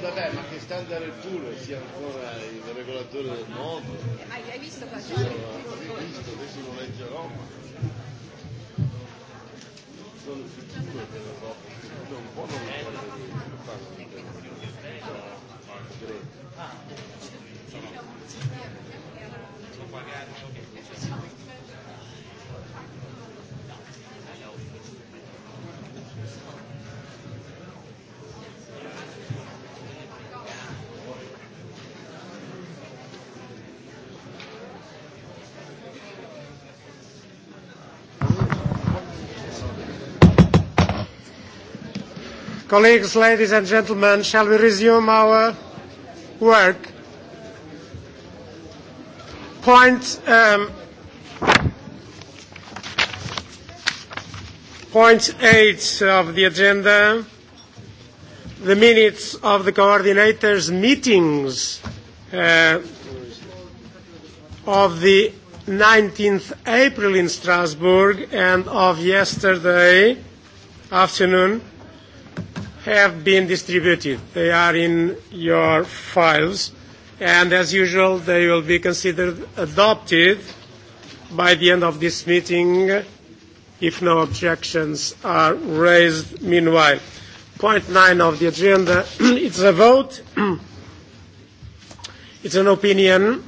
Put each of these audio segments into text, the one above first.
vabbè, ma che standard è pure sia ancora il regolatore del mondo. Hai, hai visto qua? Sì, ho visto, adesso lo leggerò. Ma... Sono il futuro dell'Europa. Io un po' non lo voglio vedere, lo fanno vedere. Sono pagati. Colleagues, ladies and gentlemen, shall we resume our work? Point, um, point eight of the agenda, the minutes of the coordinators' meetings uh, of the 19th April in Strasbourg and of yesterday afternoon have been distributed. They are in your files, and as usual, they will be considered adopted by the end of this meeting if no objections are raised meanwhile. Point nine of the agenda, it's a vote. It's an opinion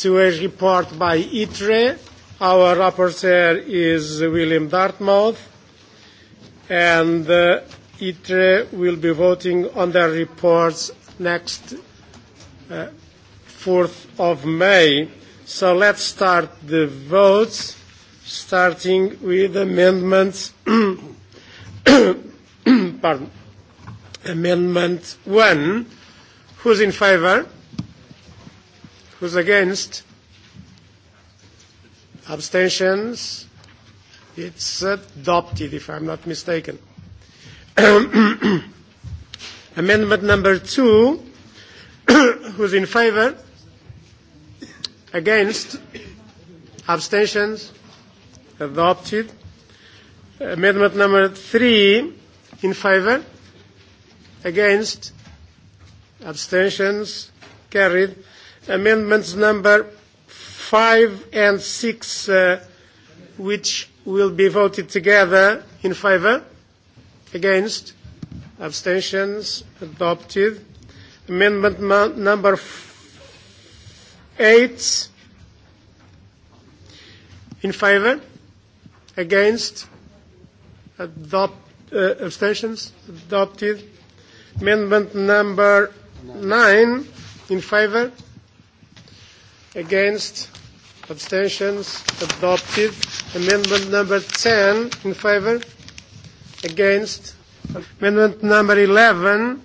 to a report by ITRE. Our rapporteur is William Dartmouth, and ITRE will be voting on their reports next uh, 4th of May. So let's start the votes, starting with amendments. Pardon. Amendment 1. Who's in favour? Who's against? Abstentions? It's adopted, if I'm not mistaken. Amendment number two. Who's in favour? Against? Abstentions? Adopted. Amendment number three. In favour? Against? Abstentions? Carried. Amendments number five and six, uh, which will be voted together in favour? Against? Abstentions? Adopted. Amendment number eight. In favor? Against? Adopt, uh, abstentions? Adopted. Amendment number nine. In favor? Against? Abstentions? Adopted. Amendment number 10. In favor? Against? Amendment number 11.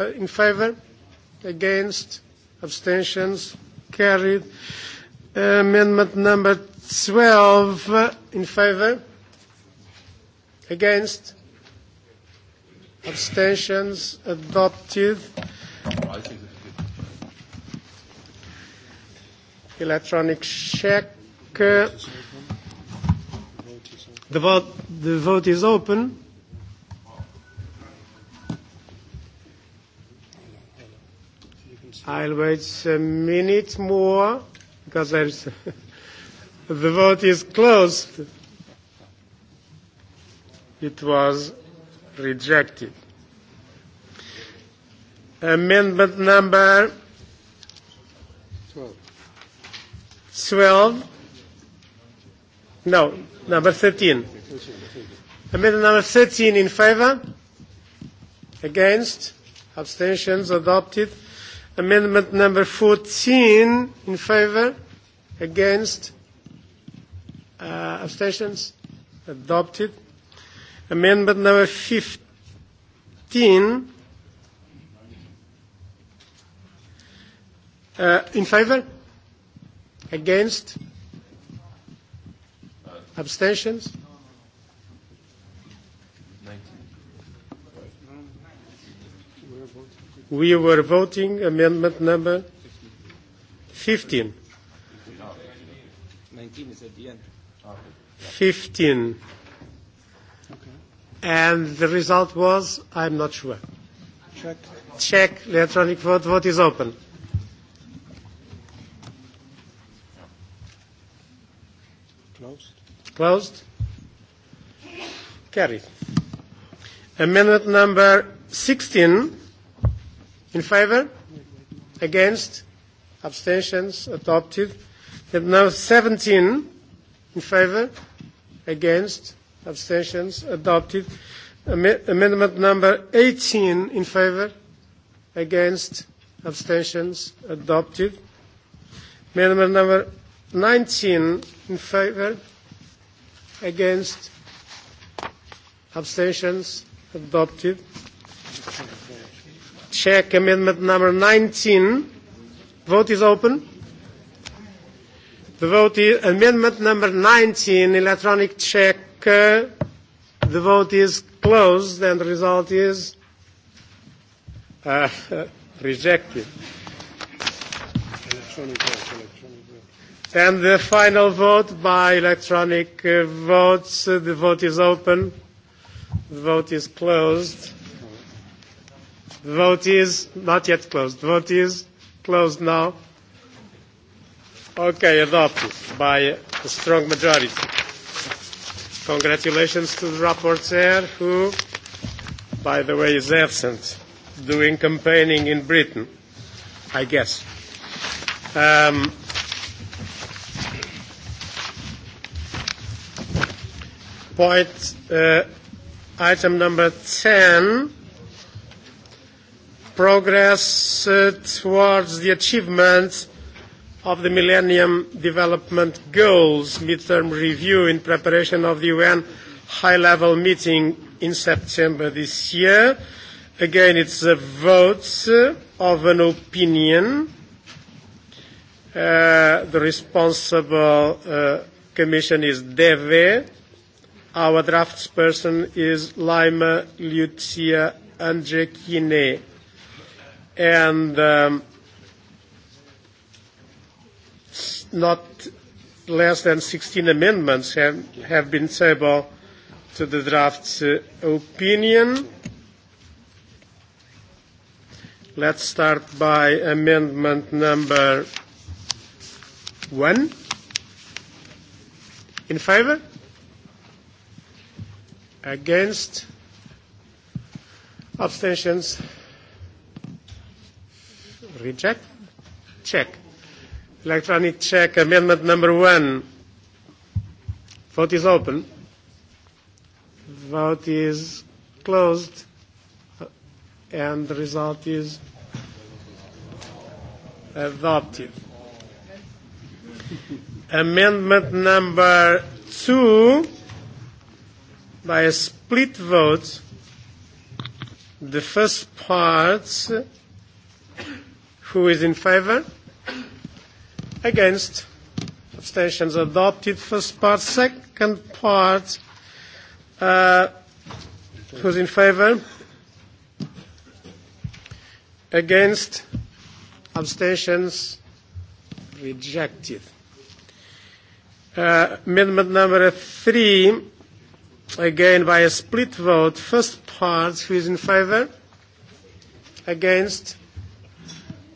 Uh, in favor? Against? Abstentions? Carried. Uh, amendment number 12. Uh, in favor? Against? Abstentions? Adopted. Electronic check. Uh, the vote, the vote is open. I'll wait a minute more because there's the vote is closed. It was rejected. Amendment number 12. No, number 13. Amendment number 13 in favor? Against? Abstentions adopted. Amendment number 14 in favor, against, uh, abstentions, adopted. Amendment number 15 uh, in favor, against, abstentions, We were voting amendment number 15. 19 is at the end. 15. And the result was, I'm not sure. Check. Check. Electronic vote. Vote is open. Closed. Closed. Carried. Amendment number 16 In favor? Against? Abstentions? Adopted. And now 17. In favor? Against? Abstentions? Adopted. Amendment number 18. In favor? Against? Abstentions? Adopted. Amendment number 19. In favor? Against? Abstentions? Adopted check amendment number 19. Vote is open. The vote is amendment number 19, electronic check. Uh, the vote is closed and the result is uh, rejected. Electronic vote, electronic vote. And the final vote by electronic uh, votes. Uh, the vote is open. The vote is closed The vote is not yet closed. The vote is closed now. Okay, adopted by a strong majority. Congratulations to the rapporteur who, by the way, is absent doing campaigning in Britain, I guess. Um, point uh, item number 10 progress towards the achievement of the Millennium Development Goals midterm review in preparation of the UN high-level meeting in September this year. Again, it's a vote of an opinion. the responsible commission is DEVE. Our draftsperson is Laima Lucia Andrekine and um, not less than 16 amendments have, have been tabled to the draft uh, opinion. Let's start by amendment number one. In favor? Against? Abstentions? Reject? Check. Electronic check, amendment number one. Vote is open. Vote is closed. And the result is adopted. Amendment number two by a split vote. The first part Who is in favor? Against? Abstentions adopted. First part. Second part. Uh, who's in favor? Against? Abstentions rejected. Uh, amendment number three, again by a split vote. First part, who is in favor? Against?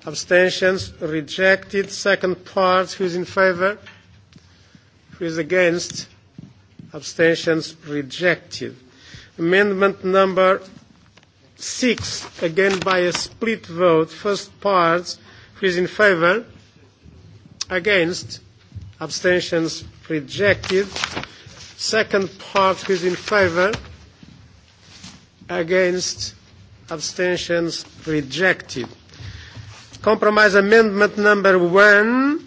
abstentions rejected. Second part, who's in favor? Who is against? Abstentions rejected. Amendment number six, again by a split vote. First part, who is in favor? Against? Abstentions rejected. Second part, who is in favor? Against? Abstentions rejected. Compromise amendment number one.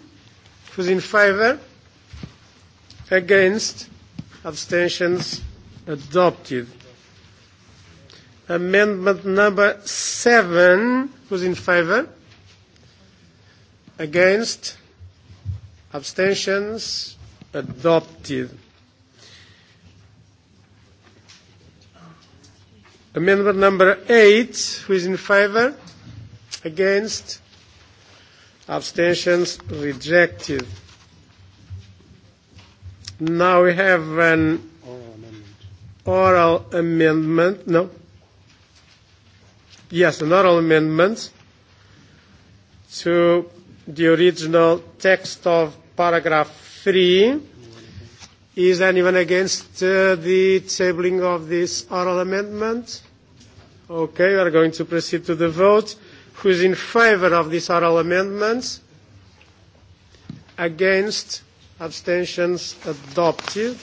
Who's in favor? Against? Abstentions? Adopted. Amendment number seven. Who's in favor? Against? Abstentions? Adopted. Amendment number eight. Who is in favor? Against? abstentions rejected. Now we have an oral amendment. No? Yes, an oral amendment to the original text of paragraph 3. Is anyone against uh, the tabling of this oral amendment? Okay, we are going to proceed to the vote. Who is in favour of these oral amendments? Against? Abstentions? Adopted.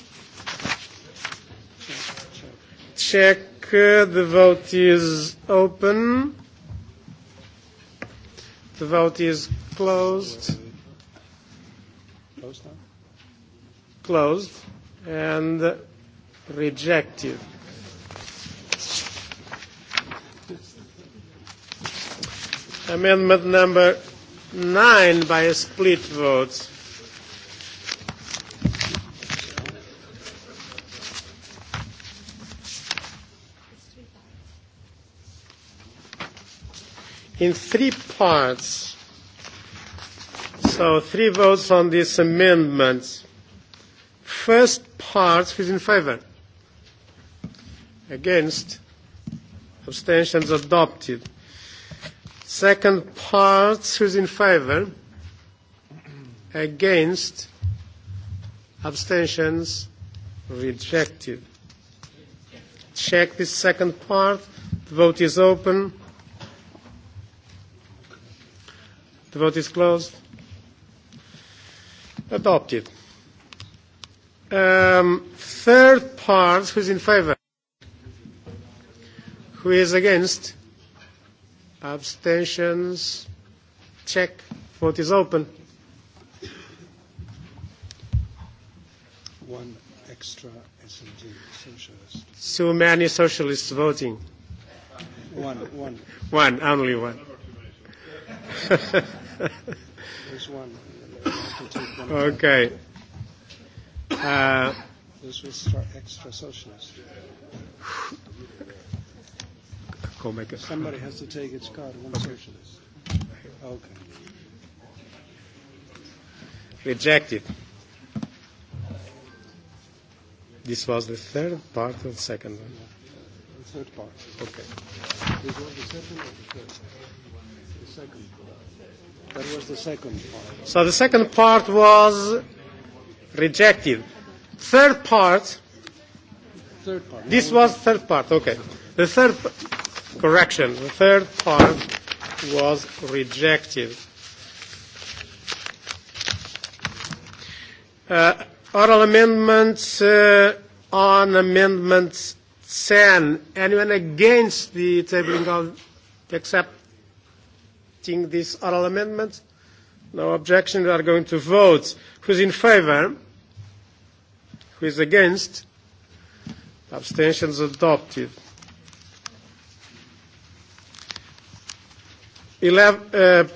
Check. The vote is open. The vote is closed. Closed now? Closed. And rejected. Amendment number nine by a split vote. In three parts. So three votes on this amendment. First part, who's in favor? Against? Abstentions adopted. Second part, who's in favour? Against? Abstentions? Rejected. Check this second part. The vote is open. The vote is closed. Adopted. Um, third part, who's in favour? Who is against? Abstentions? Check. Vote is open. One extra SMG socialist. So many socialists voting. One, one. One, only one. There's one. Okay. Uh, this was extra socialist co-make a... Somebody has to take its card, one socialist. Okay. Rejected. This was the third part or the second one. The third part. Okay. the second or the third? The second part. That was the second part. So the second part was rejected. Third part. Third part. This was third part. Okay. The third. part correction. The third part was rejected. Uh, oral amendments uh, on amendment 10. Anyone against the tabling of accepting this oral amendment? No objection. We are going to vote. Who's in favour? Who is against? Abstentions adopted. 11, uh,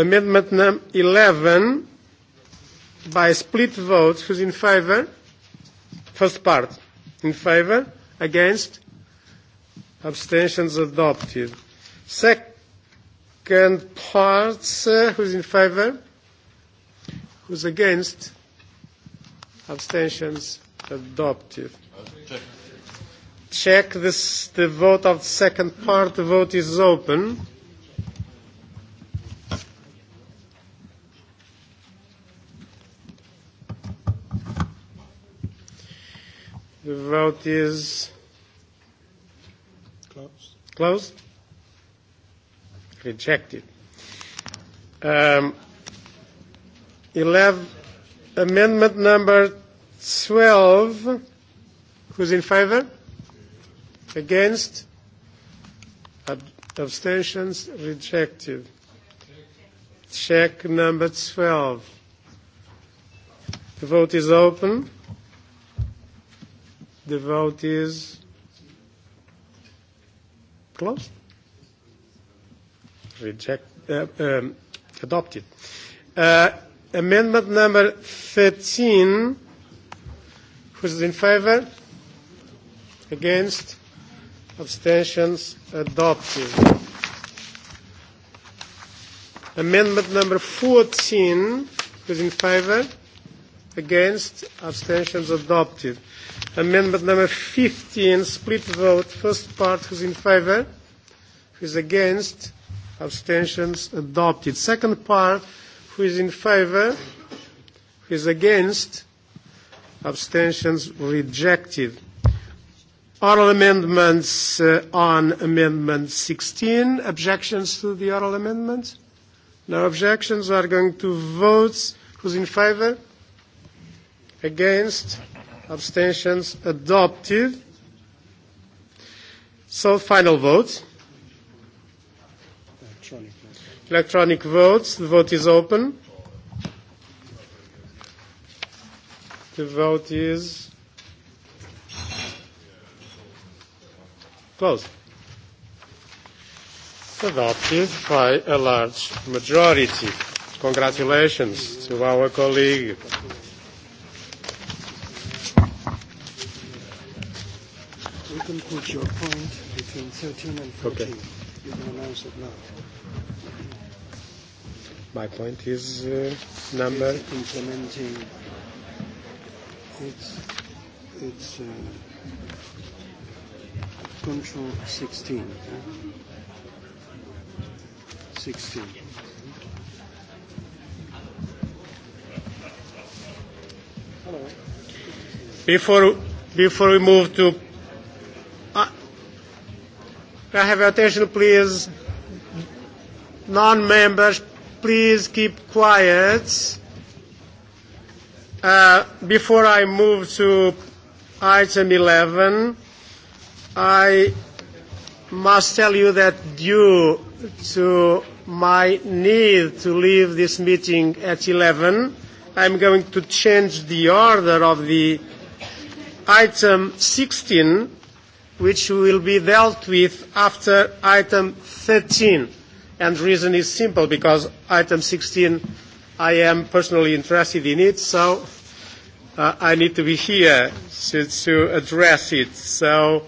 amendment num 11 by split vote. Who's in favor? First part. In favor? Against? Abstentions adopted. Second part. Uh, who's in favor? Who's against? Abstentions adopted. Check, Check this, the vote of the second part. The vote is open. The vote is closed. Closed. Rejected. Um, 11, amendment number 12. Who's in favor? Against? Ab- abstentions? Rejected. Check number 12. The vote is open. The vote is closed. Reject, uh, um, adopted. Uh, amendment number 13. Who's in favor? Against? Abstentions? Adopted. Amendment number 14. Who's in favor? Against? Abstentions adopted. Amendment number 15, split vote. First part, who's in favor? Who's against? Abstentions adopted. Second part, who is in favor? Who is against? Abstentions rejected. Oral amendments uh, on Amendment 16. Objections to the oral amendment? No objections. We are going to vote. Who's in favor? Against? Abstentions? Adopted. So final vote. Electronic votes. The vote is open. The vote is closed. Adopted by a large majority. Congratulations to our colleague. reach your point between 13 and 14. Okay. You can announce it now. My point is number. It's implementing. It's. control 16. 16. Hello. before we move to Can I have your attention, please? Non-members, please keep quiet. Uh, before I move to item 11, I must tell you that due to my need to leave this meeting at 11, I'm going to change the order of the item 16 which will be dealt with after item 13. And the reason is simple, because item 16, I am personally interested in it, so uh, I need to be here to, to address it. So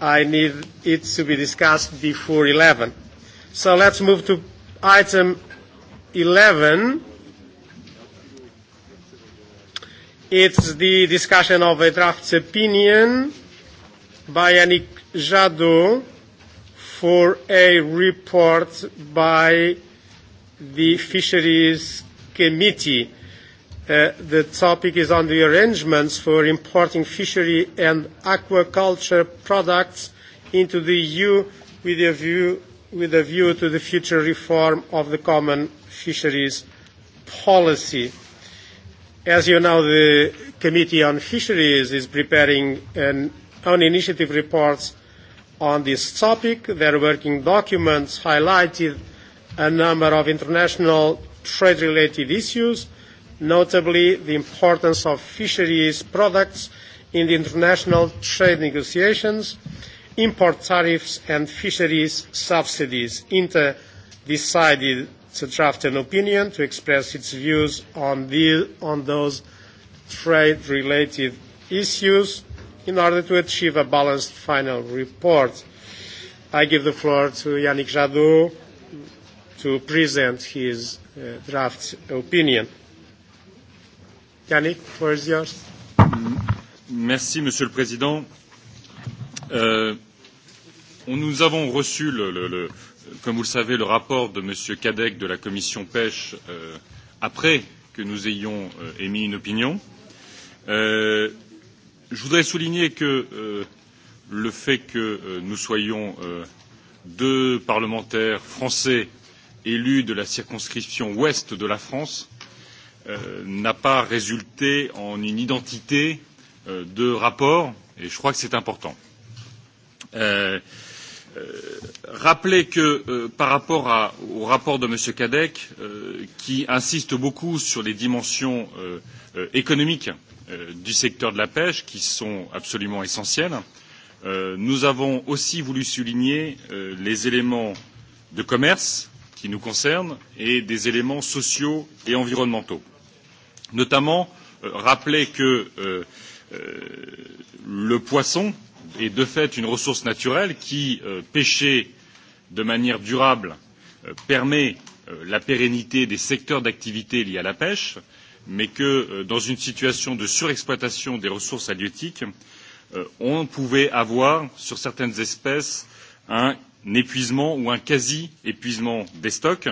I need it to be discussed before 11. So let's move to item 11. It's the discussion of a draft opinion by an Jadot for a report by the Fisheries Committee. Uh, the topic is on the arrangements for importing fishery and aquaculture products into the EU with a view, with a view to the future reform of the common fisheries policy. As you know, the Committee on Fisheries is preparing an own initiative reports on this topic. Their working documents highlighted a number of international trade-related issues, notably the importance of fisheries products in the international trade negotiations, import tariffs and fisheries subsidies. INTA decided to draft an opinion to express its views on, the, on those trade-related issues in order to achieve a balanced final report. I give the floor to Yannick Jadot to present his uh, draft opinion. Yannick, floor is yours. Merci, Monsieur le Président. Euh, nous avons reçu, le, le, le, comme vous le savez, le rapport de Monsieur Cadec de la Commission pêche euh, après que nous ayons euh, émis une opinion. Euh, je voudrais souligner que le fait que nous soyons deux parlementaires français élus de la circonscription ouest de la France n'a pas résulté en une identité de rapport et je crois que c'est important. Rappeler que par rapport au rapport de M. Cadec, qui insiste beaucoup sur les dimensions économiques du secteur de la pêche qui sont absolument essentiels. nous avons aussi voulu souligner les éléments de commerce qui nous concernent et des éléments sociaux et environnementaux. Notamment, rappeler que le poisson est de fait une ressource naturelle qui, pêchée de manière durable, permet la pérennité des secteurs d'activité liés à la pêche, euh, mais que dans une situation de surexploitation des ressources halieutiques, on pouvait avoir sur certaines espèces un épuisement ou un quasi épuisement des stocks.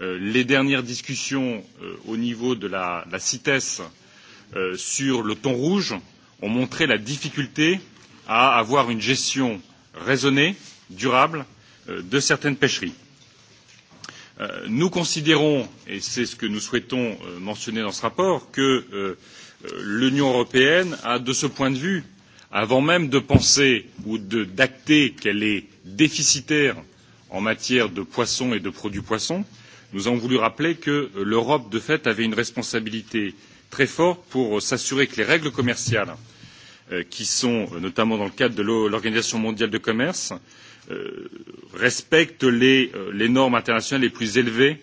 les dernières discussions au niveau de la, CITES sur le thon rouge ont montré la difficulté à avoir une gestion raisonnée, durable, de certaines pêcheries nous considérons, et c'est ce que nous souhaitons mentionner dans ce rapport, que l'Union européenne a, de ce point de vue, avant même de penser ou d'acter qu'elle est déficitaire en matière de poissons et de produits poissons, nous avons voulu rappeler que l'Europe, de fait, avait une responsabilité très forte pour s'assurer que les règles commerciales qui sont notamment dans le cadre de l'Organisation mondiale de commerce respecte les, normes internationales les plus élevées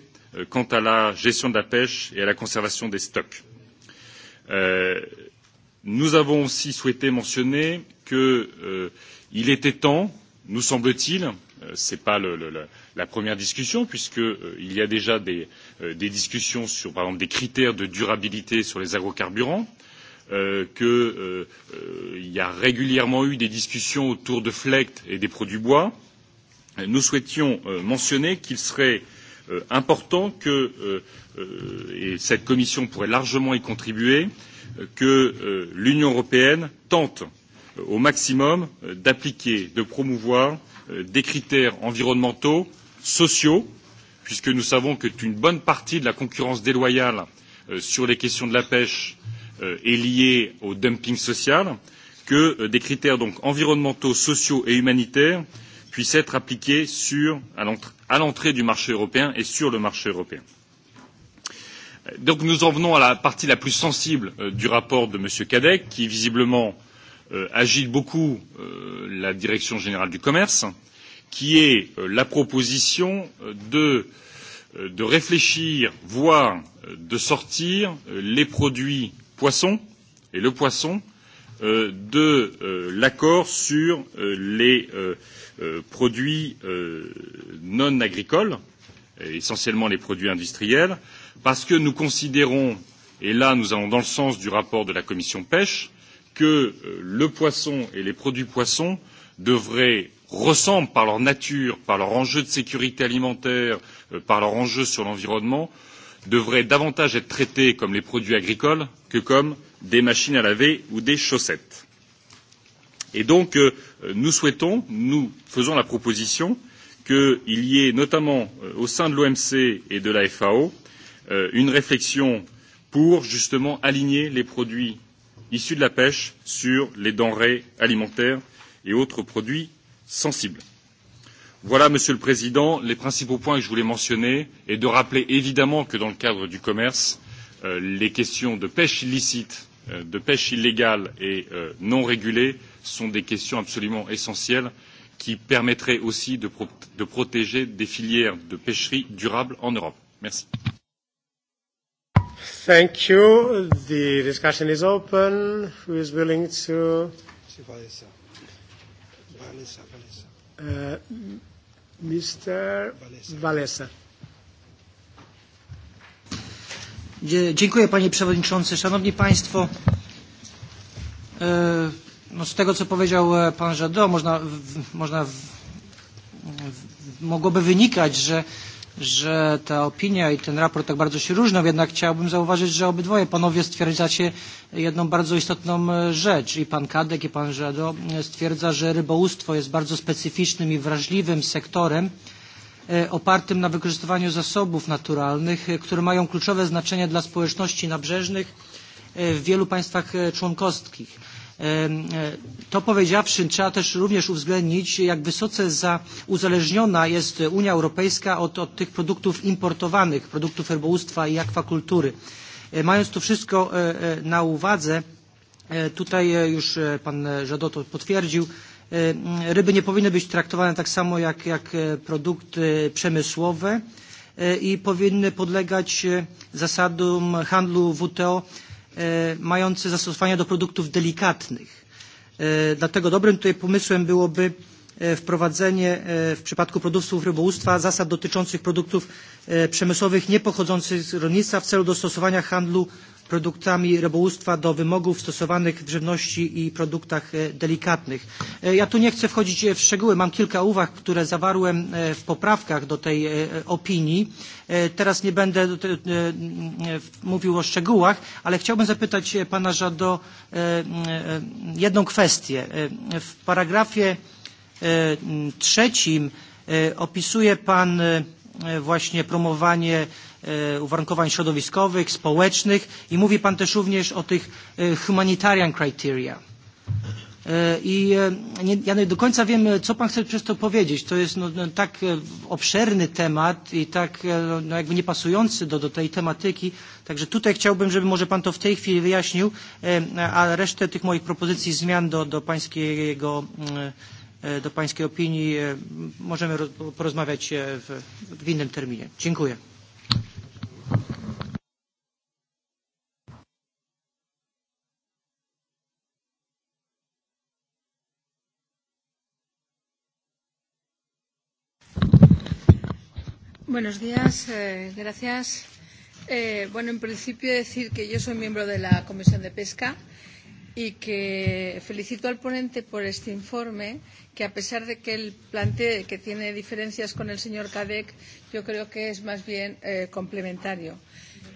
quant à la gestion de la pêche et à la conservation des stocks. nous avons aussi souhaité mentionner qu'il était temps, nous semble t il ce n'est pas la, première discussion puisqu'il y a déjà des, discussions sur par exemple des critères de durabilité sur les agrocarburants euh, qu'il y a régulièrement eu des discussions autour de FLECT et des produits bois, nous souhaitions mentionner qu'il serait important que, et cette commission pourrait largement y contribuer, que l'Union européenne tente au maximum d'appliquer, de promouvoir des critères environnementaux, sociaux, puisque nous savons qu'une bonne partie de la concurrence déloyale sur les questions de la pêche est lié au dumping social, que des critères environnementaux, sociaux et humanitaires puissent être appliqués à l'entrée du marché européen et sur le marché européen. Donc nous en venons à la partie la plus sensible du rapport de M. Cadec, qui visiblement agite beaucoup la direction générale du commerce, qui est la proposition de, réfléchir, voire de sortir les produits poisson et le poisson de l'accord sur les produits non agricoles, essentiellement les produits industriels, parce que nous considérons et là nous allons dans le sens du rapport de la commission pêche que le poisson et les produits poissons devraient ressemblent par leur nature, par leur enjeu de sécurité alimentaire, par leur enjeu sur l'environnement, devraient davantage être traités comme les produits agricoles que comme des machines à laver ou des chaussettes. Et donc, nous souhaitons, nous faisons la proposition qu'il y ait notamment au sein de l'OMC et de la FAO une réflexion pour justement aligner les produits issus de la pêche sur les denrées alimentaires et autres produits sensibles. Voilà, Monsieur le Président, les principaux points que je voulais mentionner et de rappeler évidemment que dans le cadre du commerce, les questions de pêche illicite, de pêche illégale et non régulée sont des questions absolument essentielles qui permettraient aussi de, protéger des filières de pêcherie durable en Europe. Merci. Thank you. The discussion is open. Who is willing to? Uh, Mr. Valesa. Dziękuję panie przewodniczący. Szanowni państwo, no z tego co powiedział pan Jadot można, można mogłoby wynikać, że że ta opinia i ten raport tak bardzo się różnią, jednak chciałbym zauważyć, że obydwoje panowie stwierdzacie jedną bardzo istotną rzecz. I pan Kadek, i pan Żado stwierdza, że rybołówstwo jest bardzo specyficznym i wrażliwym sektorem opartym na wykorzystywaniu zasobów naturalnych, które mają kluczowe znaczenie dla społeczności nabrzeżnych w wielu państwach członkowskich To powiedziawszy, trzeba też również uwzględnić, jak wysoce uzależniona jest Unia Europejska od, tych produktów importowanych, produktów rybołówstwa i akwakultury. Mając to wszystko na uwadze, tutaj już pan Żadot to potwierdził, ryby nie powinny być traktowane tak samo jak, jak produkty przemysłowe i powinny podlegać zasadom handlu WTO mający zastosowania do produktów delikatnych. Dlatego dobrym tutaj pomysłem byłoby wprowadzenie w przypadku produktów rybołówstwa zasad dotyczących produktów przemysłowych niepochodzących z rolnictwa w celu dostosowania handlu produktami rybołówstwa do wymogów stosowanych w żywności i produktach delikatnych. Ja tu nie chcę wchodzić w szczegóły, mam kilka uwag, które zawarłem w poprawkach do tej opinii. Teraz nie będę mówił o szczegółach, ale chciałbym zapytać pana Żado jedną kwestię. W paragrafie trzecim opisuje pan właśnie promowanie uwarunkowań środowiskowych, społecznych i mówi Pan też również o tych humanitarian criteria. I nie, ja nie do końca wiem, co Pan chce przez to powiedzieć. To jest no, no, tak obszerny temat i tak no, jakby niepasujący do, do tej tematyki. Także tutaj chciałbym, żeby może Pan to w tej chwili wyjaśnił, a resztę tych moich propozycji zmian do, do Pańskiego do Pańskiej opinii możemy porozmawiać w, w innym terminie. Dziękuję. Buenos días, eh, gracias. Eh, bueno, en principio decir que yo soy miembro de la Comisión de Pesca y que felicito al ponente por este informe, que a pesar de que él plantee que tiene diferencias con el señor Cadec, yo creo que es más bien eh, complementario.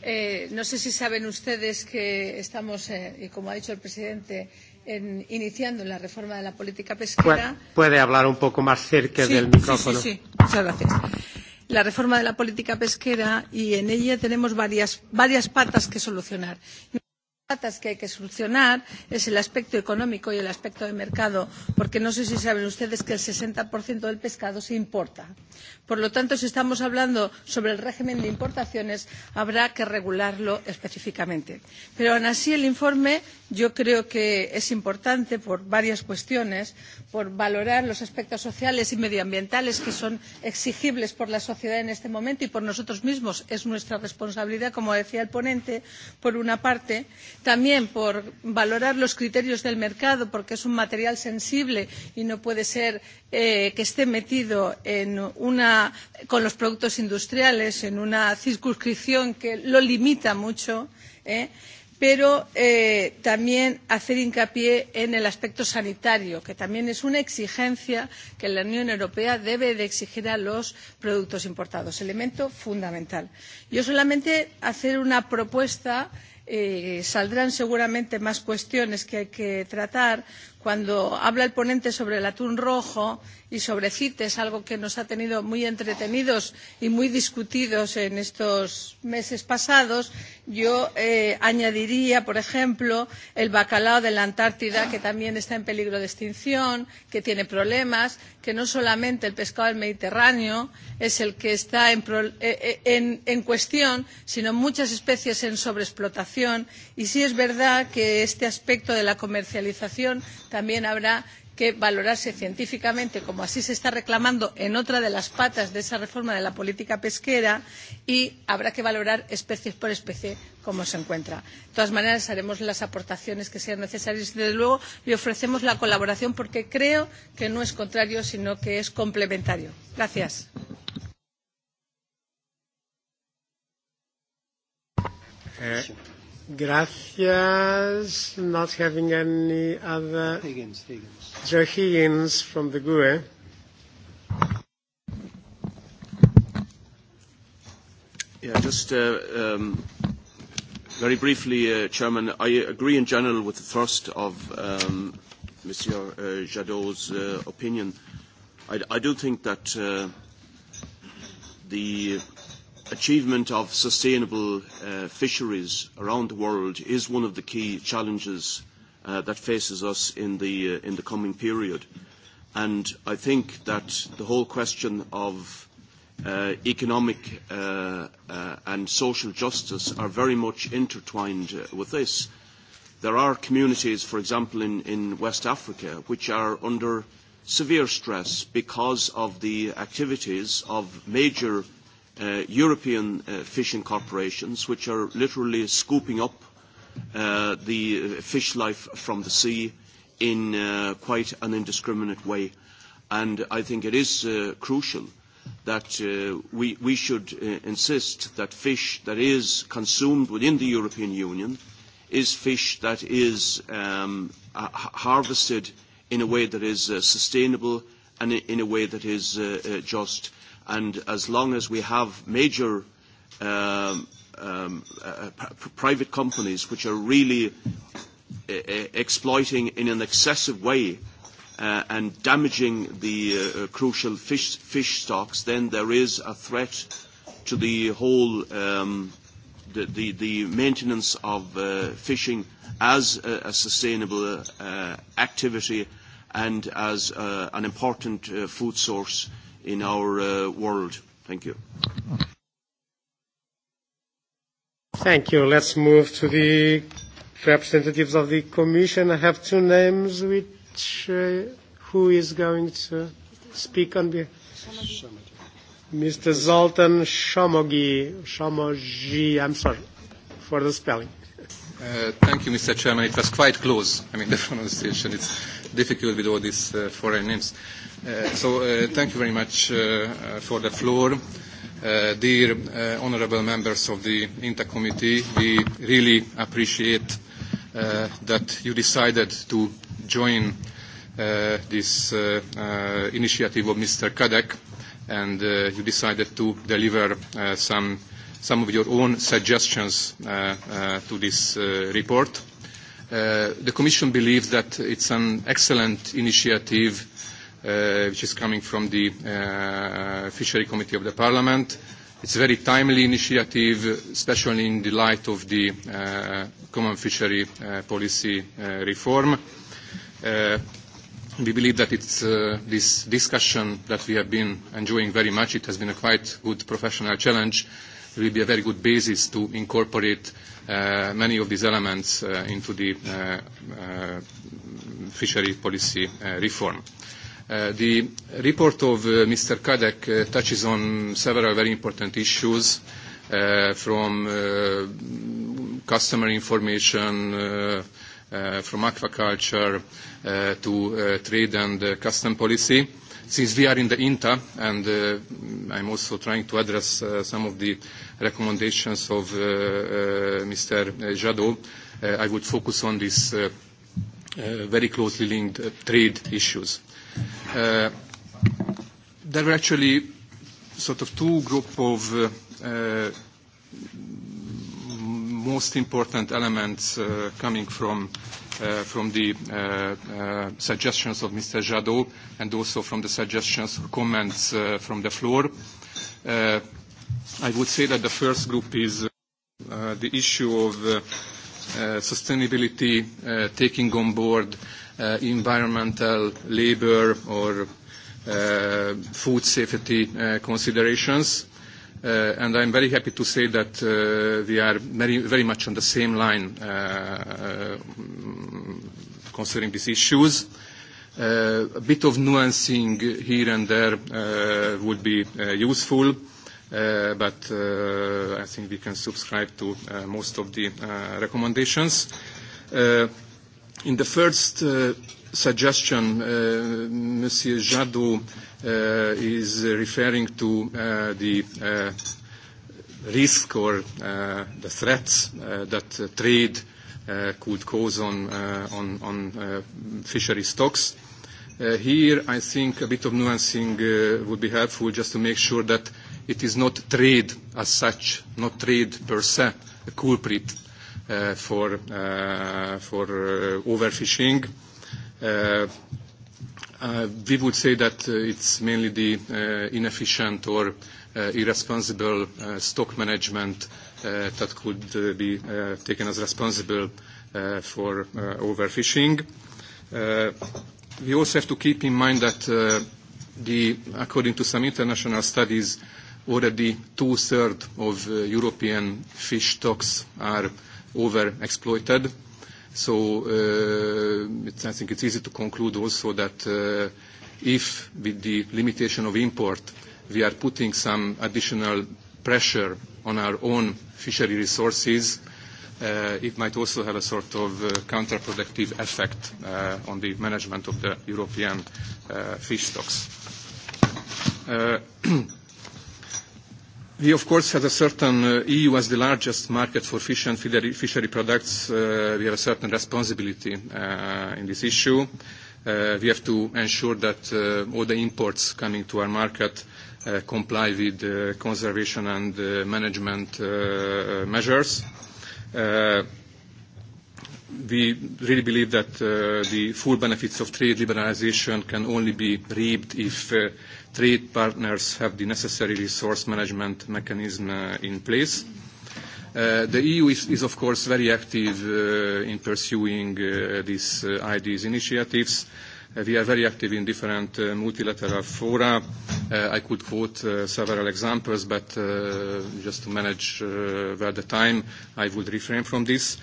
Eh, no sé si saben ustedes que estamos, eh, y como ha dicho el presidente, en, iniciando la reforma de la política pesquera. Puede, hablar un poco más cerca del micrófono. Sí, sí, sí. Muchas gracias la reforma de la política pesquera y en ella tenemos varias, varias patas que solucionar patas que hay que solucionar es el aspecto económico y el aspecto de mercado, porque no sé si saben ustedes que el sesenta del pescado se importa. Por lo tanto, si estamos hablando sobre el régimen de importaciones, habrá que regularlo específicamente. Pero aun así, el informe yo creo que es importante por varias cuestiones, por valorar los aspectos sociales y medioambientales que son exigibles por la sociedad en este momento y por nosotros mismos. Es nuestra responsabilidad, como decía el ponente, por una parte también por valorar los criterios del mercado, porque es un material sensible y no puede ser que esté metido con los productos industriales en una circunscripción que lo limita mucho. ¿eh? pero también hacer hincapié en el aspecto sanitario, que también es una exigencia que la Unión Europea debe exigir a los productos importados, elemento fundamental. Yo solamente hacer una propuesta saldrán seguramente más cuestiones que hay que tratar cuando habla el ponente sobre el atún rojo y sobre CITES, algo que nos ha tenido muy entretenidos y muy discutidos en estos meses pasados, yo añadiría, por ejemplo, el bacalao de la Antártida, que también está en peligro de extinción, que tiene problemas, que no solamente el pescado del Mediterráneo es el que está en, cuestión, sino muchas especies en sobreexplotación. Y sí es verdad que este aspecto de la comercialización también habrá que valorarse científicamente, como así se está reclamando en otra de las patas de esa reforma de la política pesquera, y habrá que valorar especie por especie cómo se encuentra. De todas maneras, haremos las aportaciones que sean necesarias y, desde luego, le ofrecemos la colaboración porque creo que no es contrario, sino que es complementario. Gracias. Eh, Gracias. Not having any other. Higgins. Higgins. Joe Higgins from the GUE. Yeah, just uh, um, very briefly, uh, Chairman, I agree in general with the thrust of um, Monsieur uh, Jadot's uh, opinion. I, I do think that uh, the achievement of sustainable fisheries around the world is one of the key challenges that faces us in the, in the coming period. And I think that the whole question of economic and social justice are very much intertwined with this. There are communities, for example, in, in West Africa, which are under severe stress because of the activities of major European fishing corporations, which are literally scooping up the fish life from the sea in quite an indiscriminate way. And I think it is crucial that we, should insist that fish that is consumed within the European Union is fish that is harvested in a way that is sustainable and in a way that is just And as long as we have major um, um, uh, private companies which are really uh, exploiting in an excessive way uh, and damaging the uh, crucial fish, fish stocks, then there is a threat to the whole um, the, the, the maintenance of uh, fishing as a, a sustainable uh, activity and as uh, an important uh, food source uh, in our world. Thank you. Thank you. Let's move to the representatives of the commission. I have two names which who is going to speak on behalf? Mr. Zoltan Shomogi. Shomogi, I'm sorry for the spelling. Uh, thank you, Mr. Chairman. It was quite close. I mean, the pronunciation is difficult with all these uh, foreign names. Uh, So Thank you very much for the floor. Dear honorable members of the INTA committee, we really appreciate that you decided to join this initiative of Mr. Kadek, and you decided to deliver some some of your own suggestions to this report. The Commission believes that it's an excellent initiative which is coming from the Fishery Committee of the Parliament. It's a very timely initiative, especially in the light of the common fishery policy reform. We believe that it's uh, this discussion that we have been enjoying very much. It has been a quite good professional challenge. It will be a very good basis to incorporate uh, many of these elements uh, into the uh, uh, fishery policy uh, reform. The report of Mr. Kadek touches on several very important issues, from customer information, from aquaculture to trade and custom policy. Since we are in the INTA, and I'm also trying to address some of the recommendations of Mr. Jadot, I would focus on these very closely linked trade issues. Uh, there were actually sort of two group of uh, uh, most important elements uh, coming from uh, from the uh, uh, suggestions of Mr. Jadot and also from the suggestions or comments uh, from the floor. Uh, I would say that the first group is uh, the issue of uh, uh, sustainability, uh, taking on board uh, uh, environmental, labor, or uh, food safety uh, considerations. Uh, and I'm very happy to say that uh, we are very, very much on the same line uh, uh, concerning these issues. Uh, a bit of nuancing here and there uh, would be uh, useful but I think we can subscribe to most of the recommendations. In the first uh, suggestion, uh, Monsieur Jadot uh, is referring to uh, the uh, risk or uh, the threats uh, that uh, trade uh, could cause on, uh, on, on uh, fishery stocks. Uh, here, I think a bit of nuancing uh, would be helpful just to make sure that it is not trade as such, not trade per se, a culprit for overfishing. We would say that it's mainly the inefficient or irresponsible stock management that could be taken as responsible for overfishing. We also have to keep in mind that the, according to some international studies, already two-thirds of European fish stocks are over-exploited. So I think it's easy to conclude also that if with the limitation of import, we are putting some additional pressure on our own fishery resources, it might also have a sort of counterproductive effect on the management of the European fish stocks. We, of course, have a certain uh, EU as the largest market for fish and fishery products. Uh, we have a certain responsibility uh, in this issue. Uh, we have to ensure that uh, all the imports coming to our market uh, comply with uh, conservation and uh, management uh, measures. Uh, we really believe that uh, the full benefits of trade liberalization can only be reaped if uh, trade partners have the necessary resource management mechanism in place. The EU is, of course, very active in pursuing these ideas initiatives. We are very active in different multilateral fora. I could quote several examples, but just to manage well the time, I would refrain from this.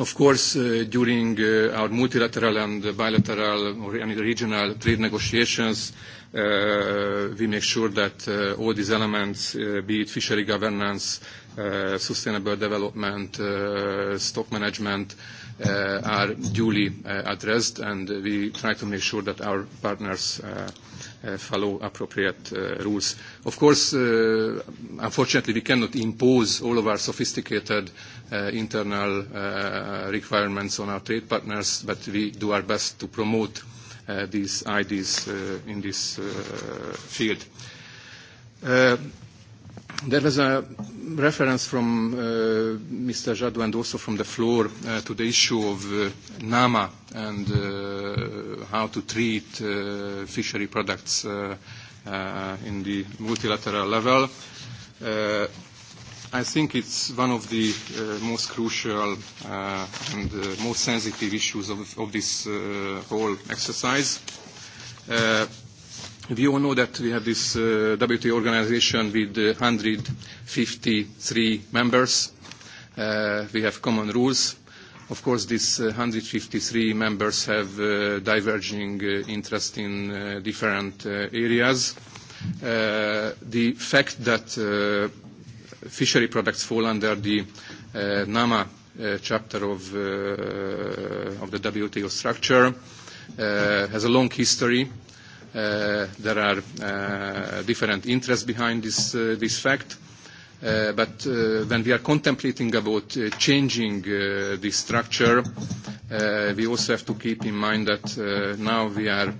Of course, uh, during uh, our multilateral and bilateral or any regional trade negotiations, uh, we make sure that uh, all these elements, uh, be it fishery governance, uh, sustainable development, uh, stock management, uh, are duly addressed, and we try to make sure that our partners follow appropriate rules. Of course, unfortunately, we cannot impose all of our sophisticated internal requirements on our trade partners, but we do our best to promote these ideas in this field. There was a reference from uh, Mr. Jadot and also from the floor uh, to the issue of uh, NAMA and uh, how to treat uh, fishery products uh, uh, in the multilateral level. Uh, I think it's one of the uh, most crucial uh, and uh, most sensitive issues of, of this uh, whole exercise. Uh, We all know that we have this uh, WTO organization with 153 members. Uh, we have common rules. Of course, these uh, 153 members have uh, diverging uh, in uh, different uh, areas. Uh, the fact that uh, fishery products fall under the uh, NAMA uh, chapter of, uh, of the WTO structure uh, has a long history there are different interests behind this fact. But when we are contemplating about changing this structure, we also have to keep in mind that now we are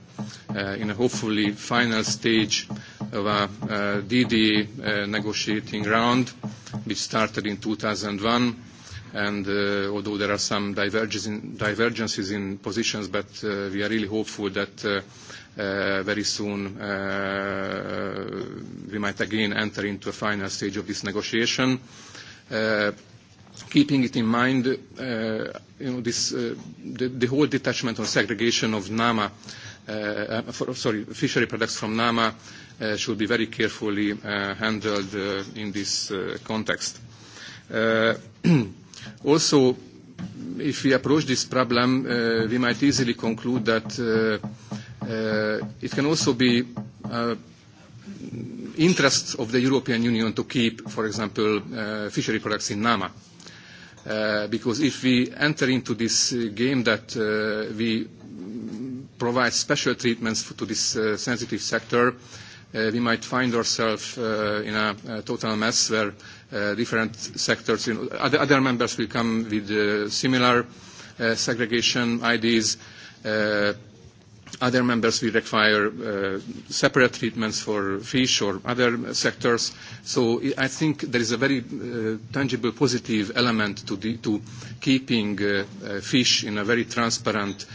in a hopefully final stage of a DD negotiating round, which started in 2001. And although there are some divergences in positions, but we are really hopeful that very soon we might again enter into a final stage of this negotiation. Keeping it in mind, the whole detachment on segregation of NAMA, sorry, fishery products from NAMA should be very carefully handled in this context. Also, if we approach this problem, we might easily conclude that uh, it can also be uh, interest of the European Union to keep, for example, uh, fishery products in Nama. Uh, because if we enter into this uh, game that uh, we provide special treatments to this uh, sensitive sector, uh, we might find ourselves uh, in a, a total mess where uh, different sectors, know, other, other members will come with uh, similar uh, segregation ideas, uh, Other members will require separate treatments for fish or other sectors. So I think there is a very tangible positive element to keeping fish in a very transparent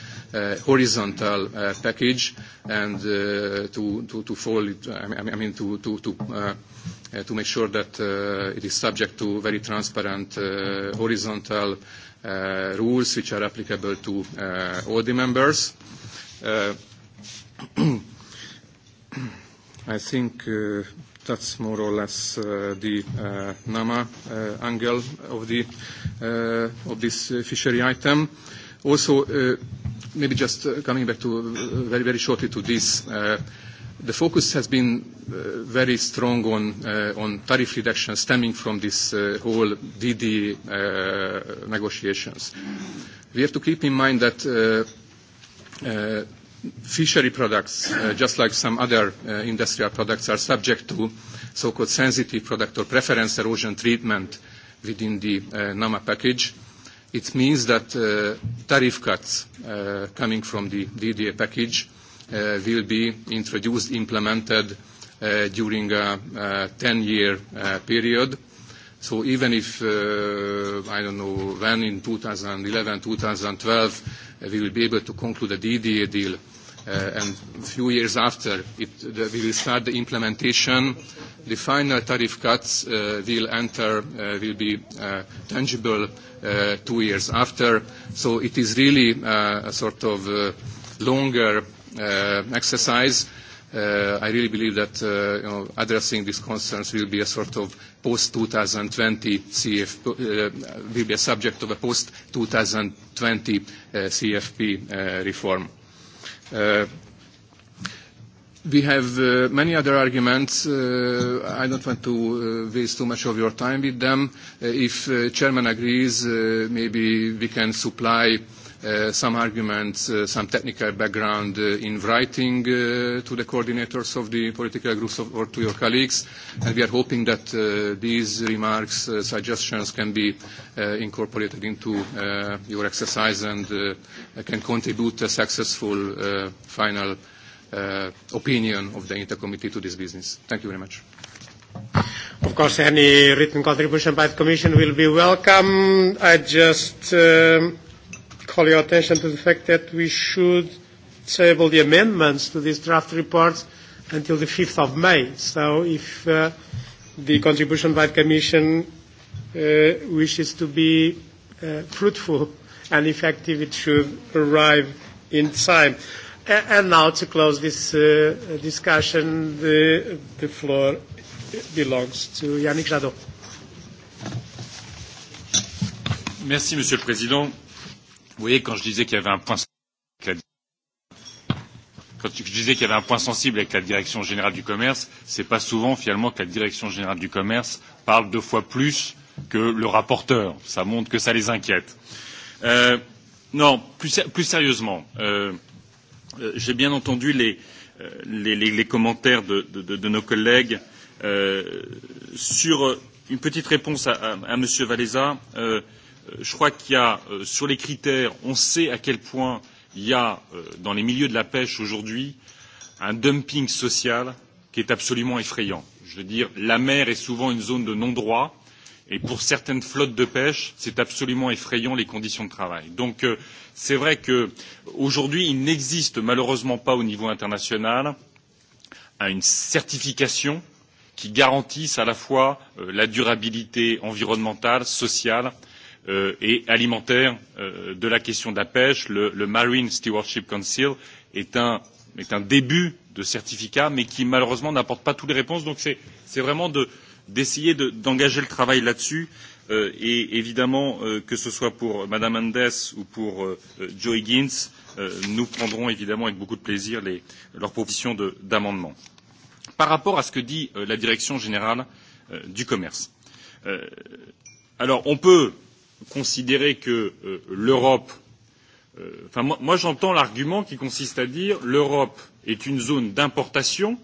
horizontal package and to fall, I mean, to make sure that it is subject to very transparent horizontal rules which are applicable to all the members. I think uh, that's more or less uh, the uh, NAMA uh, angle of, the, uh, of this uh, fishery item. Also, uh, maybe just uh, coming back to uh, very, very shortly to this, uh, the focus has been uh, very strong on, uh, on tariff reduction stemming from this uh, whole DD uh, negotiations. We have to keep in mind that uh, fishery products, uh, just like some other uh, industrial products, are subject to so-called sensitive product or preference erosion treatment within the uh, NAMA package. It means that uh, tariff cuts uh, coming from the DDA package uh, will be introduced, implemented uh, during a 10-year uh, period. So even if, uh, I don't know, when in 2011, 2012, we will be able to conclude a DDA deal and a few years after it, the, we will start the implementation. The final tariff cuts uh, will enter, uh, will be uh, tangible uh, two years after. So it is really uh, a sort of uh, longer uh, exercise I really believe that uh, you know, addressing these concerns will be a sort of post-2020 CFP, uh, will be a subject of a post-2020 uh, CFP uh, reform. Uh, we have uh, many other arguments. Uh, I don't want to uh, waste too much of your time with them. Uh, if uh, Chairman agrees, uh, maybe we can supply uh, some arguments, some technical background in writing to the coordinators of the political groups or to your colleagues. And we are hoping that these remarks, suggestions can be incorporated into your exercise and can contribute a successful final opinion of the Inter Committee to this business. Thank you very much. Of course, any written contribution by the Commission will be welcome. I just call your attention to the fact that we should table the amendments to these draft reports until the 5th of May. So if uh, the contribution by the Commission uh, wishes to be uh, fruitful and effective, it should arrive in time. And now to close this uh, discussion, the, the floor belongs to Yannick Jadot. Merci, Monsieur le Président Vous voyez, quand je disais qu'il y avait un point quand je disais qu'il y avait un point sensible avec la direction générale du commerce, ce n'est pas souvent finalement que la direction générale du commerce parle deux fois plus que le rapporteur. Ça montre que ça les inquiète. Euh, non, plus, plus sérieusement, euh, j'ai bien entendu les, les, les, les commentaires de, de, de, de nos collègues euh, sur une petite réponse à, à, à M. Valéza. Euh, Je crois qu'il y a, sur les critères, on sait à quel point il y a, dans les milieux de la pêche aujourd'hui, un dumping social qui est absolument effrayant. Je veux dire, la mer est souvent une zone de non-droit, et pour certaines flottes de pêche, c'est absolument effrayant les conditions de travail. Donc, c'est vrai qu'aujourd'hui, il n'existe malheureusement pas au niveau international une certification qui garantisse à la fois la durabilité environnementale, sociale et alimentaire de la question de la pêche. Le, Marine Stewardship Council est un, début de certificat, mais qui malheureusement n'apporte pas toutes les réponses. Donc c'est vraiment d'essayer d'engager le travail là-dessus. et évidemment, que ce soit pour Madame Andes ou pour Joe Higgins, nous prendrons évidemment avec beaucoup de plaisir leurs propositions d'amendement. Par rapport à ce que dit la Direction générale du commerce, alors on peut considérer que l'Europe enfin moi, j'entends l'argument qui consiste à dire que l'Europe est une zone d'importation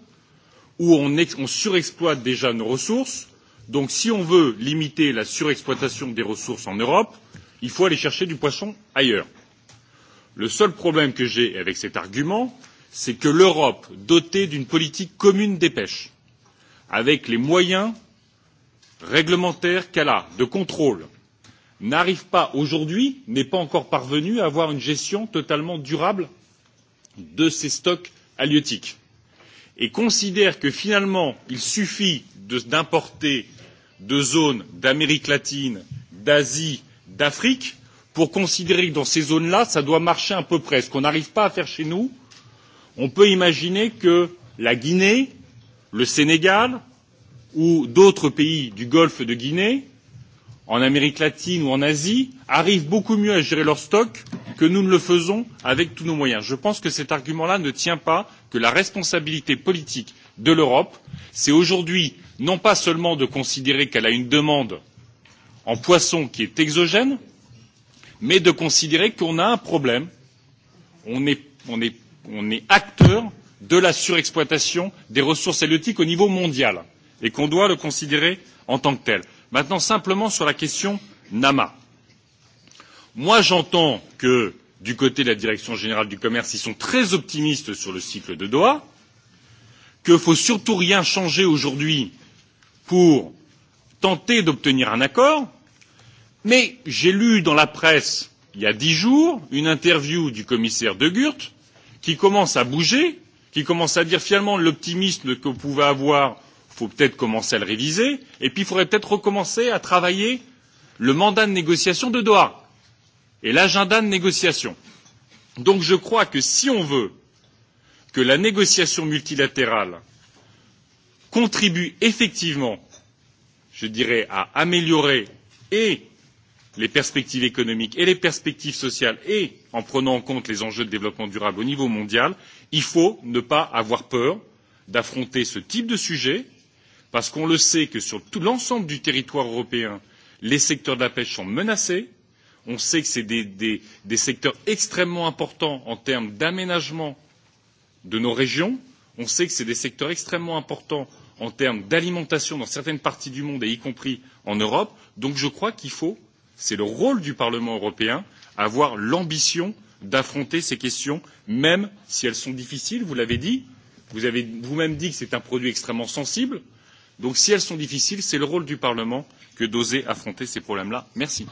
où on, surexploite déjà nos ressources donc si on veut limiter la surexploitation des ressources en Europe, il faut aller chercher du poisson ailleurs. Le seul problème que j'ai avec cet argument, c'est que l'Europe, dotée d'une politique commune des pêches, avec les moyens réglementaires qu'elle a de contrôle, n'arrive pas aujourd'hui, n'est pas encore parvenu à avoir une gestion totalement durable de ces stocks halieutiques et considère que finalement il suffit d'importer de zones d'Amérique latine, d'Asie, d'Afrique pour considérer que dans ces zones là, ça doit marcher à peu près. Ce qu'on n'arrive pas à faire chez nous, on peut imaginer que la Guinée, le Sénégal ou d'autres pays du golfe de Guinée en Amérique latine ou en Asie arrivent beaucoup mieux à gérer leurs stocks que nous ne le faisons avec tous nos moyens. Je pense que cet argument-là ne tient pas, que la responsabilité politique de l'Europe, c'est aujourd'hui non pas seulement de considérer qu'elle a une demande en poisson qui est exogène, mais de considérer qu'on a un problème, on est, on est, on est acteur de la surexploitation des ressources halieutiques au niveau mondial et qu'on doit le considérer en tant que tel. Maintenant, simplement sur la question NAMA. Moi, j'entends que du côté de la Direction générale du commerce, ils sont très optimistes sur le cycle de Doha, qu'il ne faut surtout rien changer aujourd'hui pour tenter d'obtenir un accord, mais j'ai lu dans la presse, il y a dix jours, une interview du commissaire De Gurt qui commence à bouger, qui commence à dire finalement l'optimisme que pouvait avoir faut peut-être commencer à le réviser, et puis il faudrait peut-être recommencer à travailler le mandat de négociation de Doha et l'agenda de négociation. Donc je crois que si on veut que la négociation multilatérale contribue effectivement, je dirais, à améliorer et les perspectives économiques et les perspectives sociales et en prenant en compte les enjeux de développement durable au niveau mondial, il faut ne pas avoir peur d'affronter ce type de sujet parce qu'on le sait que sur tout l'ensemble du territoire européen, les secteurs de la pêche sont menacés. On sait que ce sont des, secteurs extrêmement importants en termes d'aménagement de nos régions. On sait que ce sont des secteurs extrêmement importants en termes d'alimentation dans certaines parties du monde, et y compris en Europe. Donc je crois qu'il faut, c'est le rôle du Parlement européen, avoir l'ambition d'affronter ces questions, même si elles sont difficiles, vous l'avez dit. Vous avez vous-même dit que c'est un produit extrêmement sensible. Donc si elles sont difficiles, c'est le rôle du Parlement que d'oser affronter ces problèmes-là. Merci.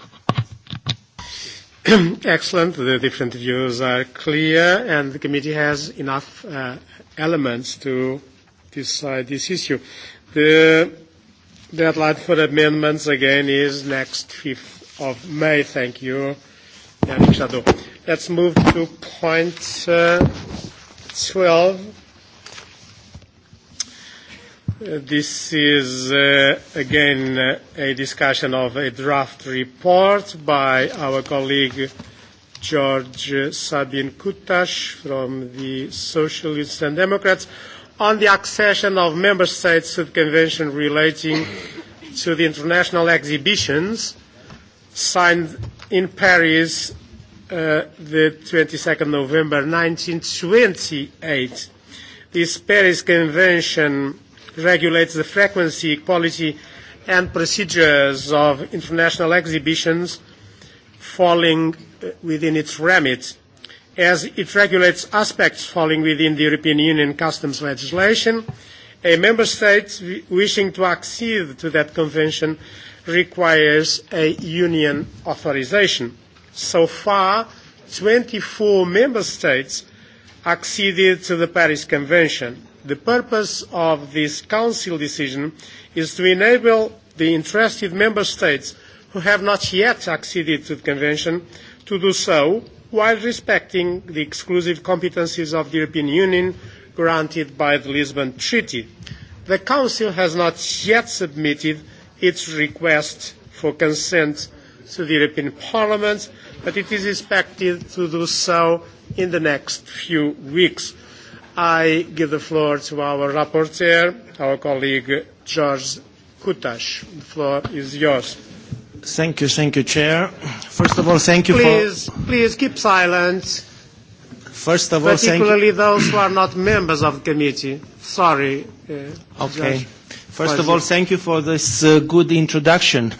Excellent. The different views are clear, and the committee has enough uh, elements to decide this issue. The deadline for amendments again is next 5th of May. Thank you, Yannick Jadot. Let's move to point uh, 12 This is, uh, again, a discussion of a draft report by our colleague George Sabin Kutash from the Socialists and Democrats on the accession of member states to the convention relating to the international exhibitions signed in Paris uh, the 22nd November 1928. This Paris Convention regulates the frequency, quality, and procedures of international exhibitions falling within its remit, as it regulates aspects falling within the European Union customs legislation. A member state wishing to accede to that convention requires a union authorization. So far, 24 member states acceded to the Paris Convention. The purpose of this Council decision is to enable the interested Member States who have not yet acceded to the Convention to do so while respecting the exclusive competencies of the European Union granted by the Lisbon Treaty. The Council has not yet submitted its request for consent to the European Parliament, but it is expected to do so in the next few weeks. I give the floor to our rapporteur, our colleague George Kutash. The floor is yours. Thank you, thank you, Chair. First of all, thank you please, for... Please keep silent. First of all, thank you... Particularly those who are not members of the committee. Sorry. Uh, okay. Judge. First of all, thank you for this uh, good introduction.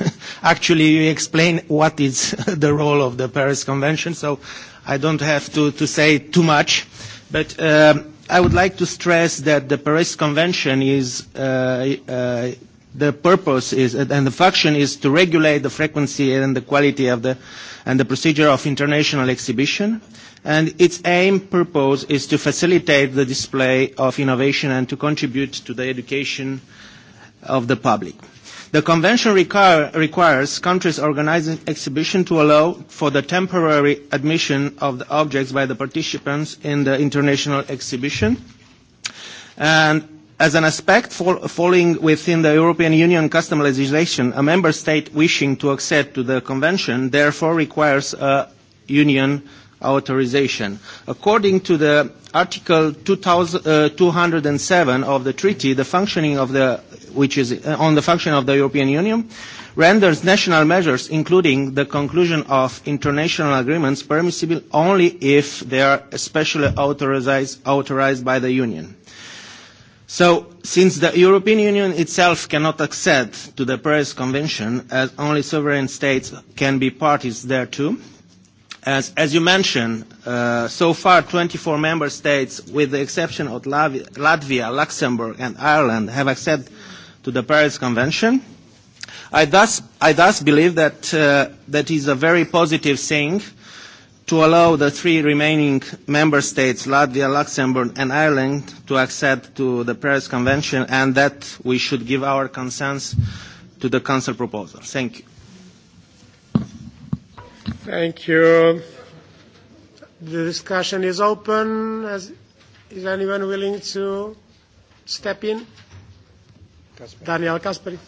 Actually, you explain what is the role of the Paris Convention, so I don't have to, to say too much. But... Um, I would like to stress that the Paris Convention is, uh, uh, the purpose is, and the function is to regulate the frequency and the quality of the, and the procedure of international exhibition. And its aim, purpose, is to facilitate the display of innovation and to contribute to the education of the public. The convention require, requires countries organizing exhibition to allow for the temporary admission of the objects by the participants in the international exhibition. And as an aspect falling within the European Union custom legislation, a member state wishing to accede to the convention therefore requires a union authorization. According to the Article 2000, uh, 207 of the treaty, the functioning of the which is on the function of the European Union, renders national measures, including the conclusion of international agreements, permissible only if they are especially authorized, authorized by the Union. So, since the European Union itself cannot accede to the Paris Convention, as only sovereign states can be parties thereto, as, as you mentioned, uh, so far 24 member states, with the exception of Latvia, Luxembourg, and Ireland, have accepted to the Paris Convention. I thus, I thus believe that uh, that is a very positive thing to allow the three remaining member states, Latvia, Luxembourg and Ireland, to accept to the Paris Convention and that we should give our consent to the Council proposal. Thank you. Thank you. The discussion is open. Is anyone willing to step in? Daniel Kasperi.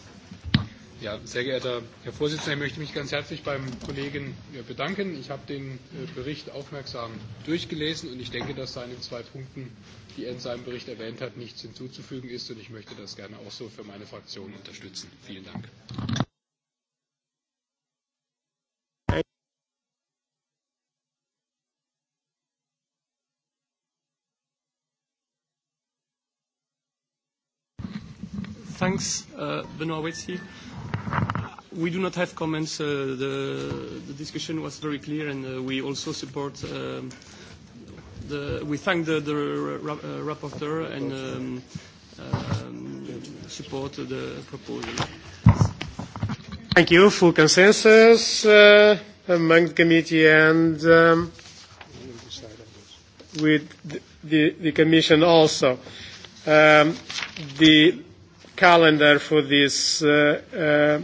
Ja, sehr geehrter Herr Vorsitzender, ich möchte mich ganz herzlich beim Kollegen bedanken. Ich habe den Bericht aufmerksam durchgelesen und ich denke, dass seinen zwei Punkten, die er in seinem Bericht erwähnt hat, nichts hinzuzufügen ist und ich möchte das gerne auch so für meine Fraktion unterstützen. Vielen Dank. Thanks, Benoît Wetzi. We do not have comments. The discussion was very clear, and we also support the. We thank the rapporteur and support the proposal. Thank you. Full consensus among the committee and with the Commission also. The calendar for this uh, uh,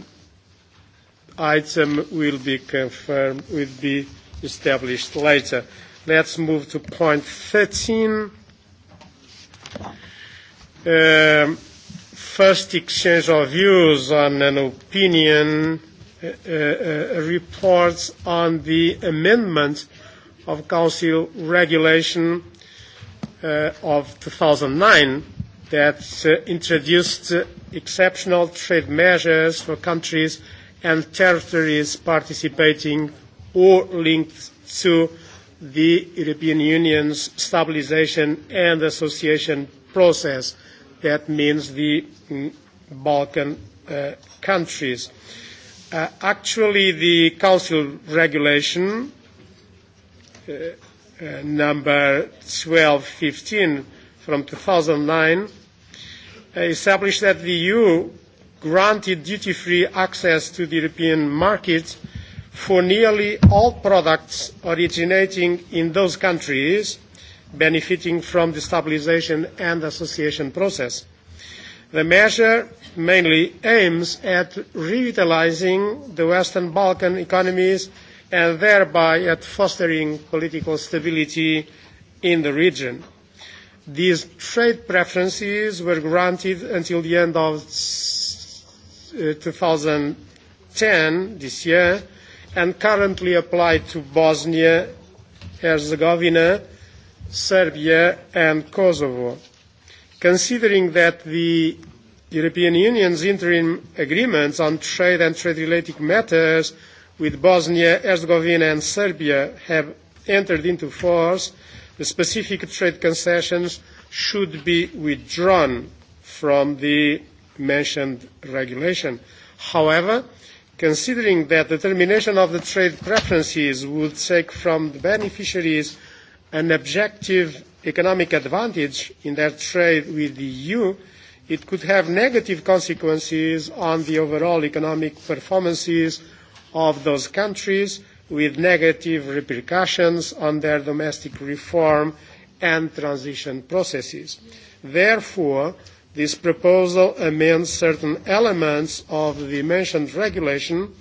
item will be confirmed, will be established later. Let's move to point 13. Um, first exchange of views on an opinion uh, uh, reports on the amendment of Council Regulation uh, of 2009 that introduced exceptional trade measures for countries and territories participating or linked to the European Union's stabilisation and association process. That means the Balkan countries. actually, the Council regulation number 1215 from 2009 established that the EU granted duty-free access to the European market for nearly all products originating in those countries benefiting from the stabilisation and association process. The measure mainly aims at revitalising the Western Balkan economies and thereby at fostering political stability in the region. These trade preferences were granted until the end of 2010, this year, and currently apply to Bosnia, Herzegovina, Serbia, and Kosovo. Considering that the European Union's interim agreements on trade and trade-related matters with Bosnia, Herzegovina, and Serbia have entered into force, the specific trade concessions should be withdrawn from the mentioned regulation. However, considering that the termination of the trade preferences would take from the beneficiaries an objective economic advantage in their trade with the EU, it could have negative consequences on the overall economic performances of those countries with negative repercussions on their domestic reform and transition processes. Therefore, this proposal amends certain elements of the mentioned regulation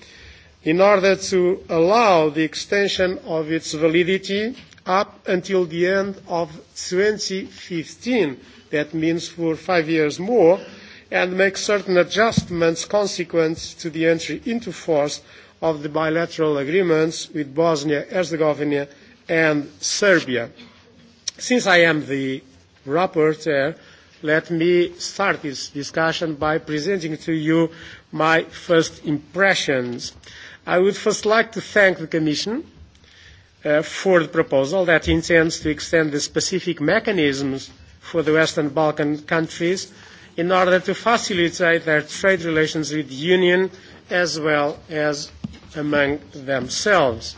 in order to allow the extension of its validity up until the end of 2015, that means for five years more, and make certain adjustments consequent to the entry into force of the bilateral agreements with Bosnia, Herzegovina and Serbia. Since I am the rapporteur, let me start this discussion by presenting to you my first impressions. I would first like to thank the Commission for the proposal that intends to extend the specific mechanisms for the Western Balkan countries in order to facilitate their trade relations with the Union as well as among themselves.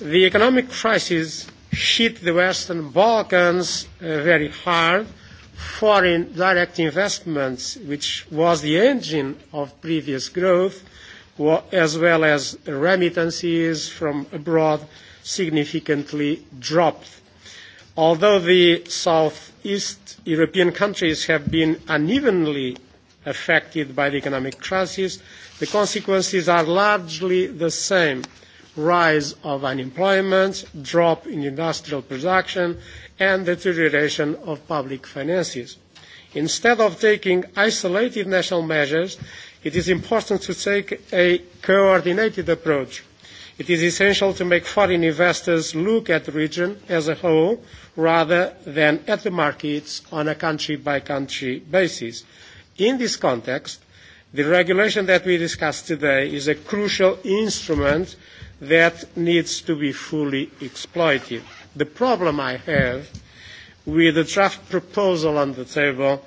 The economic crisis hit the Western Balkans very hard. Foreign direct investments, which was the engine of previous growth, as well as remittances from abroad, significantly dropped. Although the Southeast European countries have been unevenly affected by the economic crisis, The consequences are largely the same rise of unemployment, drop in industrial production, and deterioration of public finances. Instead of taking isolated national measures, it is important to take a coordinated approach. It is essential to make foreign investors look at the region as a whole rather than at the markets on a country-by-country basis. In this context, The regulation that we discussed today is a crucial instrument that needs to be fully exploited. The problem I have with the draft proposal on the table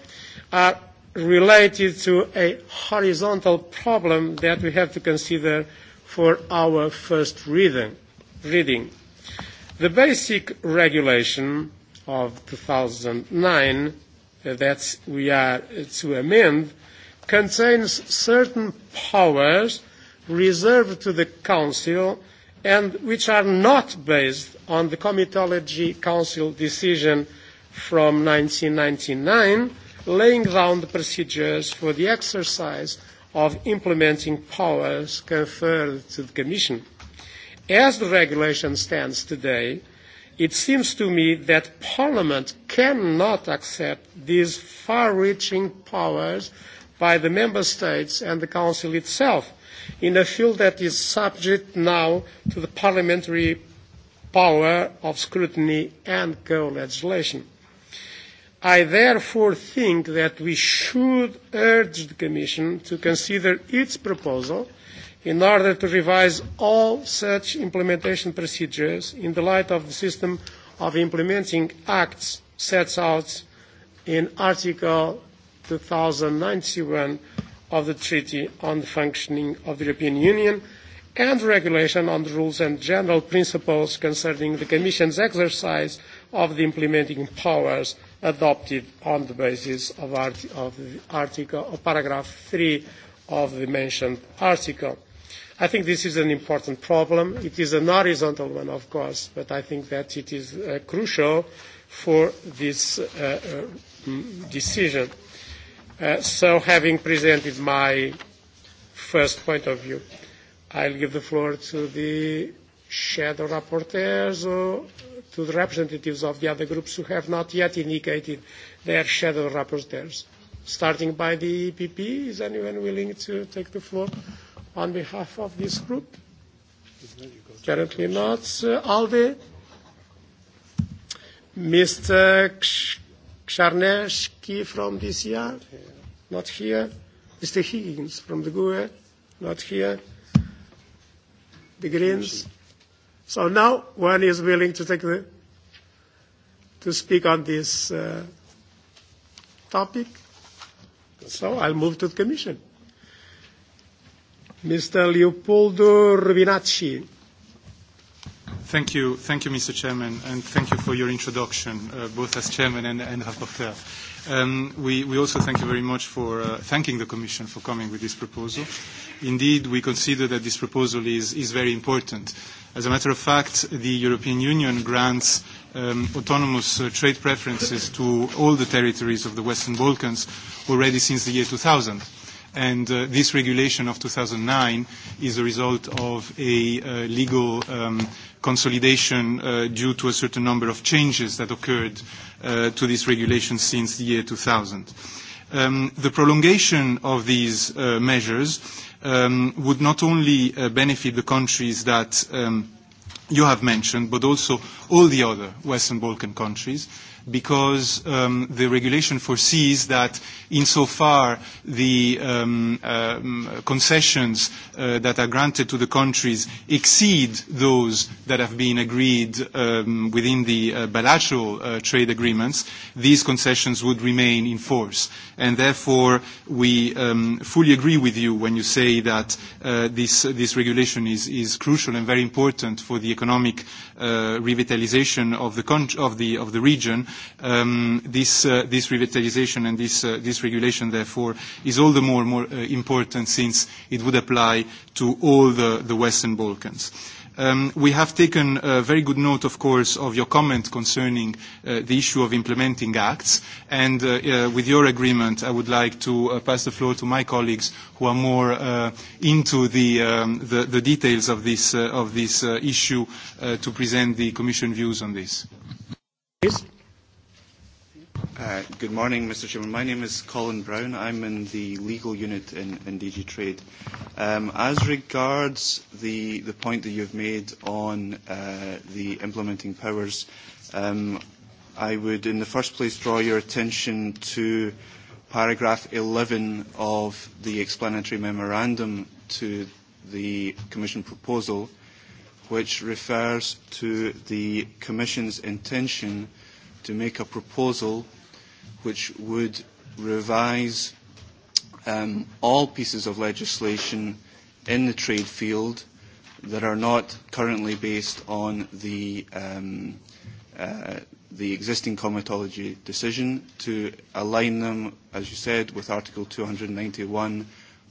are related to a horizontal problem that we have to consider for our first reading. The basic regulation of 2009 that we are to amend contains certain powers reserved to the Council and which are not based on the Comitology Council decision from ninety nine, laying down the procedures for the exercise of implementing powers conferred to the Commission. As the regulation stands today, it seems to me that Parliament cannot accept these far-reaching powers by the Member States and the Council itself in a field that is subject now to the parliamentary power of scrutiny and co-legislation. I therefore think that we should urge the Commission to consider its proposal in order to revise all such implementation procedures in the light of the system of implementing acts set out in Article 2091 of the Treaty on the Functioning of the European Union and regulation on the rules and general principles concerning the Commission's exercise of the implementing powers adopted on the basis of, article, of paragraph 3 of the mentioned article. I think this is an important problem. It is an horizontal one, of course, but I think that it is crucial for this decision so having presented my first point of view, I'll give the floor to the shadow rapporteurs or to the representatives of the other groups who have not yet indicated their shadow rapporteurs. Starting by the EPP, is anyone willing to take the floor on behalf of this group? Apparently not. ALDE? Mr. Czarnecki from DCR? Not here. Mr. Higgins from the GUE? Not here. The Greens? So now one is willing to take the, to speak on this uh, topic. So I'll move to the Commission. Mr. Leopoldo Rubinacci. Thank you. Thank you, Mr. Chairman, and thank you for your introduction, uh, both as Chairman and, and Rapporteur. Um, we, we also thank you very much for uh, thanking the Commission for coming with this proposal. Indeed, we consider that this proposal is, is very important. As a matter of fact, the European Union grants um, autonomous uh, trade preferences to all the territories of the Western Balkans already since the year 2000 and uh, this regulation of 2009 is a result of a uh, legal um, consolidation uh, due to a certain number of changes that occurred uh, to this regulation since the year 2000. Um, the prolongation of these uh, measures um, would not only uh, benefit the countries that um, you have mentioned, but also all the other Western Balkan countries, because um, the regulation foresees that insofar the um, um, concessions uh, that are granted to the countries exceed those that have been agreed um, within the uh, bilateral uh, trade agreements, these concessions would remain in force. And therefore, we um, fully agree with you when you say that uh, this, this regulation is, is crucial and very important for the economic uh, revitalization of the, of the, of the region this revitalization and this regulation, therefore, is all the more important since it would apply to all the Western Balkans. We have taken very good note, of course, of your comment concerning the issue of implementing acts. and With your agreement, I would like to pass the floor to my colleagues who are more into the details of this issue to present the Commission views on this. Please good morning, Mr. Chairman. My name is Colin Brown. I'm in the legal unit in, in DG Trade. Um, as regards the, the point that you've made on uh, the implementing powers, um, I would in the first place draw your attention to paragraph 11 of the explanatory memorandum to the Commission proposal, which refers to the Commission's intention to make a proposal which would revise um, all pieces of legislation in the trade field that are not currently based on the, um, uh, the existing comitology decision to align them, as you said, with Article 291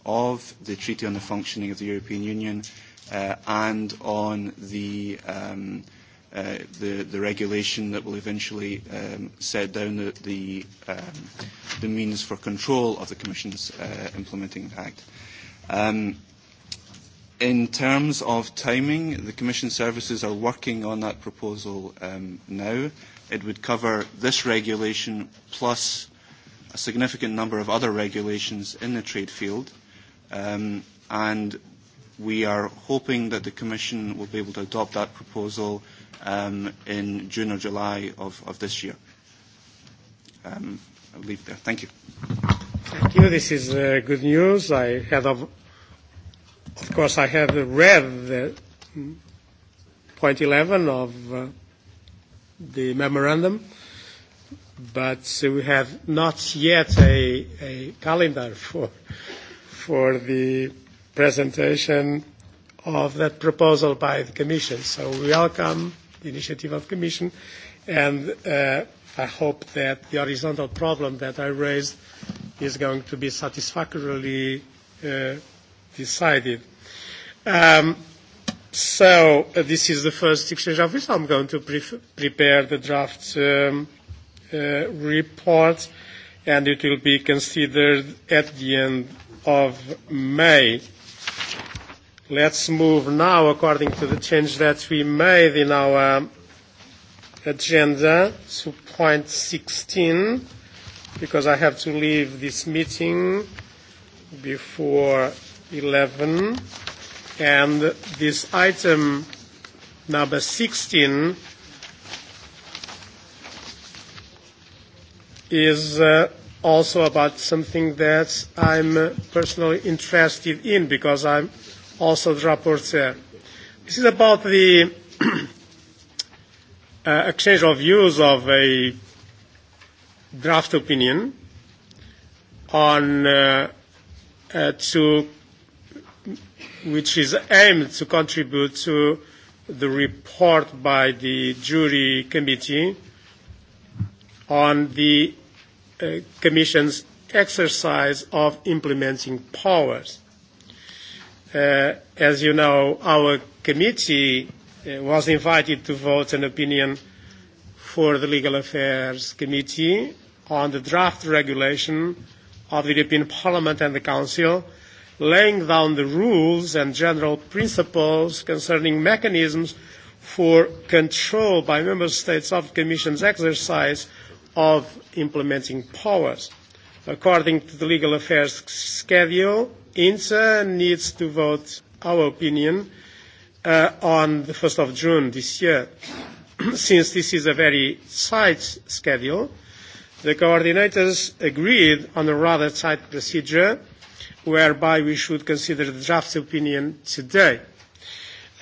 of the Treaty on the Functioning of the European Union uh, and on the um, – the, the regulation that will eventually um, set down the, the, um, the means for control of the Commission's uh, implementing act. Um, in terms of timing, the Commission services are working on that proposal um, now. It would cover this regulation plus a significant number of other regulations in the trade field. Um, and we are hoping that the Commission will be able to adopt that proposal um, in June or July of, of this year. Um, I'll leave there. Thank you. Thank you. This is uh, good news. I had, of, of course, I have read the point 11 of uh, the memorandum, but we have not yet a, a calendar for for the presentation of that proposal by the Commission. So we welcome initiative of Commission, and uh, I hope that the horizontal problem that I raised is going to be satisfactorily uh, decided. Um, so uh, this is the first exchange of views. I'm going to pre- prepare the draft um, uh, report, and it will be considered at the end of May. Let's move now, according to the change that we made in our agenda, to point 16, because I have to leave this meeting before 11. And this item number 16 is uh, also about something that I'm personally interested in because I'm also the rapporteur. This is about the uh, exchange of views of a draft opinion on uh, uh, to which is aimed to contribute to the report by the jury committee on the uh, commission's exercise of implementing powers as you know, our committee was invited to vote an opinion for the Legal Affairs Committee on the draft regulation of the European Parliament and the Council, laying down the rules and general principles concerning mechanisms for control by Member States of the Commission's exercise of implementing powers. According to the Legal Affairs Schedule, INSA needs to vote our opinion uh, on the 1st of June this year. Since this is a very tight schedule, the coordinators agreed on a rather tight procedure whereby we should consider the draft opinion today.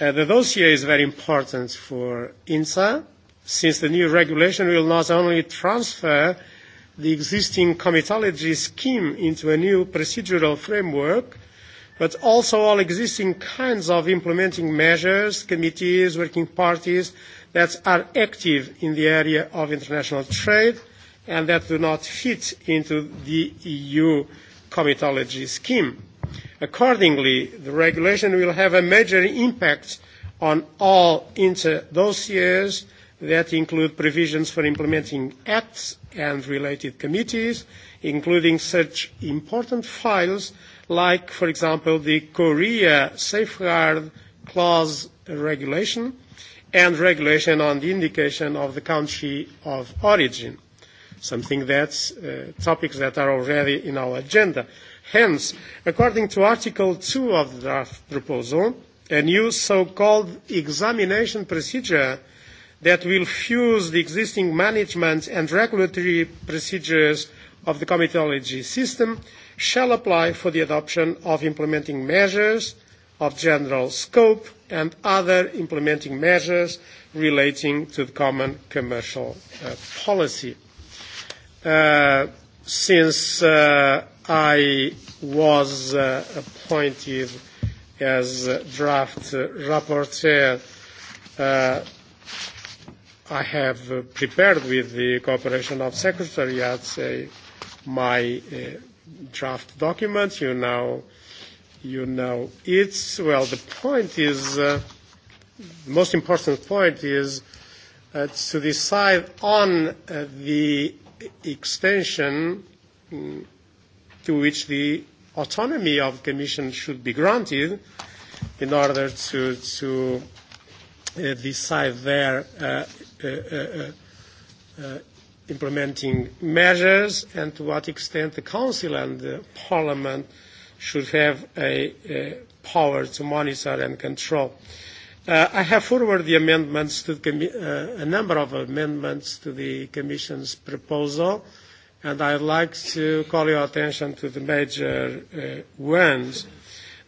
Uh, the dossier is very important for INSA since the new regulation will not only transfer the existing comitology scheme into a new procedural framework, but also all existing kinds of implementing measures, committees, working parties that are active in the area of international trade and that do not fit into the EU comitology scheme. Accordingly, the regulation will have a major impact on all inter dossiers that include provisions for implementing acts and related committees, including such important files like, for example, the Korea Safeguard Clause Regulation and regulation on the indication of the country of origin, something that's uh, topics that are already in our agenda. Hence, according to Article 2 of the draft proposal, a new so-called examination procedure – that will fuse the existing management and regulatory procedures of the comitology system shall apply for the adoption of implementing measures of general scope and other implementing measures relating to the common commercial policy. since I was appointed as draft rapporteur I have prepared with the cooperation of Secretariat uh, my uh, draft document. You know, you know, it's well. The point is, uh, the most important point is uh, to decide on uh, the extension to which the autonomy of the Commission should be granted in order to to uh, decide there uh, implementing measures and to what extent the Council and the Parliament should have a, power to monitor and control. I have forwarded the amendments to the, a number of amendments to the Commission's proposal, and I'd like to call your attention to the major ones.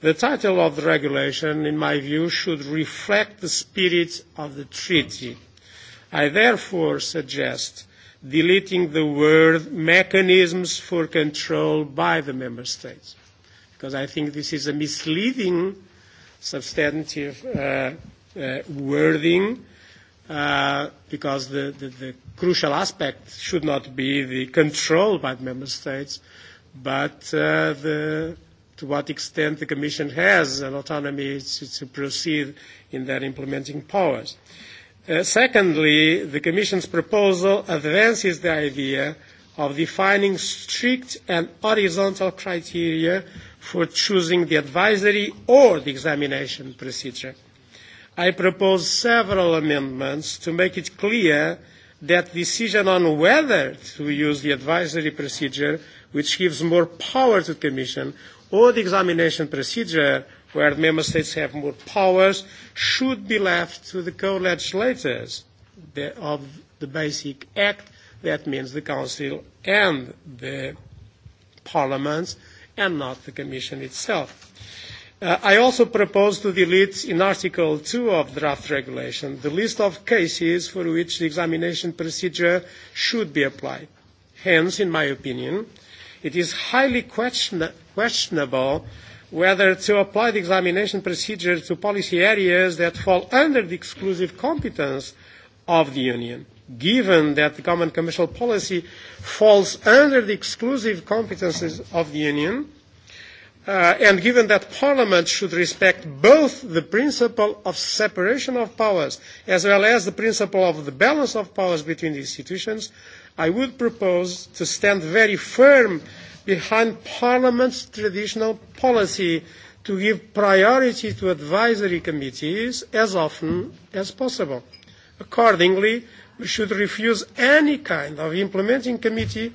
The title of the regulation, in my view, should reflect the spirit of the treaty I therefore suggest deleting the word mechanisms for control by the member states, because I think this is a misleading substantive uh, uh, wording, uh, because the, the, the crucial aspect should not be the control by the member states, but uh, the, to what extent the Commission has an autonomy to, to proceed in their implementing powers. Uh, Secondly, the Commission's proposal advances the idea of defining strict and horizontal criteria for choosing the advisory or the examination procedure. I propose several amendments to make it clear that decision on whether to use the advisory procedure, which gives more power to the Commission, or the examination procedure, where the member states have more powers, should be left to the co-legislators of the Basic Act. That means the Council and the Parliament, and not the Commission itself. I also propose to delete in Article 2 of the draft regulation the list of cases for which the examination procedure should be applied. Hence, in my opinion, it is highly questionable whether to apply the examination procedure to policy areas that fall under the exclusive competence of the Union, given that the common commercial policy falls under the exclusive competences of the Union, uh, and given that Parliament should respect both the principle of separation of powers as well as the principle of the balance of powers between the institutions, I would propose to stand very firm behind Parliament's traditional policy to give priority to advisory committees as often as possible. Accordingly, we should refuse any kind of implementing committee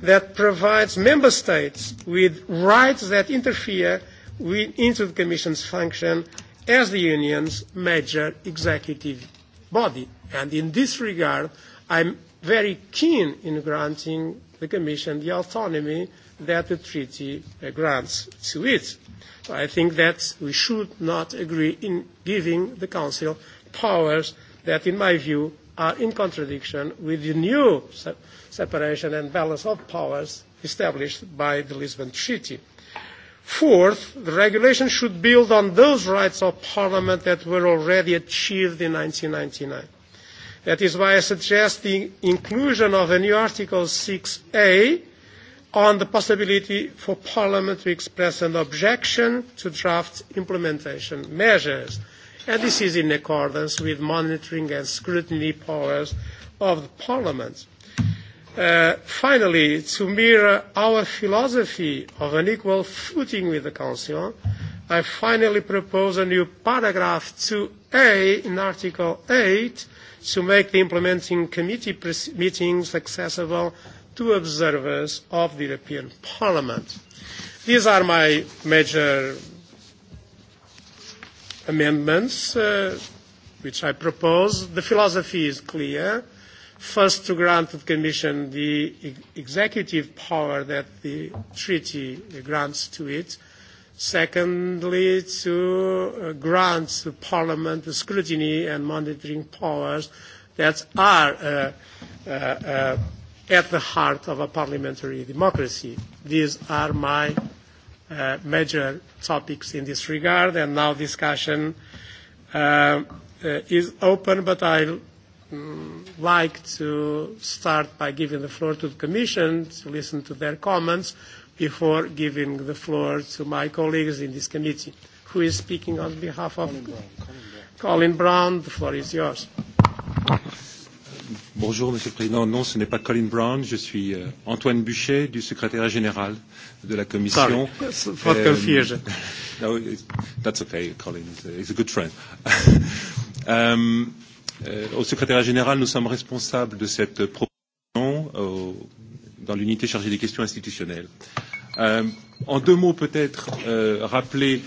that provides member states with rights that interfere with, into the Commission's function as the Union's major executive body. And in this regard, I'm very keen in granting the Commission the autonomy that the treaty grants to it. I think that we should not agree in giving the Council powers that, in my view, are in contradiction with the new separation and balance of powers established by the Lisbon Treaty. Fourth, the regulation should build on those rights of Parliament that were already achieved in ninety nine. That is why I suggest the inclusion of a new Article six a on the possibility for Parliament to express an objection to draft implementation measures. And this is in accordance with monitoring and scrutiny powers of the Parliament. finally, to mirror our philosophy of an equal footing with the Council, I finally propose a new paragraph 2A in Article 8 to make the implementing committee meetings accessible two observers of the European Parliament. These are my major amendments uh, which I propose. The philosophy is clear. First, to grant the Commission the executive power that the treaty grants to it. Secondly, to grant the Parliament the scrutiny and monitoring powers that are at the heart of a parliamentary democracy. These are my uh, major topics in this regard, and now discussion uh, uh, is open, but I like to start by giving the floor to the Commission to listen to their comments before giving the floor to my colleagues in this committee. Who is speaking on behalf of Colin Brown? Colin Brown, the floor is yours. Bonjour, Monsieur le Président. Non, ce n'est pas Colin Brown. Je suis euh, Antoine Buchet, du secrétaire général de la Commission. Sorry, for um, No, it's, that's okay, Colin. it's a good friend. um, euh, au secrétaire général, nous sommes responsables de cette proposition au, dans l'unité chargée des questions institutionnelles. Euh, en deux mots, peut-être euh, rappeler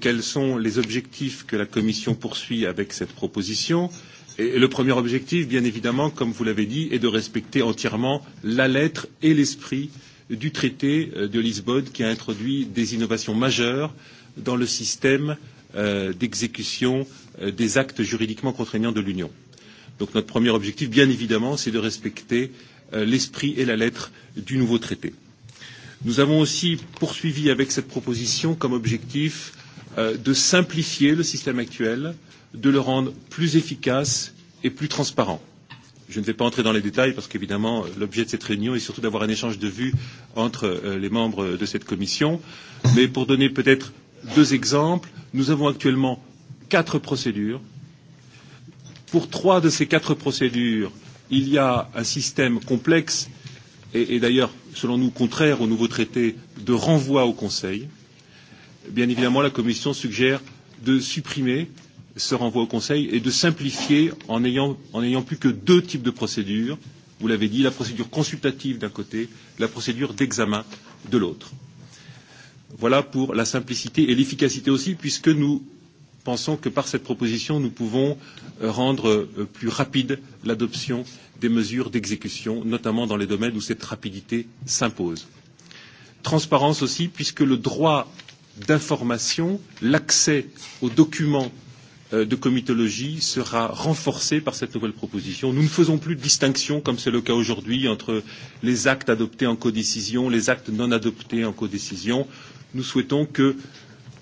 quels sont les objectifs que la Commission poursuit avec cette proposition. Euh, Et le premier objectif, bien évidemment, comme vous l'avez dit, est de respecter entièrement la lettre et l'esprit du traité de Lisbonne qui a introduit des innovations majeures dans le système d'exécution des actes juridiquement contraignants de l'Union. Donc notre premier objectif, bien évidemment, c'est de respecter l'esprit et la lettre du nouveau traité. Nous avons aussi poursuivi avec cette proposition comme objectif de simplifier le système actuel euh, de le rendre plus efficace et plus transparent. Je ne vais pas entrer dans les détails parce qu'évidemment, l'objet de cette réunion est surtout d'avoir un échange de vues entre les membres de cette commission. Mais pour donner peut-être deux exemples, nous avons actuellement quatre procédures. Pour trois de ces quatre procédures, il y a un système complexe et, et d'ailleurs, selon nous, contraire au nouveau traité de renvoi au Conseil. Bien évidemment, la Commission suggère de supprimer ce renvoi au Conseil est de simplifier en ayant, en ayant plus que deux types de procédures. Vous l'avez dit, la procédure consultative d'un côté, la procédure d'examen de l'autre. Voilà pour la simplicité et l'efficacité aussi, puisque nous pensons que par cette proposition, nous pouvons rendre plus rapide l'adoption des mesures d'exécution, notamment dans les domaines où cette rapidité s'impose. Transparence aussi, puisque le droit d'information, l'accès aux documents de comitologie sera renforcée par cette nouvelle proposition. Nous ne faisons plus de distinction, comme c'est le cas aujourd'hui, entre les actes adoptés en codécision, les actes non adoptés en codécision. Nous souhaitons que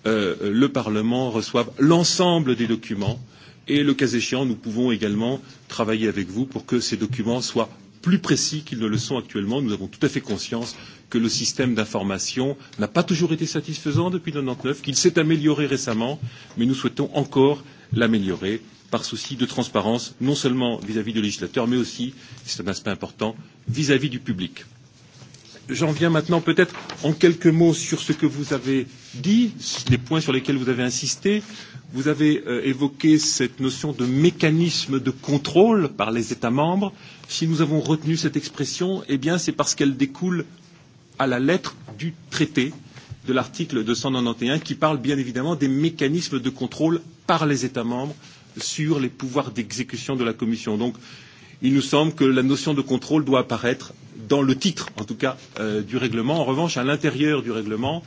le Parlement reçoive l'ensemble des documents et, le cas échéant, nous pouvons également travailler avec vous pour que ces documents soient plus précis qu'ils ne le sont actuellement. Nous avons tout à fait conscience que le système d'information n'a pas toujours été satisfaisant depuis 1999, qu'il s'est amélioré récemment, mais nous souhaitons encore l'améliorer par souci de transparence, non seulement vis-à-vis du législateur, mais aussi, c'est un aspect important, vis-à-vis du public. J'en viens maintenant peut-être en quelques mots sur ce que vous avez dit, les points sur lesquels vous avez insisté. Vous avez évoqué cette notion de mécanisme de contrôle par les États membres. Si nous avons retenu cette expression, eh bien c'est parce qu'elle découle à la lettre du traité de l'article 291 qui parle bien évidemment des mécanismes de contrôle par les États membres sur les pouvoirs d'exécution de la Commission. Donc, il nous semble que la notion de contrôle doit apparaître dans le titre, en tout cas, euh, du règlement. En revanche, à l'intérieur du règlement,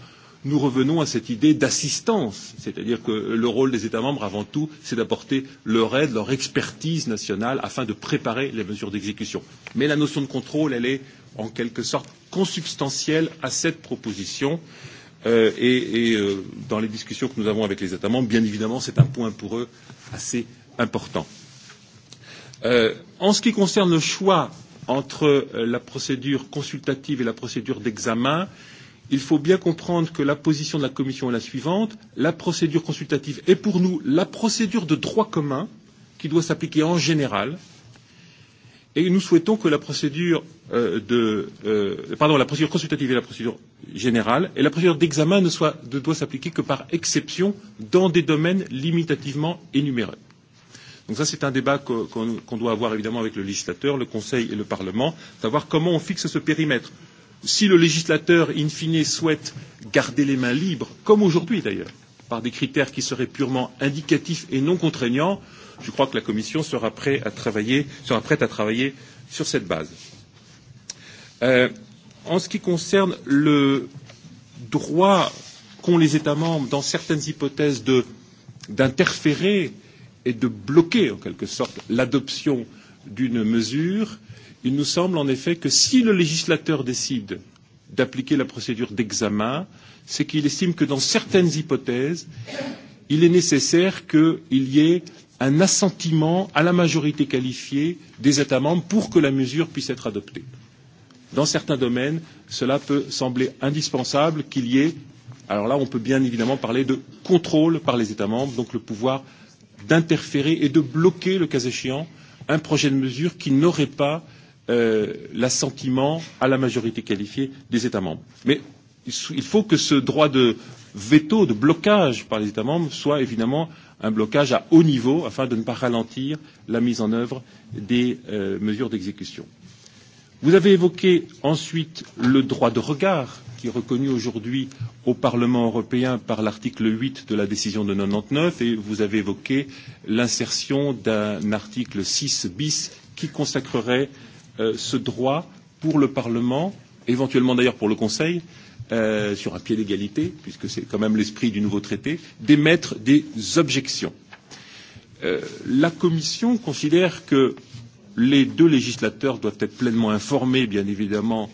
nous revenons à cette idée d'assistance, c'est-à-dire que le rôle des États membres, avant tout, c'est d'apporter leur aide, leur expertise nationale afin de préparer les mesures d'exécution. Mais la notion de contrôle, elle est en quelque sorte consubstantielle à cette proposition. Euh, euh, et, et euh, dans les discussions que nous avons avec les États membres, bien évidemment, c'est un point pour eux assez important. Euh, en ce qui concerne le choix entre euh, la procédure consultative et la procédure d'examen, il faut bien comprendre que la position de la Commission est la suivante la procédure consultative est pour nous la procédure de droit commun qui doit s'appliquer en général euh, et nous souhaitons que la procédure euh, de euh, pardon la procédure consultative et la procédure générale et la procédure d'examen ne, soient ne doit s'appliquer que par exception dans des domaines limitativement énumérés. Donc ça c'est un débat qu'on qu doit avoir évidemment avec le législateur, le Conseil et le Parlement, savoir comment on fixe ce périmètre. Si le législateur, in fine, souhaite garder les mains libres, comme aujourd'hui d'ailleurs, par des critères qui seraient purement indicatifs et non contraignants, euh, je crois que la Commission sera, prête à travailler sur cette base. en ce qui concerne le droit qu'ont les États membres, dans certaines hypothèses, d'interférer et de bloquer, en quelque sorte, l'adoption d'une mesure, il nous semble en effet que si le législateur décide d'appliquer la procédure d'examen, c'est qu'il estime que dans certaines hypothèses, il est nécessaire qu'il y ait un assentiment à la majorité qualifiée des États membres pour que la mesure puisse être adoptée. Dans certains domaines, cela peut sembler indispensable qu'il y ait alors là on peut bien évidemment parler de contrôle par les États membres, donc le pouvoir d'interférer et de bloquer, le cas échéant, un projet de mesure qui n'aurait pas l'assentiment à la majorité qualifiée des États membres. Mais il faut que ce droit de veto, de blocage par les États membres soit évidemment un blocage à haut niveau afin de ne pas ralentir la mise en œuvre des mesures d'exécution. Vous avez évoqué ensuite le droit de regard qui est reconnu aujourd'hui au Parlement européen par l'article 8 de la décision de 99 et vous avez évoqué l'insertion d'un article 6 bis qui consacrerait ce droit pour le Parlement, éventuellement d'ailleurs pour le Conseil, sur un pied d'égalité, puisque c'est quand même l'esprit du nouveau traité, d'émettre des objections. Euh, la Commission considère que les deux législateurs doivent être pleinement informés, bien évidemment,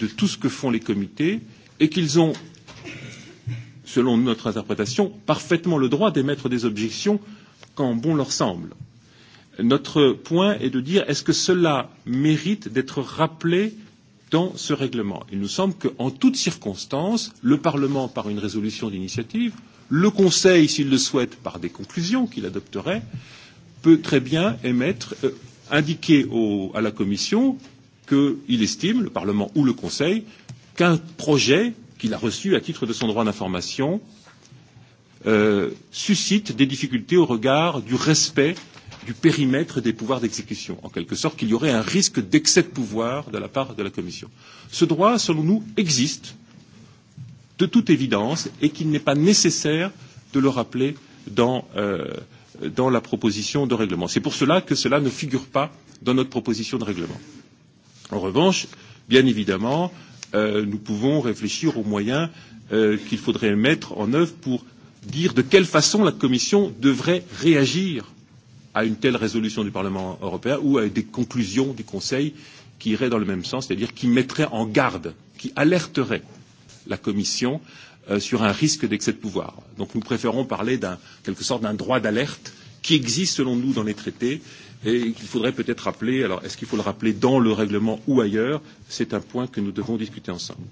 de tout ce que font les comités et qu'ils ont, selon notre interprétation, parfaitement le droit d'émettre des objections quand bon leur semble. Notre point est de dire est-ce que cela mérite d'être rappelé dans ce règlement. Il nous semble qu'en toutes circonstances, le Parlement, par une résolution d'initiative, le Conseil, s'il le souhaite, par des conclusions qu'il adopterait, peut très bien émettre, euh, indiquer au, à la Commission qu'il estime, le Parlement ou le Conseil, qu'un projet qu'il a reçu à titre de son droit d'information euh, suscite des difficultés au regard du respect euh, du périmètre des pouvoirs d'exécution, en quelque sorte qu'il y aurait un risque d'excès de pouvoir de la part de la Commission. Ce droit, selon nous, existe de toute évidence et qu'il n'est pas nécessaire de le rappeler dans, la proposition de règlement. C'est pour cela que cela ne figure pas dans notre proposition de règlement. En revanche, bien évidemment, nous pouvons réfléchir aux moyens qu'il faudrait mettre en œuvre pour dire de quelle façon la Commission devrait réagir à une telle résolution du Parlement européen ou à des conclusions du Conseil qui iraient dans le même sens, c'est-à-dire qui mettraient en garde, qui alerteraient la Commission sur un risque d'excès de pouvoir. Donc nous préférons parler d'un quelque sorte d'un droit d'alerte qui existe selon nous dans les traités et qu'il faudrait peut-être rappeler. Alors est-ce qu'il faut le rappeler dans le règlement ou ailleurs C'est un point que nous devons discuter ensemble.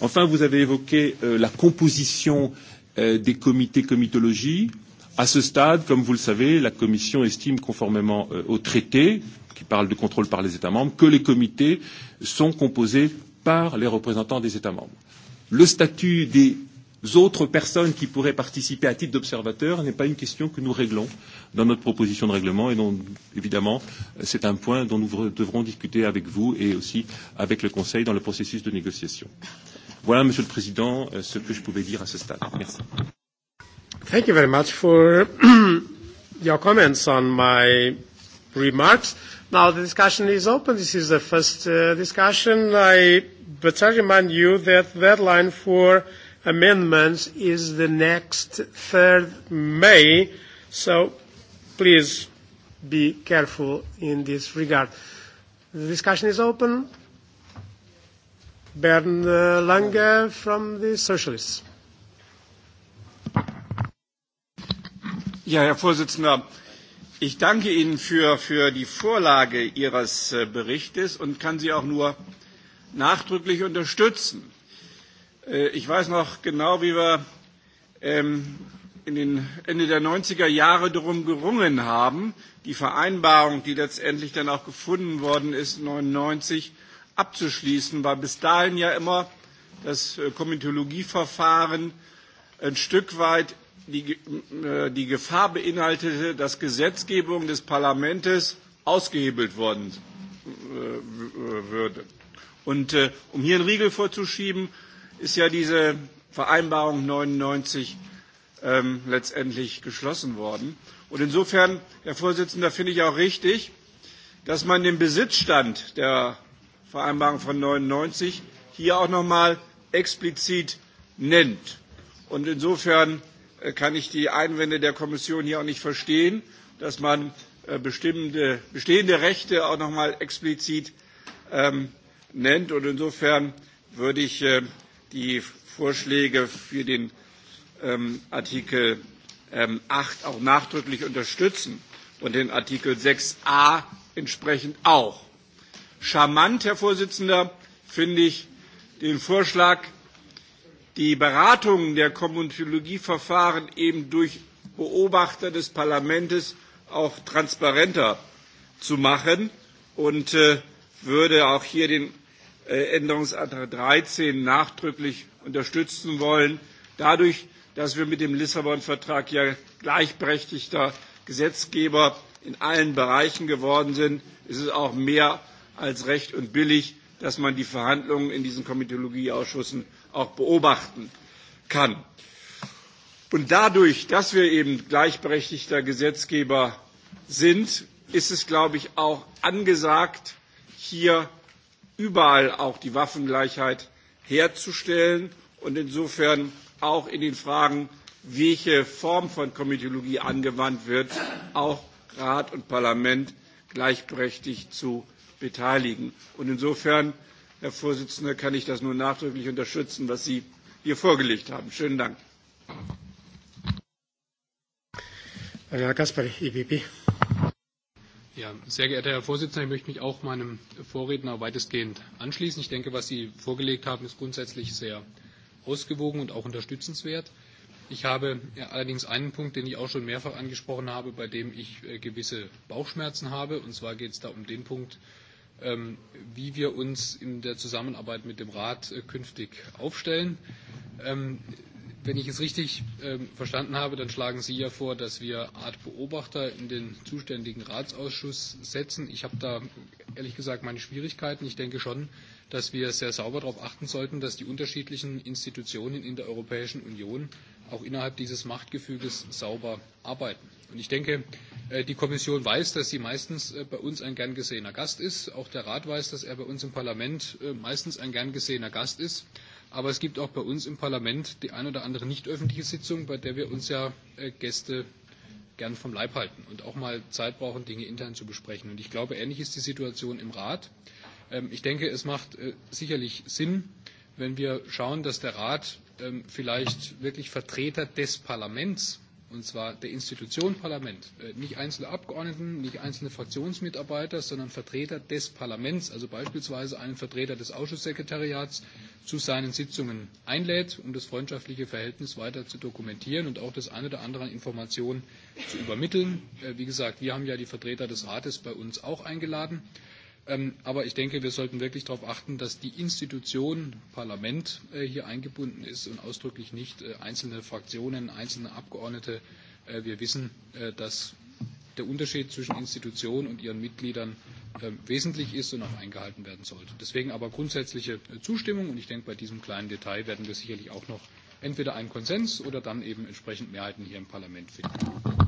Enfin, vous avez évoqué la composition des comités comitologie. Euh, À ce stade, comme vous le savez, la Commission estime, conformément au traité, qui parle de contrôle par les États membres, que les comités sont composés par les représentants des États membres. Le statut des autres personnes qui pourraient participer à titre d'observateur n'est pas une question que nous réglons dans notre proposition de règlement et donc évidemment, c'est un point dont nous devrons discuter avec vous et aussi avec le Conseil dans le processus de négociation. Voilà, Monsieur le Président, ce que je pouvais dire à ce stade. Merci. Thank you very much for your comments on my remarks. Now the discussion is open. This is the first uh, discussion. I but I remind you that the deadline for amendments is the next 3rd May. So please be careful in this regard. The discussion is open. Bernd Lange from the Socialists. Herr Vorsitzender, ich danke Ihnen für, für die Vorlage Ihres Berichtes und kann Sie auch nur nachdrücklich unterstützen. Ich weiß noch genau, wie wir in den Ende der 90er Jahre darum gerungen haben, die Vereinbarung, die letztendlich dann auch gefunden worden ist, 99 abzuschließen, weil bis dahin ja immer das Komitologieverfahren ein Stück weit die Gefahr beinhaltete, dass Gesetzgebung des Parlaments ausgehebelt worden würde. Und um hier einen Riegel vorzuschieben, ist ja diese Vereinbarung 99 letztendlich geschlossen worden. Und insofern, Herr Vorsitzender, finde ich auch richtig, dass man den Besitzstand der Vereinbarung von 99 hier auch noch mal explizit nennt. Und insofern kann ich die Einwände der Kommission hier auch nicht verstehen, dass man bestimmte, bestehende Rechte auch noch mal explizit nennt. Und insofern würde ich die Vorschläge für den Artikel acht auch nachdrücklich unterstützen und den Artikel 6a entsprechend auch. Charmant, Herr Vorsitzender, finde ich den Vorschlag die Beratungen der Komitologieverfahren eben durch Beobachter des Parlaments auch transparenter zu machen und würde auch hier den Änderungsantrag 13 nachdrücklich unterstützen wollen, dadurch, dass wir mit dem Lissabon-Vertrag ja gleichberechtigter Gesetzgeber in allen Bereichen geworden sind, ist es auch mehr als recht und billig, dass man die Verhandlungen in diesen Komitologieausschüssen auch beobachten kann. Und dadurch, dass wir eben gleichberechtigter Gesetzgeber sind, ist es, glaube ich, auch angesagt, hier überall auch die Waffengleichheit herzustellen und insofern auch in den Fragen, welche Form von Komitologie angewandt wird, auch Rat und Parlament gleichberechtigt zu beteiligen. Und insofern Herr Vorsitzender, kann ich das nur nachdrücklich unterstützen, was Sie hier vorgelegt haben. Schönen Dank. Herr Kaspari, Ja, sehr geehrter Herr Vorsitzender, ich möchte mich auch meinem Vorredner weitestgehend anschließen. Ich denke, was Sie vorgelegt haben, ist grundsätzlich sehr ausgewogen und auch unterstützenswert. Ich habe allerdings einen Punkt, den ich auch schon mehrfach angesprochen habe, bei dem ich gewisse Bauchschmerzen habe. Und zwar geht es da um den Punkt, wie wir uns in der Zusammenarbeit mit dem Rat künftig aufstellen. Wenn ich es richtig verstanden habe, dann schlagen Sie ja vor, dass wir Art Beobachter in den zuständigen Ratsausschuss setzen. Ich habe da ehrlich gesagt meine Schwierigkeiten. Ich denke schon, dass wir sehr sauber darauf achten sollten, dass die unterschiedlichen Institutionen in der Europäischen Union auch innerhalb dieses Machtgefüges sauber arbeiten. Und ich denke, die Kommission weiß, dass sie meistens bei uns ein gern gesehener Gast ist. Auch der Rat weiß, dass er bei uns im Parlament meistens ein gern gesehener Gast ist. Aber es gibt auch bei uns im Parlament die ein oder andere nicht öffentliche Sitzung, bei der wir uns ja Gäste gern vom Leib halten und auch mal Zeit brauchen, Dinge intern zu besprechen. Und ich glaube, ähnlich ist die Situation im Rat. Ich denke, es macht sicherlich Sinn, wenn wir schauen, dass der Rat vielleicht wirklich Vertreter des Parlaments, und zwar der Institution Parlament, nicht einzelne Abgeordneten, nicht einzelne Fraktionsmitarbeiter, sondern Vertreter des Parlaments, also beispielsweise einen Vertreter des Ausschusssekretariats, zu seinen Sitzungen einlädt, um das freundschaftliche Verhältnis weiter zu dokumentieren und auch das eine oder andere an Informationen zu übermitteln. Wie gesagt, wir haben ja die Vertreter des Rates bei uns auch eingeladen. Aber ich denke, wir sollten wirklich darauf achten, dass die Institution Parlament hier eingebunden ist und ausdrücklich nicht einzelne Fraktionen, einzelne Abgeordnete. Wir wissen, dass der Unterschied zwischen Institution und ihren Mitgliedern wesentlich ist und auch eingehalten werden sollte. Deswegen aber grundsätzliche Zustimmung. Und ich denke, bei diesem kleinen Detail werden wir sicherlich auch noch entweder einen Konsens oder dann eben entsprechend Mehrheiten hier im Parlament finden.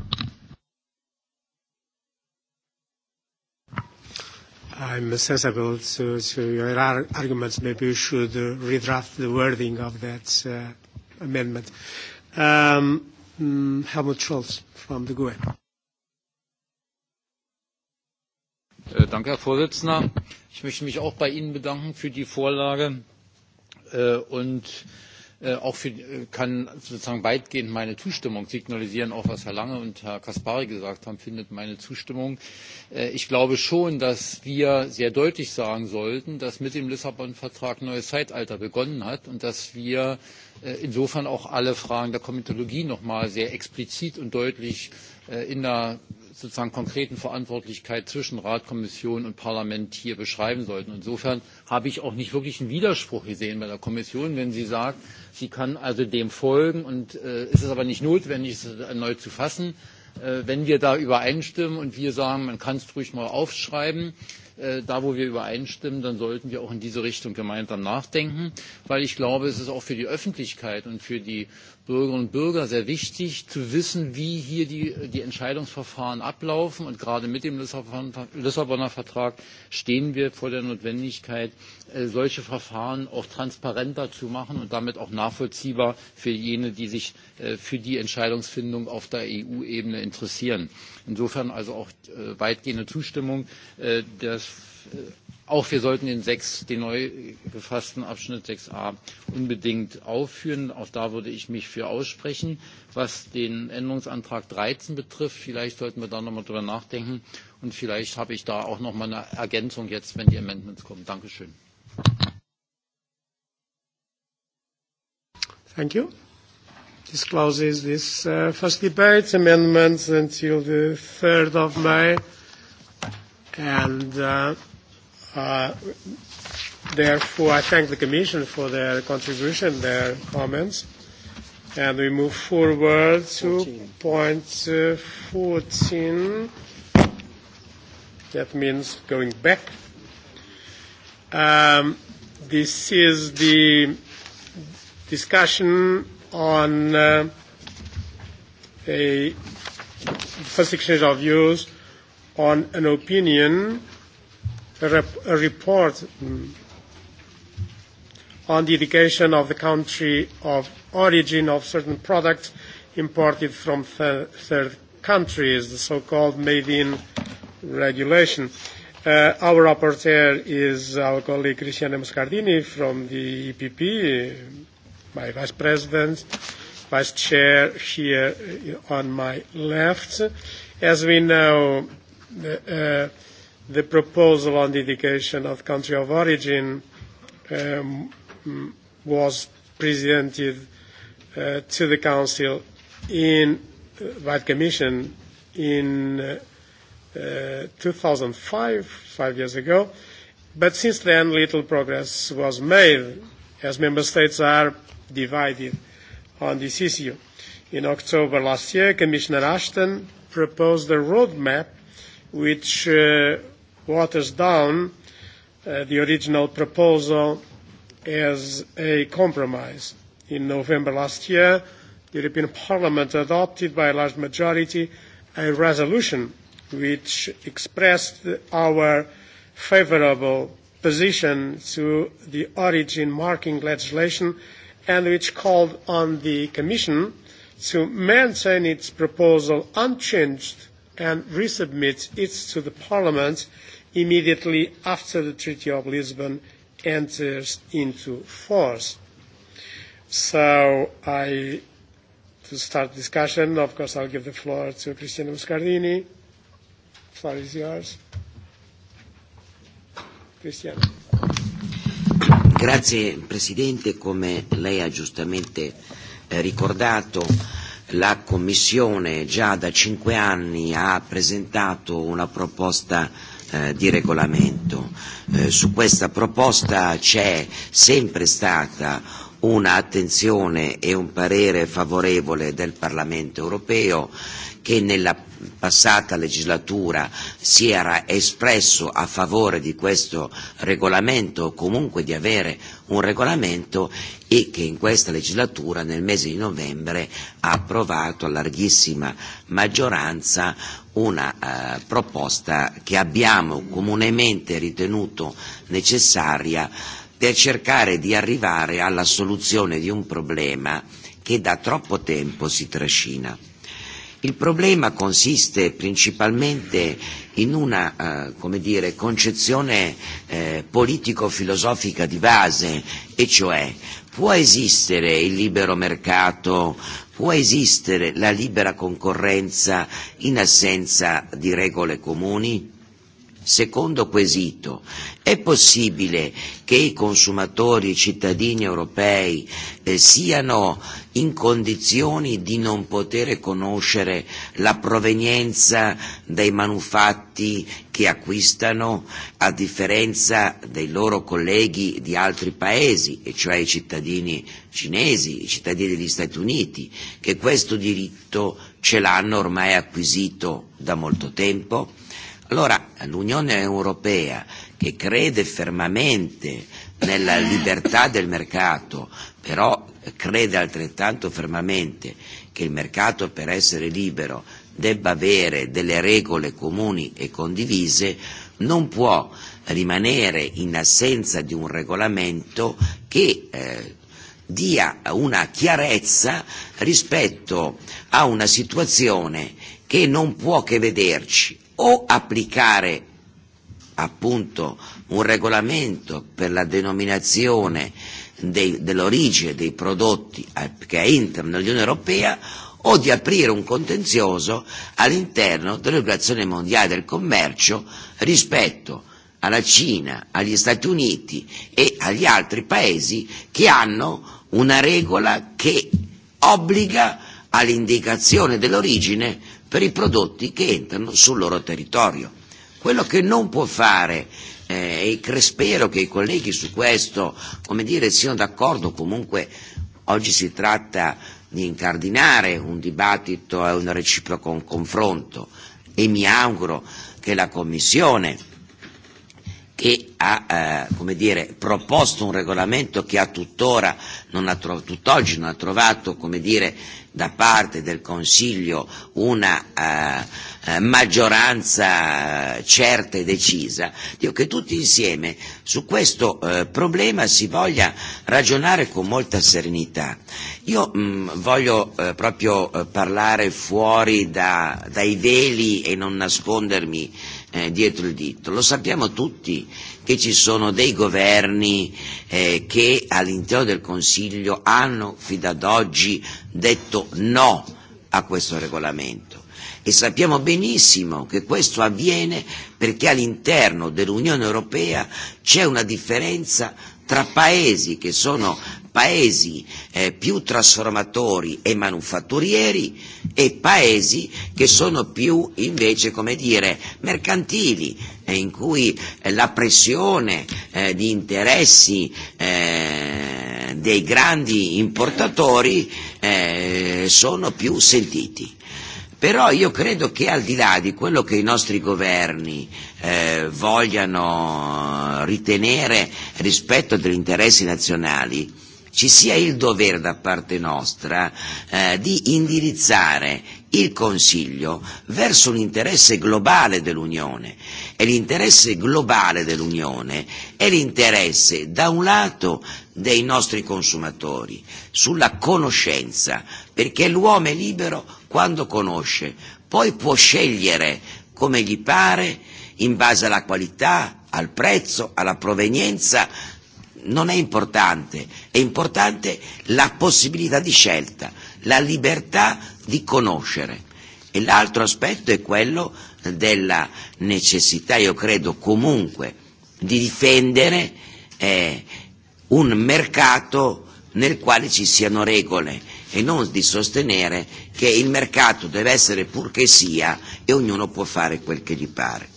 I'm sensible to, to your ar- arguments. Maybe you should uh, redraft the wording of that uh, amendment. Um, mm, Helmut Scholz from the GUE. Danke, Herr Vorsitzender. Ich möchte mich auch bei Ihnen bedanken für die Vorlage und auch für, kann sozusagen weitgehend meine Zustimmung signalisieren, auch was Herr Lange und Herr Caspary gesagt haben, findet meine Zustimmung. Ich glaube schon, dass wir sehr deutlich sagen sollten, dass mit dem Lissabon-Vertrag ein neues Zeitalter begonnen hat und dass wir insofern auch alle Fragen der Komitologie noch mal sehr explizit und deutlich in der sozusagen konkreten Verantwortlichkeit zwischen Rat, Kommission und Parlament hier beschreiben sollten. Insofern habe ich auch nicht wirklich einen Widerspruch gesehen bei der Kommission, wenn sie sagt, sie kann also dem folgen und es ist aber nicht notwendig, es erneut zu fassen. Wenn wir da übereinstimmen und wir sagen, man kann es ruhig mal aufschreiben, da wo wir übereinstimmen, dann sollten wir auch in diese Richtung gemeinsam nachdenken, weil ich glaube, es ist auch für die Öffentlichkeit und für die Bürgerinnen und Bürger sehr wichtig zu wissen, wie hier die, Entscheidungsverfahren ablaufen. Und gerade mit dem Lissabonner Vertrag stehen wir vor der Notwendigkeit, solche Verfahren auch transparenter zu machen und damit auch nachvollziehbar für jene, die sich für die Entscheidungsfindung auf der EU-Ebene interessieren. Insofern also auch weitgehende Zustimmung des Auch wir sollten den, den neu gefassten Abschnitt sechs a unbedingt aufführen. Auch da würde ich mich für aussprechen. Was den Änderungsantrag dreizehn betrifft, vielleicht sollten wir da noch mal drüber nachdenken. Und vielleicht habe ich da auch noch mal eine Ergänzung jetzt, wenn die Amendments kommen. Dankeschön. Thank you. This closes this uh, first debate. Amendments until the 3rd of May. And... Uh, Therefore, I thank the Commission for their contribution, their comments. And we move forward to point 14. That means going back. Um, this is the discussion on uh, a first exchange of views on an opinion a report on the indication of the country of origin of certain products imported from third countries, the so-called made-in regulation. Uh, our rapporteur is our colleague Cristiane Muscardini from the EPP, my vice president, vice chair here on my left. As we know, uh, the proposal on the indication of country of origin um, was presented uh, to the Council in, by the Commission in uh, 2005, five years ago, but since then little progress was made as Member States are divided on this issue. In October last year, Commissioner Ashton proposed a roadmap which uh, waters down uh, the original proposal as a compromise. In November last year, the European Parliament adopted by a large majority a resolution which expressed our favourable position to the origin marking legislation and which called on the Commission to maintain its proposal unchanged and resubmit it to the Parliament immediately after the Treaty of Lisbon enters into force. So I, to start discussion, of course, I'll give the floor to Cristiano Muscardini. The floor is yours. Cristiano. Grazie Presidente, come lei ha giustamente ricordato La Commissione già da cinque anni ha presentato una proposta eh, di regolamento. Eh, su questa proposta c'è sempre stata un'attenzione e un parere favorevole del Parlamento europeo che nella passata legislatura si era espresso a favore di questo regolamento o comunque di avere un regolamento e che in questa legislatura nel mese di novembre ha approvato a larghissima maggioranza una eh, proposta che abbiamo comunemente ritenuto necessaria per cercare di arrivare alla soluzione di un problema che da troppo tempo si trascina. Il problema consiste principalmente in una eh, come dire, concezione eh, politico-filosofica di base, e cioè può esistere il libero mercato, può esistere la libera concorrenza in assenza di regole comuni? Secondo quesito, è possibile che i consumatori, i cittadini europei eh, siano in condizioni di non poter conoscere la provenienza dei manufatti che acquistano a differenza dei loro colleghi di altri paesi, e cioè i cittadini cinesi, i cittadini degli Stati Uniti, che questo diritto ce l'hanno ormai acquisito da molto tempo? Allora l'Unione Europea, che crede fermamente nella libertà del mercato, però crede altrettanto fermamente che il mercato per essere libero debba avere delle regole comuni e condivise, non può rimanere in assenza di un regolamento che eh, dia una chiarezza rispetto a una situazione che non può che vederci o applicare appunto un regolamento per la denominazione dei, dell'origine dei prodotti che entrano nell'Unione Europea o di aprire un contenzioso all'interno dell'Organizzazione Mondiale del Commercio rispetto alla Cina, agli Stati Uniti e agli altri paesi che hanno una regola che obbliga all'indicazione dell'origine per i prodotti che entrano sul loro territorio. Quello che non può fare eh, e spero che i colleghi su questo come dire, siano d'accordo, comunque oggi si tratta di incardinare un dibattito e un reciproco confronto e mi auguro che la Commissione che ha eh, come dire, proposto un regolamento che ha tuttora non ha trovato, tutt'oggi non ha trovato come dire, da parte del Consiglio una eh, maggioranza certa e decisa, dico che tutti insieme su questo eh, problema si voglia ragionare con molta serenità. Io mh, voglio eh, proprio eh, parlare fuori da, dai veli e non nascondermi eh, dietro il dito. Lo sappiamo tutti che ci sono dei governi eh, che all'interno del Consiglio hanno fino ad oggi detto no a questo regolamento e sappiamo benissimo che questo avviene perché all'interno dell'Unione Europea c'è una differenza tra paesi che sono paesi eh, più trasformatori e manufatturieri e paesi che sono più invece come dire, mercantili, eh, in cui eh, la pressione eh, di interessi eh, dei grandi importatori eh, sono più sentiti. Però io credo che al di là di quello che i nostri governi eh, vogliano ritenere rispetto degli interessi nazionali, ci sia il dovere da parte nostra eh, di indirizzare il Consiglio verso l'interesse globale dell'Unione. E l'interesse globale dell'Unione è l'interesse, da un lato, dei nostri consumatori, sulla conoscenza, perché l'uomo è libero quando conosce, poi può scegliere come gli pare, in base alla qualità, al prezzo, alla provenienza, non è importante, è importante la possibilità di scelta, la libertà di conoscere. E l'altro aspetto è quello della necessità, io credo comunque, di difendere eh, un mercato nel quale ci siano regole e non di sostenere che il mercato deve essere pur che sia e ognuno può fare quel che gli pare.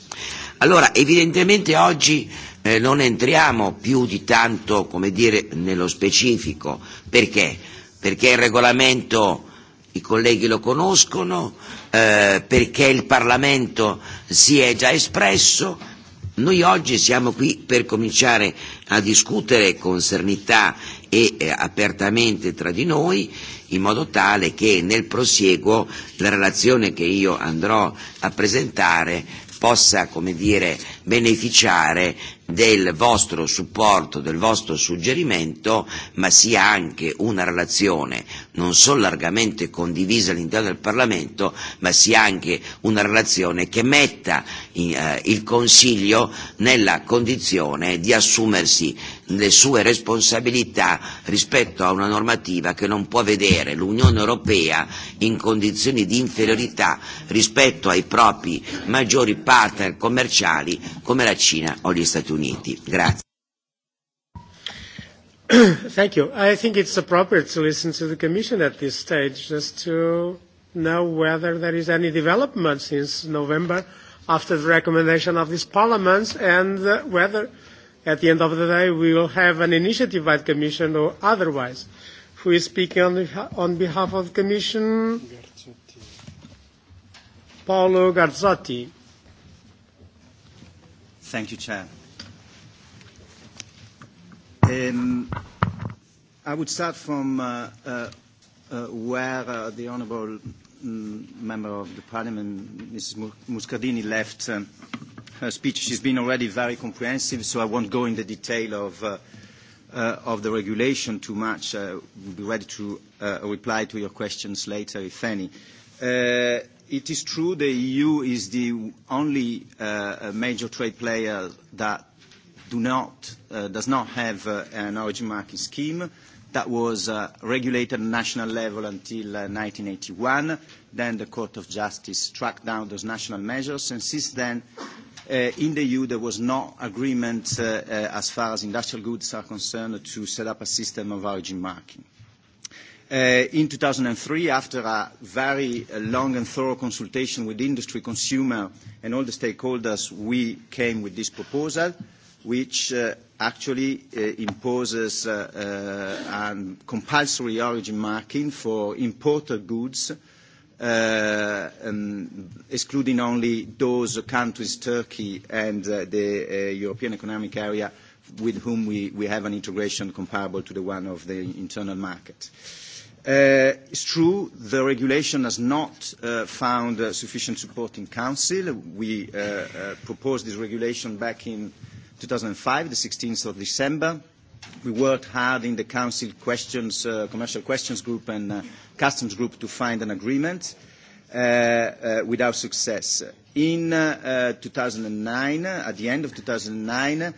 Allora, evidentemente oggi eh, non entriamo più di tanto, come dire, nello specifico. Perché? Perché il regolamento i colleghi lo conoscono, eh, perché il Parlamento si è già espresso. Noi oggi siamo qui per cominciare a discutere con serenità e eh, apertamente tra di noi, in modo tale che nel prosieguo la relazione che io andrò a presentare possa, come dire, beneficiare del vostro supporto, del vostro suggerimento, ma sia anche una relazione non solo largamente condivisa all'interno del Parlamento, ma sia anche una relazione che metta il Consiglio nella condizione di assumersi le sue responsabilità rispetto a una normativa che non può vedere l'Unione Europea in condizioni di inferiorità rispetto ai propri maggiori partner commerciali come la Cina o gli Stati Uniti. Grazie. Thank you. I think it's appropriate to listen to the Commission at this stage just to know whether there is any development since November after the recommendation of this Parliament and whether at the end of the day we will have an initiative by the Commission or otherwise. Who is speaking on, on behalf of the Commission? Paolo Garzotti. Thank you, Chair. I would start from where the honourable member of the parliament, Mrs. Muscardini, left her speech. She's been already very comprehensive, so I won't go into the detail of the regulation too much. We'll be ready to reply to your questions later, if any. It is true the EU is the only major trade player that does not have an origin marking scheme that was regulated at national level until eighty one. Then the Court of Justice struck down those national measures, and since then, in the EU, there was no agreement as far as industrial goods are concerned to set up a system of origin marking in 2003, after a very long and thorough consultation with industry, consumer, and all the stakeholders, we came with this proposal, which actually imposes a compulsory origin marking for imported goods, excluding only those countries, Turkey and the European Economic Area, with whom we have an integration comparable to the one of the internal market. It's true, the regulation has not found sufficient support in council. We proposed this regulation back in two thousand five, the 16th of December. We worked hard in the council questions, commercial questions group and customs group to find an agreement without success. In two thousand nine, at the end of two thousand nine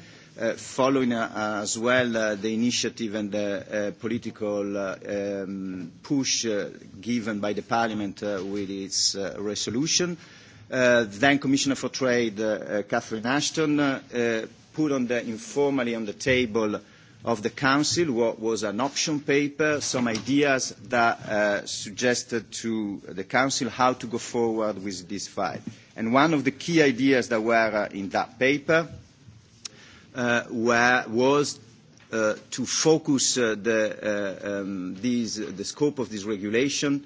following as well the initiative and the political push given by the Parliament with its resolution. Then Commissioner for Trade, Catherine Ashton, put on the, informally on the table of the Council what was an option paper, some ideas that suggested to the Council how to go forward with this file. And one of the key ideas that were in that paper was to focus the scope of this regulation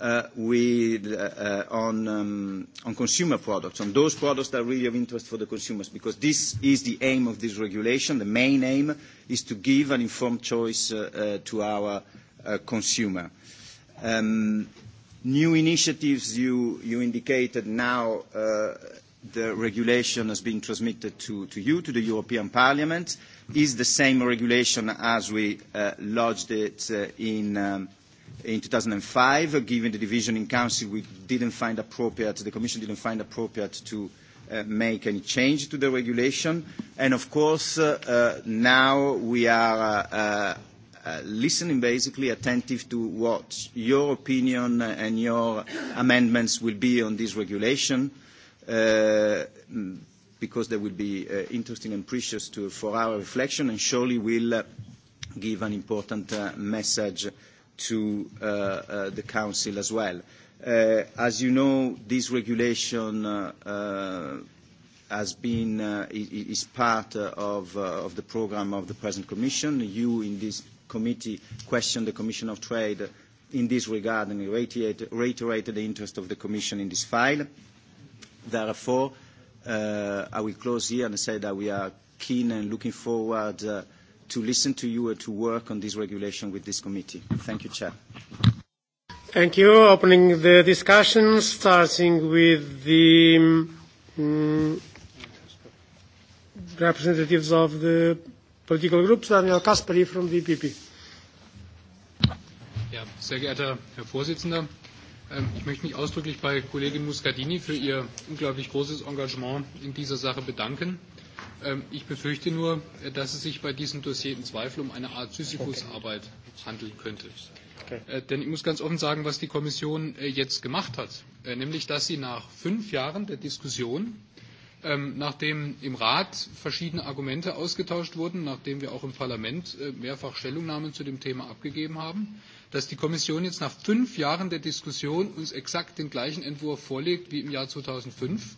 on consumer products, on those products that are really of interest for the consumers, because this is the aim of this regulation. The main aim is to give an informed choice to our consumer. New initiatives you indicated now the regulation has been transmitted to, to you, to the European Parliament, is the same regulation as we uh, lodged it uh, in, um, in 2005. Given the division in Council, we didn't find appropriate, the Commission didn't find appropriate to uh, make any change to the regulation. And of course, uh, uh, now we are uh, uh, listening basically attentive to what your opinion and your amendments will be on this regulation because they will be interesting and precious for our reflection, and surely will give an important message to the Council as well. As you know, this regulation has been is part of the programme of the present Commission. You, in this committee, questioned the Commission of Trade in this regard and reiterated the interest of the Commission in this file. Therefore, I will close here and say that we are keen and looking forward to listen to you and to work on this regulation with this committee. Thank you, Chair. Thank you. Opening the discussion, starting with the representatives of the political groups. Daniel Kasperi from VPP. Yeah. Sehr geehrter Herr Vorsitzender, Ich möchte mich ausdrücklich bei Kollegin Muscardini für ihr unglaublich großes Engagement in dieser Sache bedanken. Ich befürchte nur, dass es sich bei diesem Dossier im Zweifel um eine Art Sisyphusarbeit handeln könnte. Denn ich muss ganz offen sagen, was die Kommission jetzt gemacht hat, nämlich dass sie nach fünf Jahren der Diskussion, nachdem im Rat verschiedene Argumente ausgetauscht wurden, nachdem wir auch im Parlament mehrfach Stellungnahmen zu dem Thema abgegeben haben, dass die Kommission jetzt nach fünf Jahren der Diskussion uns exakt den gleichen Entwurf vorlegt wie im Jahr 2005.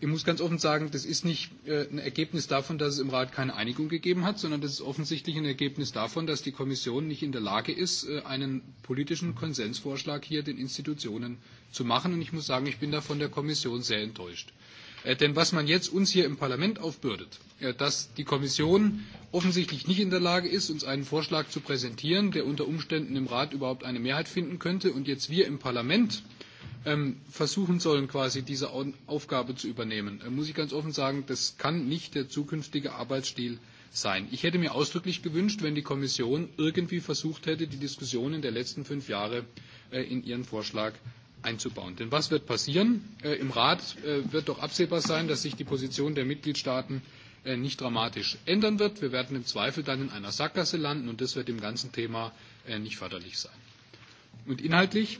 Ich muss ganz offen sagen, das ist nicht ein Ergebnis davon, dass es im Rat keine Einigung gegeben hat, sondern das ist offensichtlich ein Ergebnis davon, dass die Kommission nicht in der Lage ist, einen politischen Konsensvorschlag hier den Institutionen zu machen. Und ich muss sagen, ich bin da von der Kommission sehr enttäuscht. Denn was man jetzt uns hier im Parlament aufbürdet, dass die Kommission offensichtlich nicht in der Lage ist, uns einen Vorschlag zu präsentieren, der unter Umständen im Rat überhaupt eine Mehrheit finden könnte, und jetzt wir im Parlament versuchen sollen, quasi diese Aufgabe zu übernehmen, muss ich ganz offen sagen, das kann nicht der zukünftige Arbeitsstil sein. Ich hätte mir ausdrücklich gewünscht, wenn die Kommission irgendwie versucht hätte, die Diskussionen der letzten fünf Jahre in ihren Vorschlag einzubauen. Denn was wird passieren? Im Rat wird doch absehbar sein, dass sich die Position der Mitgliedstaaten nicht dramatisch ändern wird. Wir werden im Zweifel dann in einer Sackgasse landen und das wird dem ganzen Thema nicht förderlich sein. Und inhaltlich?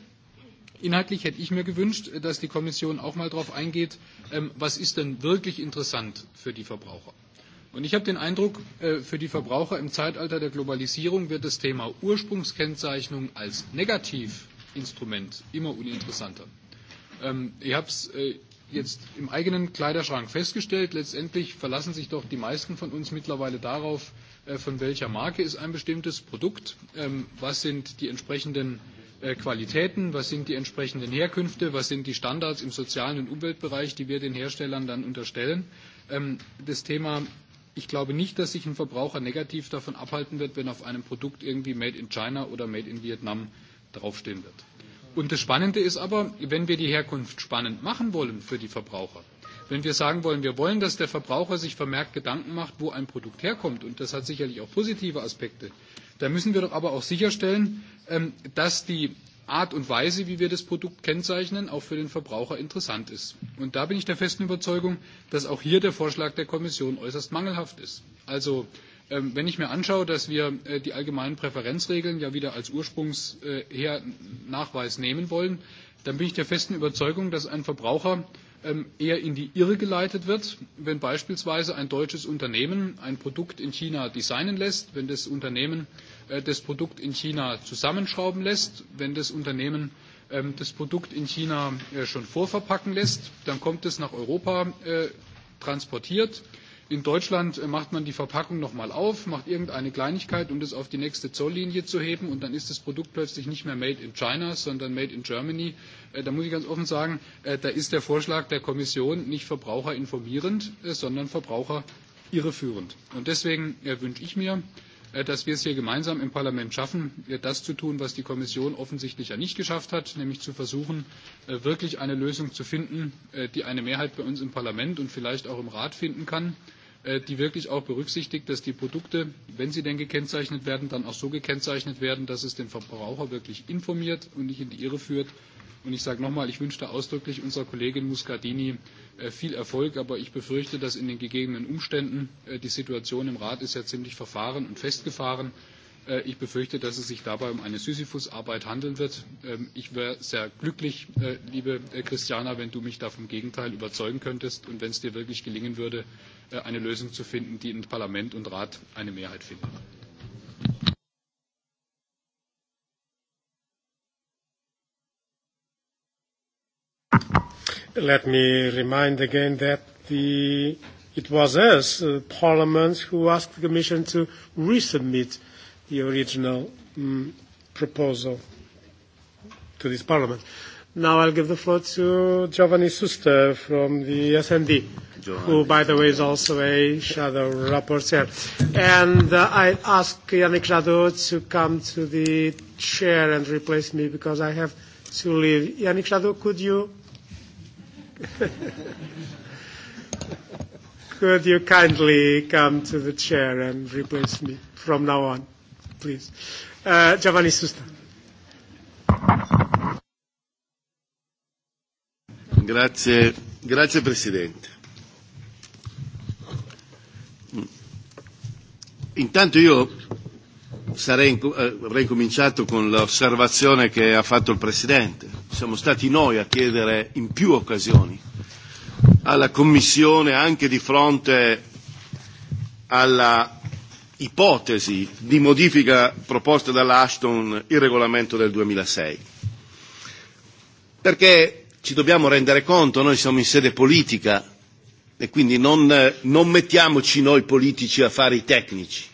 Inhaltlich hätte ich mir gewünscht, dass die Kommission auch mal darauf eingeht, was ist denn wirklich interessant für die Verbraucher. Und ich habe den Eindruck, für die Verbraucher im Zeitalter der Globalisierung wird das Thema Ursprungskennzeichnung als negativ Instrument immer uninteressanter. Ähm, ich habe es äh, jetzt im eigenen Kleiderschrank festgestellt. Letztendlich verlassen sich doch die meisten von uns mittlerweile darauf, von welcher Marke ist ein bestimmtes Produkt, was sind die entsprechenden Qualitäten, was sind die entsprechenden Herkünfte, was sind die Standards im sozialen und Umweltbereich, die wir den Herstellern dann unterstellen. Das Thema, ich glaube nicht, dass sich ein Verbraucher negativ davon abhalten wird, wenn auf einem Produkt irgendwie Made in China oder Made in Vietnam draufstehen wird. Und das Spannende ist aber, wenn wir die Herkunft spannend machen wollen für die Verbraucher, wenn wir sagen wollen, wir wollen, dass der Verbraucher sich vermerkt Gedanken macht, wo ein Produkt herkommt, und das hat sicherlich auch positive Aspekte, dann müssen wir doch aber auch sicherstellen, dass die Art und Weise, wie wir das Produkt kennzeichnen, auch für den Verbraucher interessant ist. Und da bin ich der festen Überzeugung, dass auch hier der Vorschlag der Kommission äußerst mangelhaft ist. Also Wenn ich mir anschaue, dass wir die allgemeinen Präferenzregeln ja wieder als Ursprungsnachweis nehmen wollen, dann bin ich der festen Überzeugung, dass ein Verbraucher eher in die Irre geleitet wird, wenn beispielsweise ein deutsches Unternehmen ein Produkt in China designen lässt, wenn das Unternehmen das Produkt in China zusammenschrauben lässt, wenn das Unternehmen das Produkt in China schon vorverpacken lässt, dann kommt es nach Europa transportiert In Deutschland macht man die Verpackung nochmal auf, macht irgendeine Kleinigkeit, um das auf die nächste Zolllinie zu heben und dann ist das Produkt plötzlich nicht mehr made in China, sondern made in Germany. Da muss ich ganz offen sagen, da ist der Vorschlag der Kommission nicht verbraucherinformierend, sondern verbraucherirreführend. Und deswegen wünsche ich mir, dass wir es hier gemeinsam im Parlament schaffen, das zu tun, was die Kommission offensichtlich ja nicht geschafft hat, nämlich zu versuchen, wirklich eine Lösung zu finden, die eine Mehrheit bei uns im Parlament und vielleicht auch im Rat finden kann, die wirklich auch berücksichtigt, dass die Produkte, wenn sie denn gekennzeichnet werden, dann auch so gekennzeichnet werden, dass es den Verbraucher wirklich informiert und nicht in die Irre führt Und ich sage nochmal, ich wünsche ausdrücklich unserer Kollegin Muscardini viel Erfolg, aber ich befürchte, dass in den gegebenen Umständen die Situation im Rat ist ja ziemlich verfahren und festgefahren. Ich befürchte, dass es sich dabei um eine Sisyphusarbeit handeln wird. Ich wäre sehr glücklich, liebe Christiana, wenn du mich da vom Gegenteil überzeugen könntest und wenn es dir wirklich gelingen würde, eine Lösung zu finden, die in Parlament und Rat eine Mehrheit findet. Let me remind again that the, it was us, uh, Parliament, who asked the Commission to resubmit the original um, proposal to this Parliament. Now I'll give the floor to Giovanni Suster from the SND, who, by the way, is also a shadow rapporteur. And uh, I ask Yannick Jadot to come to the chair and replace me because I have to leave. Yannick Jadot, could you Could you kindly come to the chair and replace me from now on, please? Uh, Giovanni Susta. Grazie, grazie Presidente. Intanto io sarei, avrei cominciato con l'osservazione che ha fatto il Presidente. Siamo stati noi a chiedere in più occasioni alla Commissione, anche di fronte alla ipotesi di modifica proposta dall'Ashton il regolamento del 2006. Perché ci dobbiamo rendere conto, noi siamo in sede politica e quindi non, non mettiamoci noi politici a fare i tecnici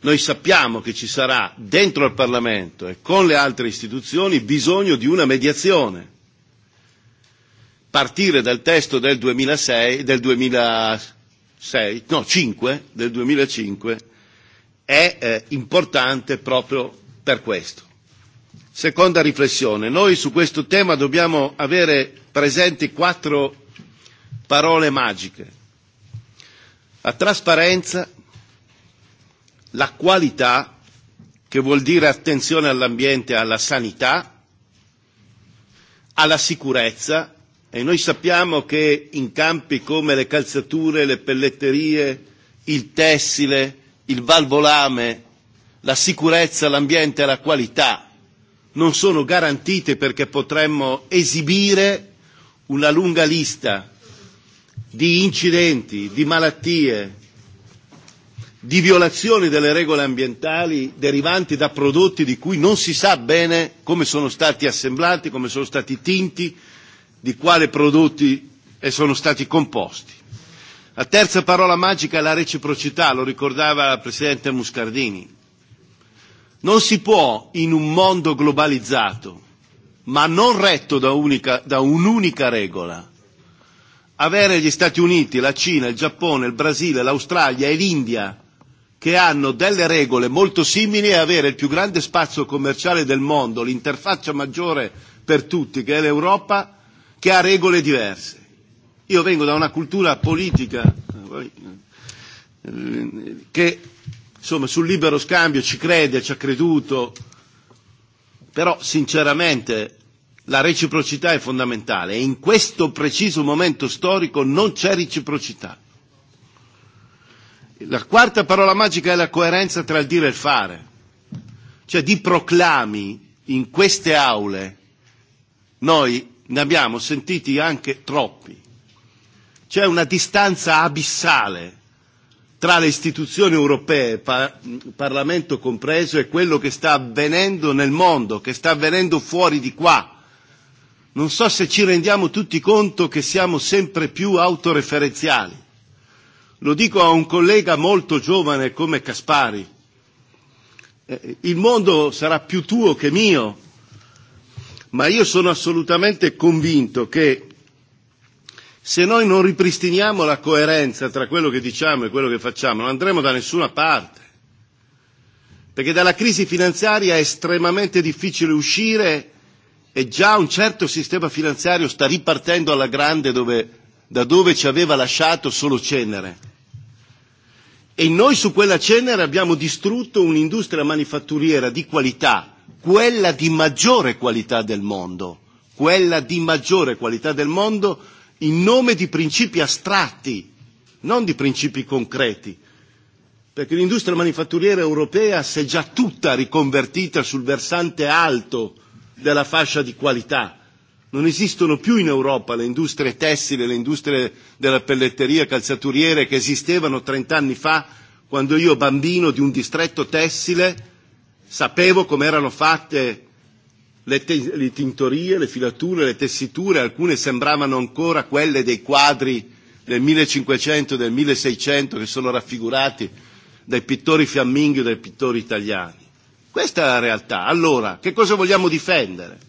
Noi sappiamo che ci sarà dentro al Parlamento e con le altre istituzioni bisogno di una mediazione. Partire dal testo del 2006, del 2006 no, 5, del 2005 è eh, importante proprio per questo. Seconda riflessione, noi su questo tema dobbiamo avere presenti quattro parole magiche. La trasparenza, la qualità, che vuol dire attenzione all'ambiente, alla sanità, alla sicurezza, e noi sappiamo che in campi come le calzature, le pelletterie, il tessile, il valvolame, la sicurezza, l'ambiente e la qualità non sono garantite perché potremmo esibire una lunga lista di incidenti, di malattie, di violazioni delle regole ambientali derivanti da prodotti di cui non si sa bene come sono stati assemblati, come sono stati tinti, di quali prodotti sono stati composti. La terza parola magica è la reciprocità, lo ricordava la Presidente Muscardini. Non si può in un mondo globalizzato, ma non retto da, unica, da un'unica regola, avere gli Stati Uniti, la Cina, il Giappone, il Brasile, l'Australia e l'India che hanno delle regole molto simili e avere il più grande spazio commerciale del mondo, l'interfaccia maggiore per tutti, che è l'Europa, che ha regole diverse. Io vengo da una cultura politica che insomma, sul libero scambio ci crede, ci ha creduto, però sinceramente la reciprocità è fondamentale e in questo preciso momento storico non c'è reciprocità. La quarta parola magica è la coerenza tra il dire e il fare, cioè di proclami in queste aule noi ne abbiamo sentiti anche troppi. C'è una distanza abissale tra le istituzioni europee, par- Parlamento compreso, e quello che sta avvenendo nel mondo, che sta avvenendo fuori di qua. Non so se ci rendiamo tutti conto che siamo sempre più autoreferenziali Lo dico a un collega molto giovane come Caspari. Il mondo sarà più tuo che mio, ma io sono assolutamente convinto che se noi non ripristiniamo la coerenza tra quello che diciamo e quello che facciamo, non andremo da nessuna parte. Perché dalla crisi finanziaria è estremamente difficile uscire e già un certo sistema finanziario sta ripartendo alla grande dove da dove ci aveva lasciato solo cenere. E noi su quella cenere abbiamo distrutto un'industria manifatturiera di qualità, quella di maggiore qualità del mondo, quella di maggiore qualità del mondo in nome di principi astratti, non di principi concreti, perché l'industria manifatturiera europea si è già tutta riconvertita sul versante alto della fascia di qualità Non esistono più in Europa le industrie tessili, le industrie della pelletteria, calzaturiere che esistevano 30 anni fa, quando io bambino di un distretto tessile sapevo come erano fatte le, te- le tintorie, le filature, le tessiture, alcune sembravano ancora quelle dei quadri del 1500 del 1600 che sono raffigurati dai pittori fiamminghi o dai pittori italiani. Questa è la realtà. Allora, che cosa vogliamo difendere?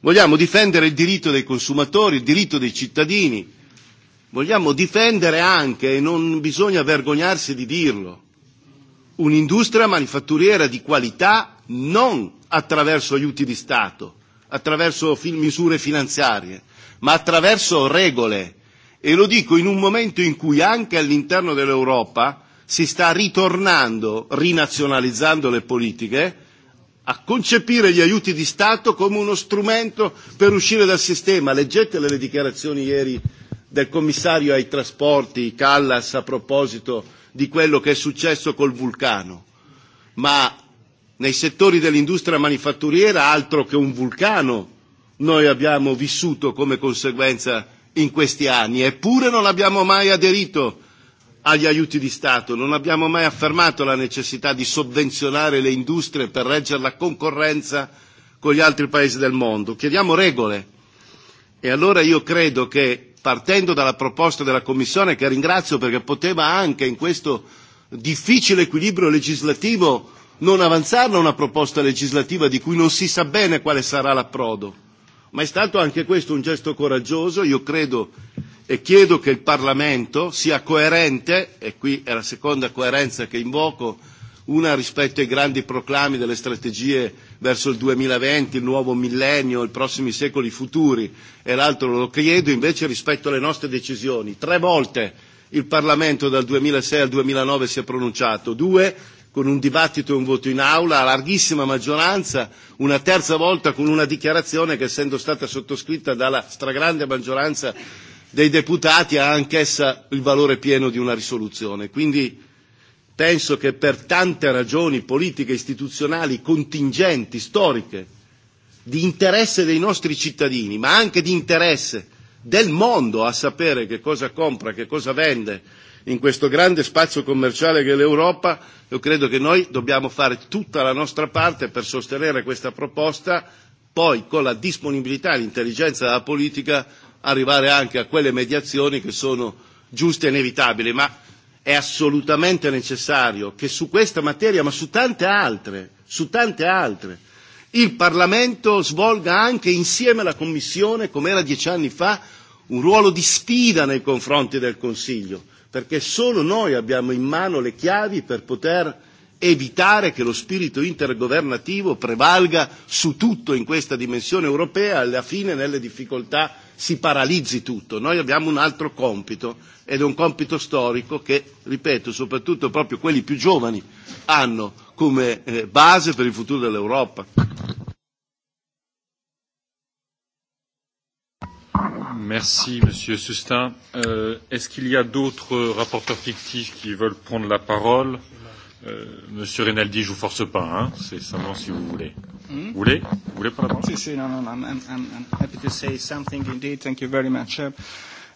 Vogliamo difendere il diritto dei consumatori, il diritto dei cittadini. Vogliamo difendere anche, e non bisogna vergognarsi di dirlo, un'industria manifatturiera di qualità non attraverso aiuti di Stato, attraverso misure finanziarie, ma attraverso regole. E lo dico in un momento in cui anche all'interno dell'Europa si sta ritornando, rinazionalizzando le politiche, a concepire gli aiuti di Stato come uno strumento per uscire dal sistema. leggete le dichiarazioni ieri del commissario ai trasporti Callas a proposito di quello che è successo col vulcano. Ma nei settori dell'industria manifatturiera, altro che un vulcano, noi abbiamo vissuto come conseguenza in questi anni, eppure non abbiamo mai aderito agli aiuti di Stato, non abbiamo mai affermato la necessità di sovvenzionare le industrie per reggere la concorrenza con gli altri paesi del mondo, chiediamo regole. E allora io credo che partendo dalla proposta della Commissione, che ringrazio perché poteva anche in questo difficile equilibrio legislativo non avanzarla una proposta legislativa di cui non si sa bene quale sarà l'approdo, ma è stato anche questo un gesto coraggioso, io credo e chiedo che il Parlamento sia coerente, e qui è la seconda coerenza che invoco, una rispetto ai grandi proclami delle strategie verso il 2020, il nuovo millennio, i prossimi secoli futuri, e l'altro lo chiedo invece rispetto alle nostre decisioni. Tre volte il Parlamento dal 2006 al 2009 si è pronunciato, due con un dibattito e un voto in aula a larghissima maggioranza, una terza volta con una dichiarazione che essendo stata sottoscritta dalla stragrande maggioranza dei deputati ha anch'essa il valore pieno di una risoluzione. Quindi penso che per tante ragioni politiche, istituzionali, contingenti, storiche, di interesse dei nostri cittadini, ma anche di interesse del mondo a sapere che cosa compra, che cosa vende in questo grande spazio commerciale che è l'Europa, io credo che noi dobbiamo fare tutta la nostra parte per sostenere questa proposta, poi con la disponibilità e l'intelligenza della politica arrivare anche a quelle mediazioni che sono giuste e inevitabili, ma è assolutamente necessario che su questa materia, ma su tante altre, su tante altre, il Parlamento svolga anche insieme alla Commissione, come era dieci anni fa, un ruolo di sfida nei confronti del Consiglio, perché solo noi abbiamo in mano le chiavi per poter evitare che lo spirito intergovernativo prevalga su tutto in questa dimensione europea, alla fine nelle difficoltà si paralizzi tutto. Noi abbiamo un altro compito ed è un compito storico che, ripeto, soprattutto proprio quelli più giovani hanno come base per il futuro dell'Europa. Merci Monsieur Sustin. Euh, Est-ce qu'il y a d'autres rapporteurs fictifs qui veulent prendre la parole euh, Monsieur Rinaldi, je vous force pas, hein. C'est seulement si vous voulez. Vous voulez Vous voulez prendre la parole non, non, I'm, I'm, I'm happy to say something indeed. Thank you very much. Uh,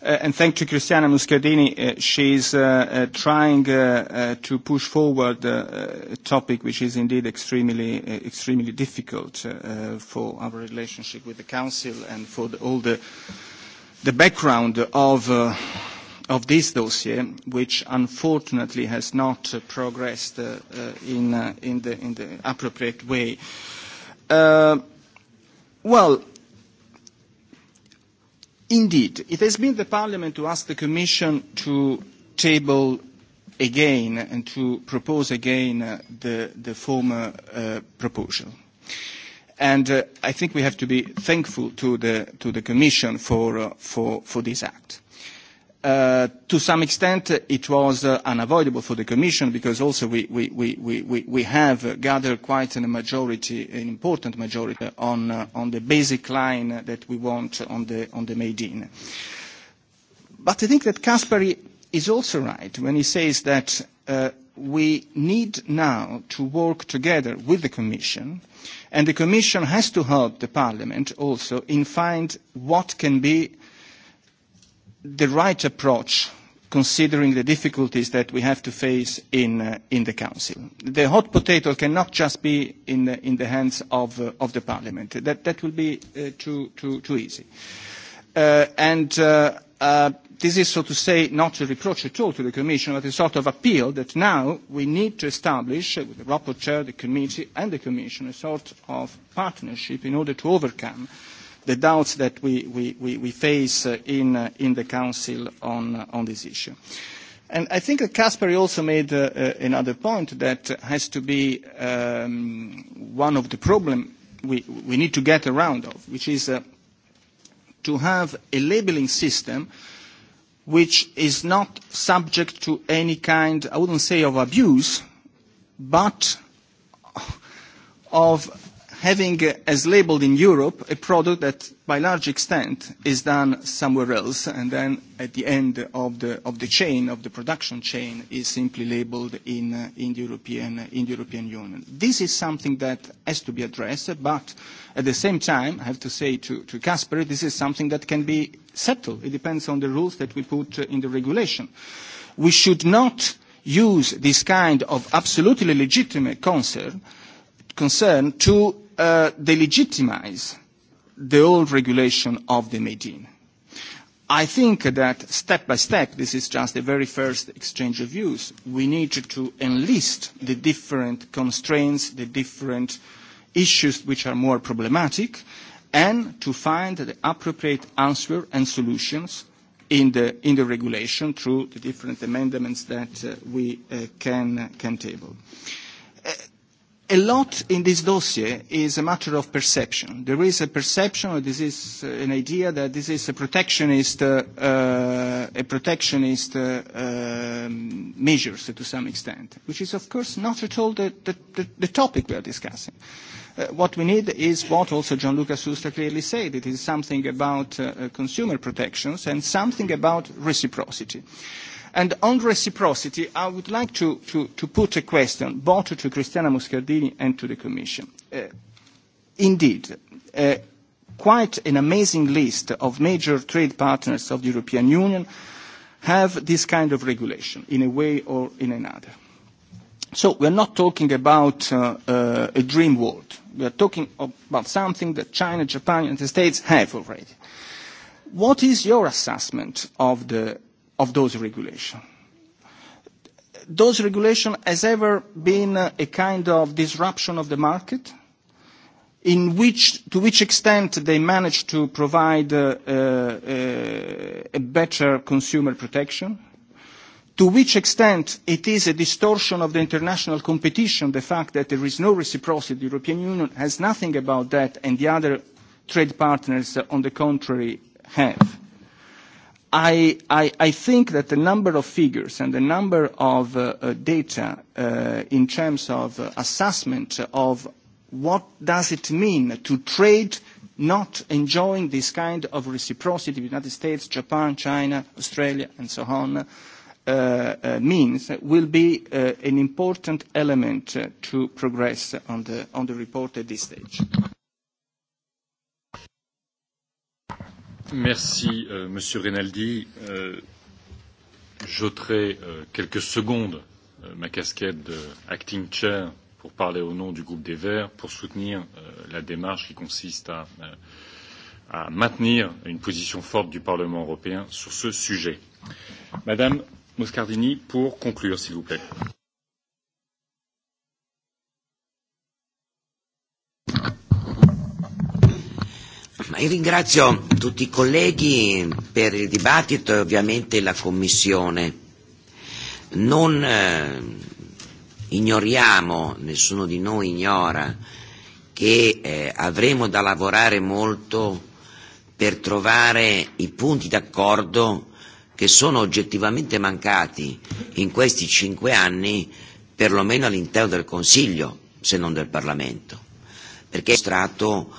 and thank to Christiana Muscardini. Uh, she's uh, uh, trying uh, uh, to push forward uh, a topic which is indeed extremely, uh, extremely difficult uh, for our relationship with the Council and for the, all the, the background of uh, of this dossier, which unfortunately has not progressed in the appropriate way. Well, indeed, it has been the Parliament to ask the Commission to table again and to propose again the former proposal. And I think we have to be thankful to the Commission for this act to some extent, it was unavoidable for the Commission because also we, we, we, we, we have gathered quite an, majority, an important majority on, on the basic line that we want on the, on the Made in. But I think that Kaspari is also right when he says that we need now to work together with the Commission, and the Commission has to help the Parliament also in find what can be the right approach considering the difficulties that we have to face in, uh, in the Council. The hot potato cannot just be in the, in the hands of, uh, of the Parliament. That, that will be uh, too, too, too easy. Uh, and uh, uh, this is, so to say, not a reproach at all to the Commission, but a sort of appeal that now we need to establish, uh, with the Rapporteur, the Committee and the Commission, a sort of partnership in order to overcome uh, the doubts that we, we, we, we face in, in the Council on, on this issue. And I think that also made uh, another point that has to be um, one of the problems we, we need to get around of, which is uh, to have a labeling system which is not subject to any kind, I wouldn't say of abuse, but of having, as labeled in Europe, a product that by large extent is done somewhere else, and then at the end of the, of the chain, of the production chain, is simply labeled in, uh, in, the European, in the European Union. This is something that has to be addressed, but at the same time, I have to say to, to this is something that can be settled. It depends on the rules that we put in the regulation. We should not use this kind of absolutely legitimate concern concern to uh, delegitimize the old regulation of the Medin. I think that step by step, this is just the very first exchange of views, we need to enlist the different constraints, the different issues which are more problematic, and to find the appropriate answer and solutions in the, in the regulation through the different amendments that we can, can table. Uh, a lot in this dossier is a matter of perception. There is a perception, or this is an idea that this is a protectionist, uh, uh, a protectionist uh, um, so to some extent, which is of course not at all the, the, the, the topic we are discussing. Uh, what we need is what also John Lucas Susta clearly said. It is something about uh, consumer protections and something about reciprocity. Uh, And on reciprocity, I would like to, to, to put a question both to Cristiana Muscardini and to the Commission. Uh, indeed, uh, quite an amazing list of major trade partners of the European Union have this kind of regulation in a way or in another. So we're not talking about uh, uh, a dream world. We are talking about something that China, Japan, and the States have already. What is your assessment of the of those regulations. Those regulations has ever been a kind of disruption of the market, in which, to which extent they manage to provide a better consumer protection, to which extent it is a distortion of the international competition, the fact that there is no reciprocity. The European Union has nothing about that, and the other trade partners, on the contrary, have I, think that the number of figures and the number of data in terms of assessment of what does it mean to trade not enjoying this kind of reciprocity with the United States, Japan, China, Australia, and so on, means will be an important element to progress on the report at this stage. Merci, euh, Monsieur Rinaldi. Euh, J'ôterai euh, quelques secondes euh, ma casquette de acting chair pour parler au nom du groupe des Verts, pour soutenir euh, la démarche qui consiste à, euh, à maintenir une position forte du Parlement européen sur ce sujet. Madame Moscardini, pour conclure, s'il vous plaît. Ma io ringrazio tutti i colleghi per il dibattito e ovviamente la Commissione. Non eh, ignoriamo, nessuno di noi ignora, che eh, avremo da lavorare molto per trovare i punti d'accordo che sono oggettivamente mancati in questi cinque anni, perlomeno all'interno del Consiglio, se non del Parlamento, perché è stato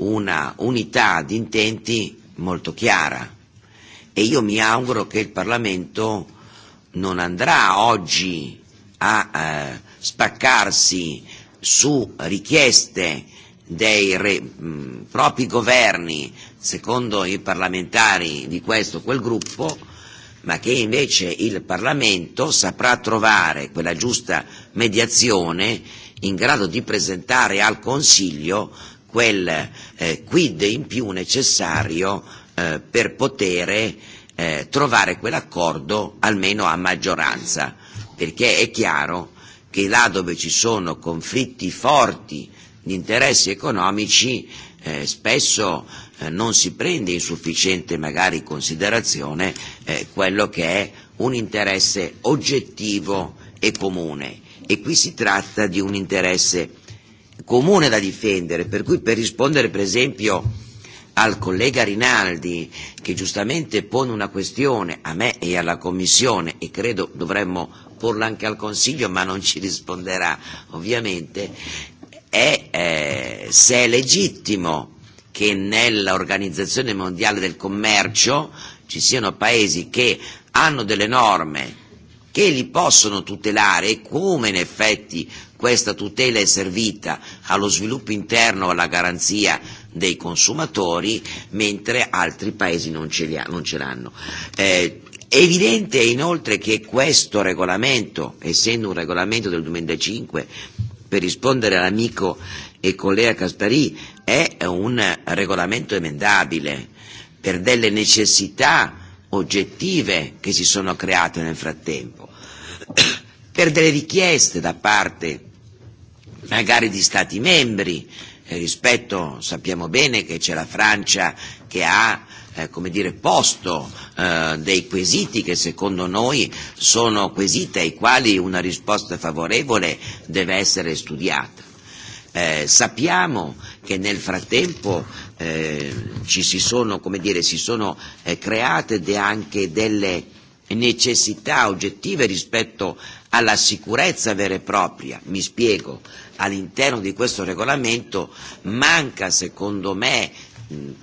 una unità di intenti molto chiara e io mi auguro che il Parlamento non andrà oggi a eh, spaccarsi su richieste dei re, mh, propri governi secondo i parlamentari di questo o quel gruppo, ma che invece il Parlamento saprà trovare quella giusta mediazione in grado di presentare al Consiglio quel eh, quid in più necessario eh, per poter eh, trovare quell'accordo almeno a maggioranza, perché è chiaro che là dove ci sono conflitti forti di interessi economici eh, spesso eh, non si prende in sufficiente magari considerazione eh, quello che è un interesse oggettivo e comune e qui si tratta di un interesse comune da difendere, per cui per rispondere per esempio al collega Rinaldi che giustamente pone una questione a me e alla Commissione e credo dovremmo porla anche al Consiglio ma non ci risponderà ovviamente, è eh, se è legittimo che nell'Organizzazione Mondiale del Commercio ci siano paesi che hanno delle norme che li possono tutelare e come in effetti questa tutela è servita allo sviluppo interno, e alla garanzia dei consumatori, mentre altri paesi non ce l'hanno. Eh, è evidente inoltre che questo regolamento, essendo un regolamento del 2005, per rispondere all'amico e collega Caspari, è un regolamento emendabile per delle necessità oggettive che si sono create nel frattempo, per delle richieste da parte magari di Stati membri, eh, rispetto sappiamo bene che c'è la Francia che ha eh, come dire, posto eh, dei quesiti che secondo noi sono quesiti ai quali una risposta favorevole deve essere studiata. Eh, sappiamo che nel frattempo eh, ci si sono, come dire, si sono eh, create de anche delle necessità oggettive rispetto alla sicurezza vera e propria, mi spiego, all'interno di questo regolamento manca secondo me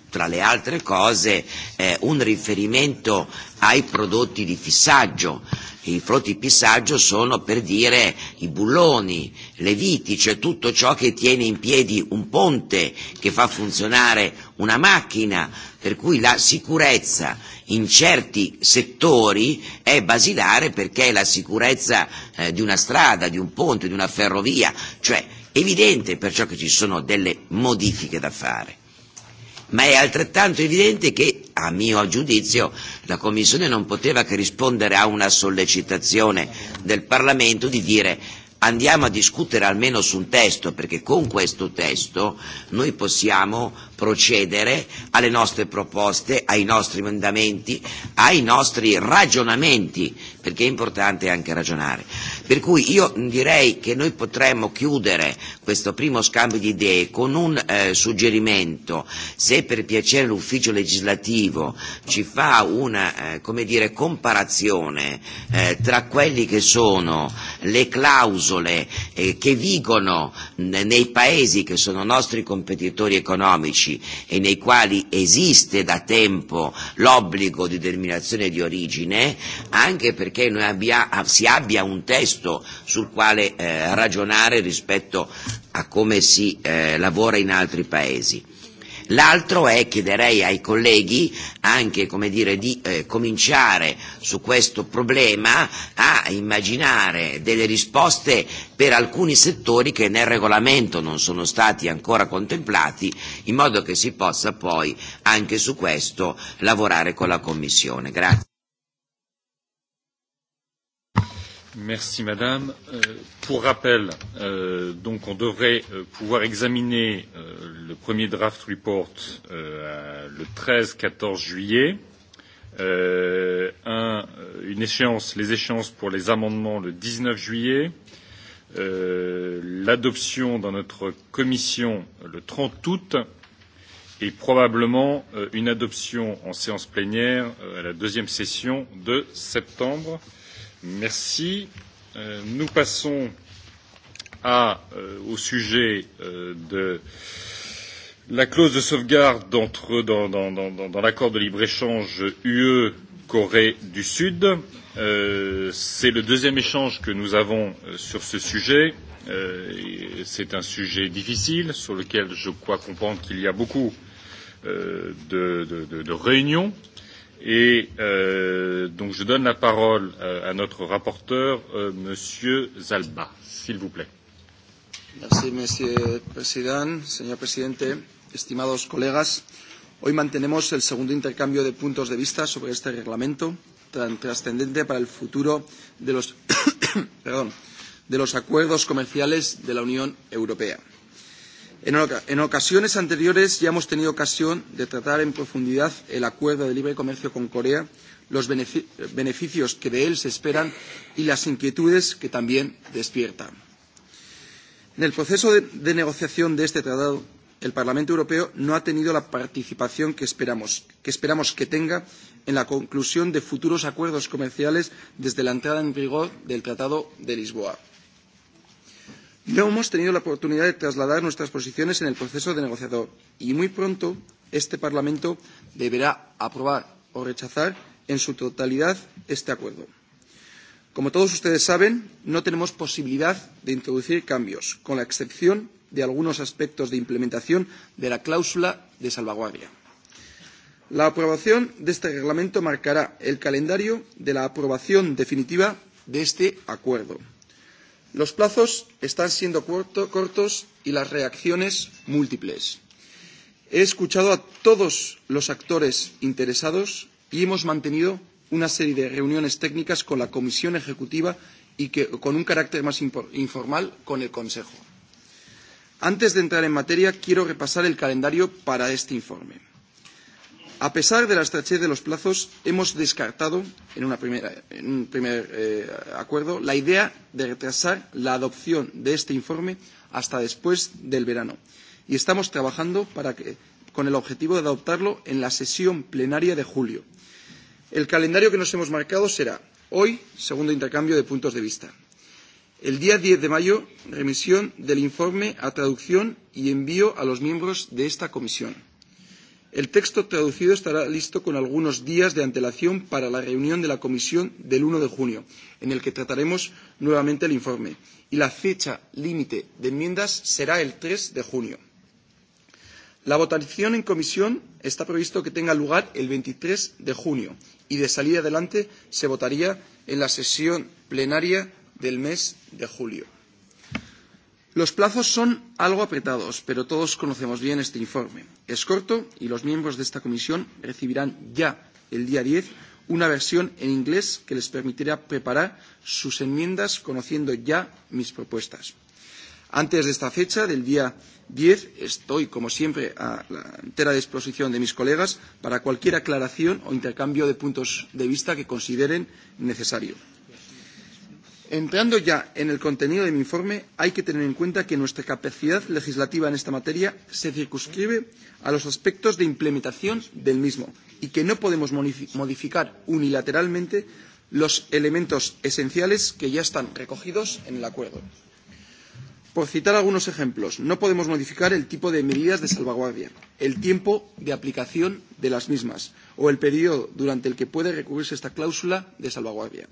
tra le altre cose, eh, un riferimento ai prodotti di fissaggio. I frutti di fissaggio sono per dire i bulloni, le viti, cioè tutto ciò che tiene in piedi un ponte, che fa funzionare una macchina, per cui la sicurezza in certi settori è basilare perché è la sicurezza eh, di una strada, di un ponte, di una ferrovia, cioè evidente perciò che ci sono delle modifiche da fare ma è altrettanto evidente che, a mio giudizio, la Commissione non poteva che rispondere a una sollecitazione del Parlamento di dire andiamo a discutere almeno su un testo, perché con questo testo noi possiamo procedere alle nostre proposte, ai nostri emendamenti, ai nostri ragionamenti, perché è importante anche ragionare. Per cui io direi che noi potremmo chiudere questo primo scambio di idee con un eh, suggerimento, se per piacere l'ufficio legislativo ci fa una eh, come dire, comparazione eh, tra quelli che sono le clausole eh, che vigono nei paesi che sono nostri competitori economici e nei quali esiste da tempo l'obbligo di determinazione di origine, anche perché noi abbia, si abbia un testo sul quale eh, ragionare rispetto a come si eh, lavora in altri paesi. L'altro è, chiederei ai colleghi anche come dire, di eh, cominciare su questo problema a immaginare delle risposte per alcuni settori che nel regolamento non sono stati ancora contemplati, in modo che si possa poi anche su questo lavorare con la Commissione. Grazie. Merci Madame. pour rappel, donc on devrait pouvoir examiner le premier draft report le treize quatorze juillet. une échéance, les échéances pour les amendements le dix neuf juillet. L'adoption dans notre commission le trente août et probablement une adoption en séance plénière à la deuxième session de septembre. Euh, Merci. Nous passons au sujet de la clause de sauvegarde dans, l'accord de libre-échange UE-Corée du Sud. C'est le deuxième échange que nous avons sur ce sujet. C'est un sujet difficile sur lequel je crois comprendre qu'il y a beaucoup de, réunions Et euh, donc je donne la parole euh, à notre rapporteur, euh, Monsieur Zalba, s'il vous plaît. Merci, Monsieur le Président, Señor Presidente, estimados colegas. Hoy mantenemos el segundo intercambio de puntos de vista sobre este reglamento tan trascendente para el futuro de los, perdón, de los acuerdos comerciales de la Unión Europea. En ocasiones anteriores ya hemos tenido ocasión de tratar en profundidad el acuerdo de libre comercio con Corea, los beneficios que de él se esperan y las inquietudes que también despierta. En el proceso de, negociación de este tratado, el Parlamento Europeo no ha tenido la participación que esperamos, que esperamos que tenga en la conclusión de futuros acuerdos comerciales desde la entrada en vigor del Tratado de Lisboa. No hemos tenido la oportunidad de trasladar nuestras posiciones en el proceso de negociador y muy pronto este Parlamento deberá aprobar o rechazar en su totalidad este acuerdo. Como todos ustedes saben, no tenemos posibilidad de introducir cambios, con la excepción de algunos aspectos de implementación de la cláusula de salvaguardia. La aprobación de este reglamento marcará el calendario de la aprobación definitiva de este acuerdo. Los plazos están siendo cortos y las reacciones múltiples. He escuchado a todos los actores interesados y hemos mantenido una serie de reuniones técnicas con la Comisión Ejecutiva y que, con un carácter más informal con el Consejo. Antes de entrar en materia, quiero repasar el calendario para este informe. A pesar de la estrechez de los plazos, hemos descartado en, una primera, en un primer eh, acuerdo la idea de retrasar la adopción de este informe hasta después del verano y estamos trabajando para que, con el objetivo de adoptarlo en la sesión plenaria de julio. El calendario que nos hemos marcado será hoy, segundo intercambio de puntos de vista. El día 10 de mayo, remisión del informe a traducción y envío a los miembros de esta comisión. El texto traducido estará listo con algunos días de antelación para la reunión de la comisión del 1 de junio, en el que trataremos nuevamente el informe. Y la fecha límite de enmiendas será el 3 de junio. La votación en comisión está previsto que tenga lugar el 23 de junio y de salir adelante se votaría en la sesión plenaria del mes de julio. Los plazos son algo apretados, pero todos conocemos bien este informe. Es corto y los miembros de esta comisión recibirán ya el día 10 una versión en inglés que les permitirá preparar sus enmiendas conociendo ya mis propuestas. Antes de esta fecha, del día 10, estoy, como siempre, a la entera disposición de mis colegas para cualquier aclaración o intercambio de puntos de vista que consideren necesario. Entrando ya en el contenido de mi informe, hay que tener en cuenta que nuestra capacidad legislativa en esta materia se circunscribe a los aspectos de implementación del mismo y que no podemos modificar unilateralmente los elementos esenciales que ya están recogidos en el acuerdo. Por citar algunos ejemplos, no podemos modificar el tipo de medidas de salvaguardia, el tiempo de aplicación de las mismas o el periodo durante el que puede recurrirse esta cláusula de salvaguardia.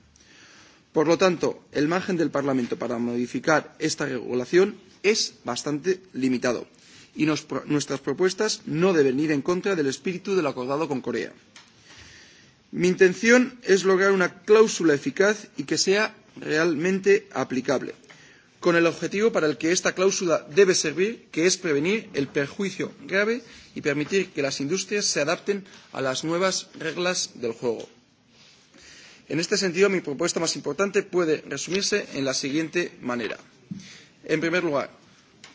Por lo tanto, el margen del Parlamento para modificar esta regulación es bastante limitado y nuestras propuestas no deben ir en contra del espíritu de lo acordado con Corea. Mi intención es lograr una cláusula eficaz y que sea realmente aplicable, con el objetivo para el que esta cláusula debe servir, que es prevenir el perjuicio grave y permitir que las industrias se adapten a las nuevas reglas del juego. En este sentido, mi propuesta más importante puede resumirse en la siguiente manera. En primer lugar,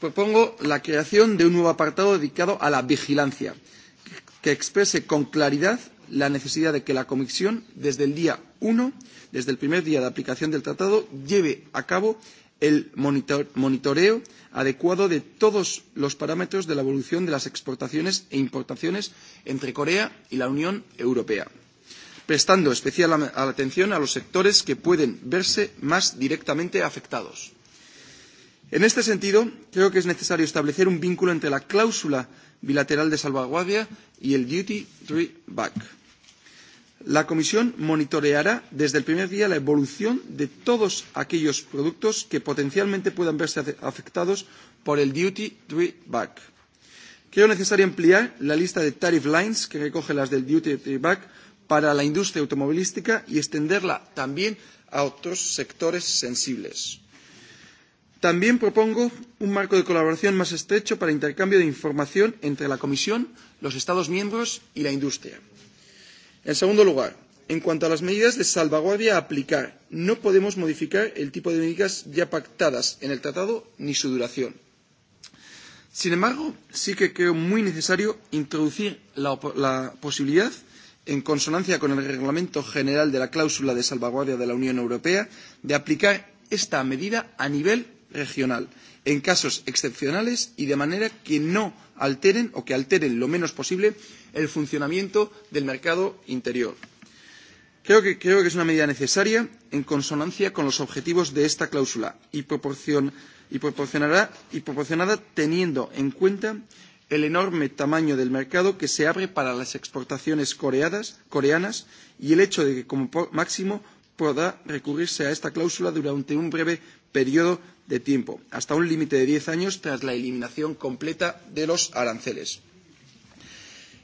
propongo la creación de un nuevo apartado dedicado a la vigilancia, que exprese con claridad la necesidad de que la Comisión, desde el día uno, desde el primer día de aplicación del tratado, lleve a cabo el monitoreo adecuado de todos los parámetros de la evolución de las exportaciones e importaciones entre Corea y la Unión Europea prestando especial atención a los sectores que pueden verse más directamente afectados. En este sentido, creo que es necesario establecer un vínculo entre la cláusula bilateral de salvaguardia y el duty free back. La Comisión monitoreará desde el primer día la evolución de todos aquellos productos que potencialmente puedan verse afectados por el duty free back. Creo necesario ampliar la lista de tariff lines que recoge las del duty free back para la industria automovilística y extenderla también a otros sectores sensibles. También propongo un marco de colaboración más estrecho para intercambio de información entre la Comisión, los Estados miembros y la industria. En segundo lugar, en cuanto a las medidas de salvaguardia a aplicar, no podemos modificar el tipo de medidas ya pactadas en el tratado ni su duración. Sin embargo, sí que creo muy necesario introducir la, posibilidad en consonancia con el Reglamento General de la Cláusula de Salvaguardia de la Unión Europea, de aplicar esta medida a nivel regional, en casos excepcionales y de manera que no alteren o que alteren lo menos posible el funcionamiento del mercado interior. Creo que, creo que es una medida necesaria en consonancia con los objetivos de esta cláusula y, proporcion, y, proporcionará, y proporcionada teniendo en cuenta el enorme tamaño del mercado que se abre para las exportaciones coreanas y el hecho de que como máximo podrá recurrirse a esta cláusula durante un breve periodo de tiempo, hasta un límite de diez años tras la eliminación completa de los aranceles.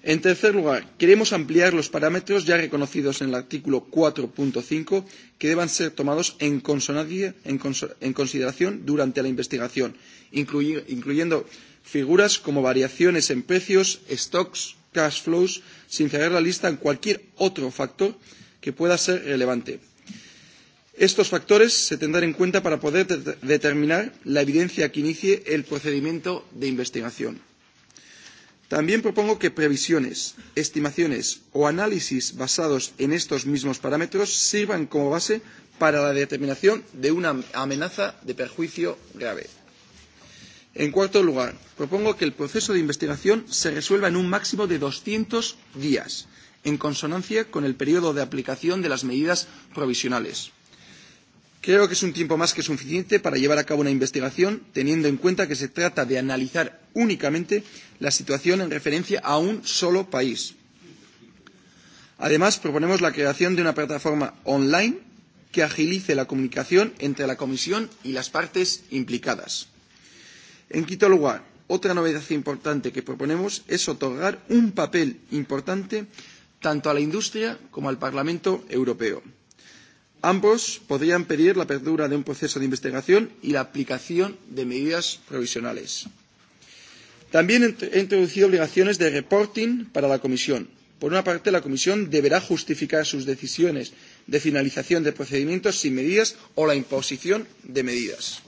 En tercer lugar, queremos ampliar los parámetros ya reconocidos en el artículo cuatro cinco que deban ser tomados en, consideración durante la investigación, incluyendo figuras como variaciones en precios, stocks, cash flows, sin cerrar la lista en cualquier otro factor que pueda ser relevante. Estos factores se tendrán en cuenta para poder determinar la evidencia que inicie el procedimiento de investigación. También propongo que previsiones, estimaciones o análisis basados en estos mismos parámetros sirvan como base para la determinación de una amenaza de perjuicio grave. En cuarto lugar, propongo que el proceso de investigación se resuelva en un máximo de doscientos días, en consonancia con el periodo de aplicación de las medidas provisionales. Creo que es un tiempo más que suficiente para llevar a cabo una investigación, teniendo en cuenta que se trata de analizar únicamente la situación en referencia a un solo país. Además, proponemos la creación de una plataforma online que agilice la comunicación entre la Comisión y las partes implicadas. En quinto lugar, otra novedad importante que proponemos es otorgar un papel importante tanto a la industria como al Parlamento Europeo. Ambos podrían pedir la apertura de un proceso de investigación y la aplicación de medidas provisionales. También he introducido obligaciones de reporting para la Comisión. Por una parte, la Comisión deberá justificar sus decisiones de finalización de procedimientos sin medidas o la imposición de medidas.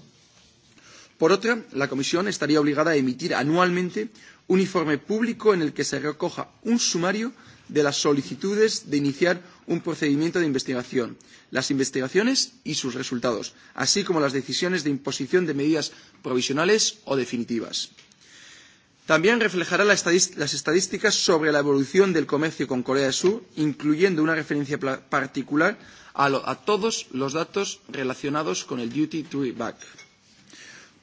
Por otra, la Comisión estaría obligada a emitir anualmente un informe público en el que se recoja un sumario de las solicitudes de iniciar un procedimiento de investigación, las investigaciones y sus resultados, así como las decisiones de imposición de medidas provisionales o definitivas. También reflejará las estadísticas sobre la evolución del comercio con Corea del Sur, incluyendo una referencia particular a, todos los datos relacionados con el duty to back.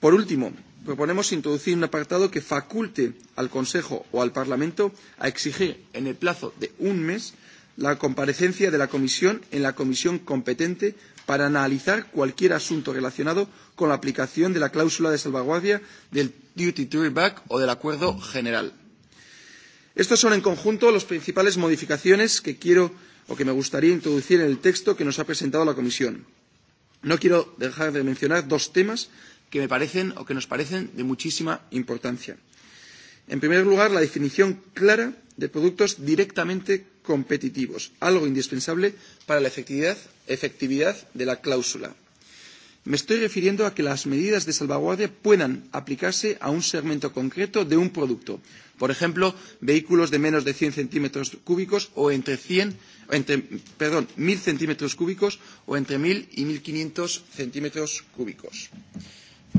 Por último, proponemos introducir un apartado que faculte al Consejo o al Parlamento a exigir, en el plazo de un mes, la comparecencia de la Comisión en la comisión competente para analizar cualquier asunto relacionado con la aplicación de la cláusula de salvaguardia del duty Drawback back o del acuerdo general. Estas son en conjunto las principales modificaciones que quiero o que me gustaría introducir en el texto que nos ha presentado la Comisión. No quiero dejar de mencionar dos temas que me parecen o que nos parecen de muchísima importancia. En primer lugar, la definición clara de productos directamente competitivos, algo indispensable para la efectividad, efectividad de la cláusula. Me estoy refiriendo a que las medidas de salvaguardia puedan aplicarse a un segmento concreto de un producto, por ejemplo, vehículos de menos de 100 centímetros cúbicos o entre, 100, entre perdón, 1.000 centímetros cúbicos o entre 1.000 y 1.500 centímetros cúbicos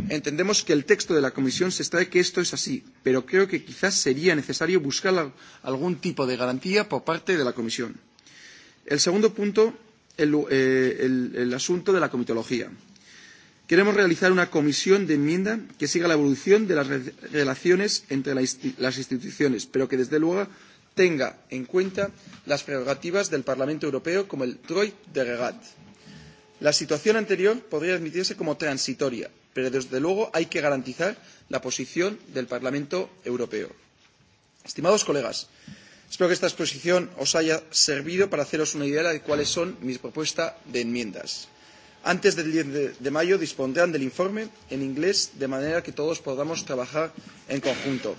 entendemos que el texto de la comisión se extrae que esto es así, pero creo que quizás sería necesario buscar algún tipo de garantía por parte de la comisión. El segundo punto, el, eh, el, el asunto de la comitología. Queremos realizar una comisión de enmienda que siga la evolución de las relaciones entre las instituciones, pero que desde luego tenga en cuenta las prerrogativas del Parlamento Europeo como el Troy de Regat. La situación anterior podría admitirse como transitoria pero desde luego hay que garantizar la posición del Parlamento Europeo. Estimados colegas, espero que esta exposición os haya servido para haceros una idea de cuáles son mis propuestas de enmiendas. Antes del diez de mayo dispondrán del informe en inglés, de manera que todos podamos trabajar en conjunto.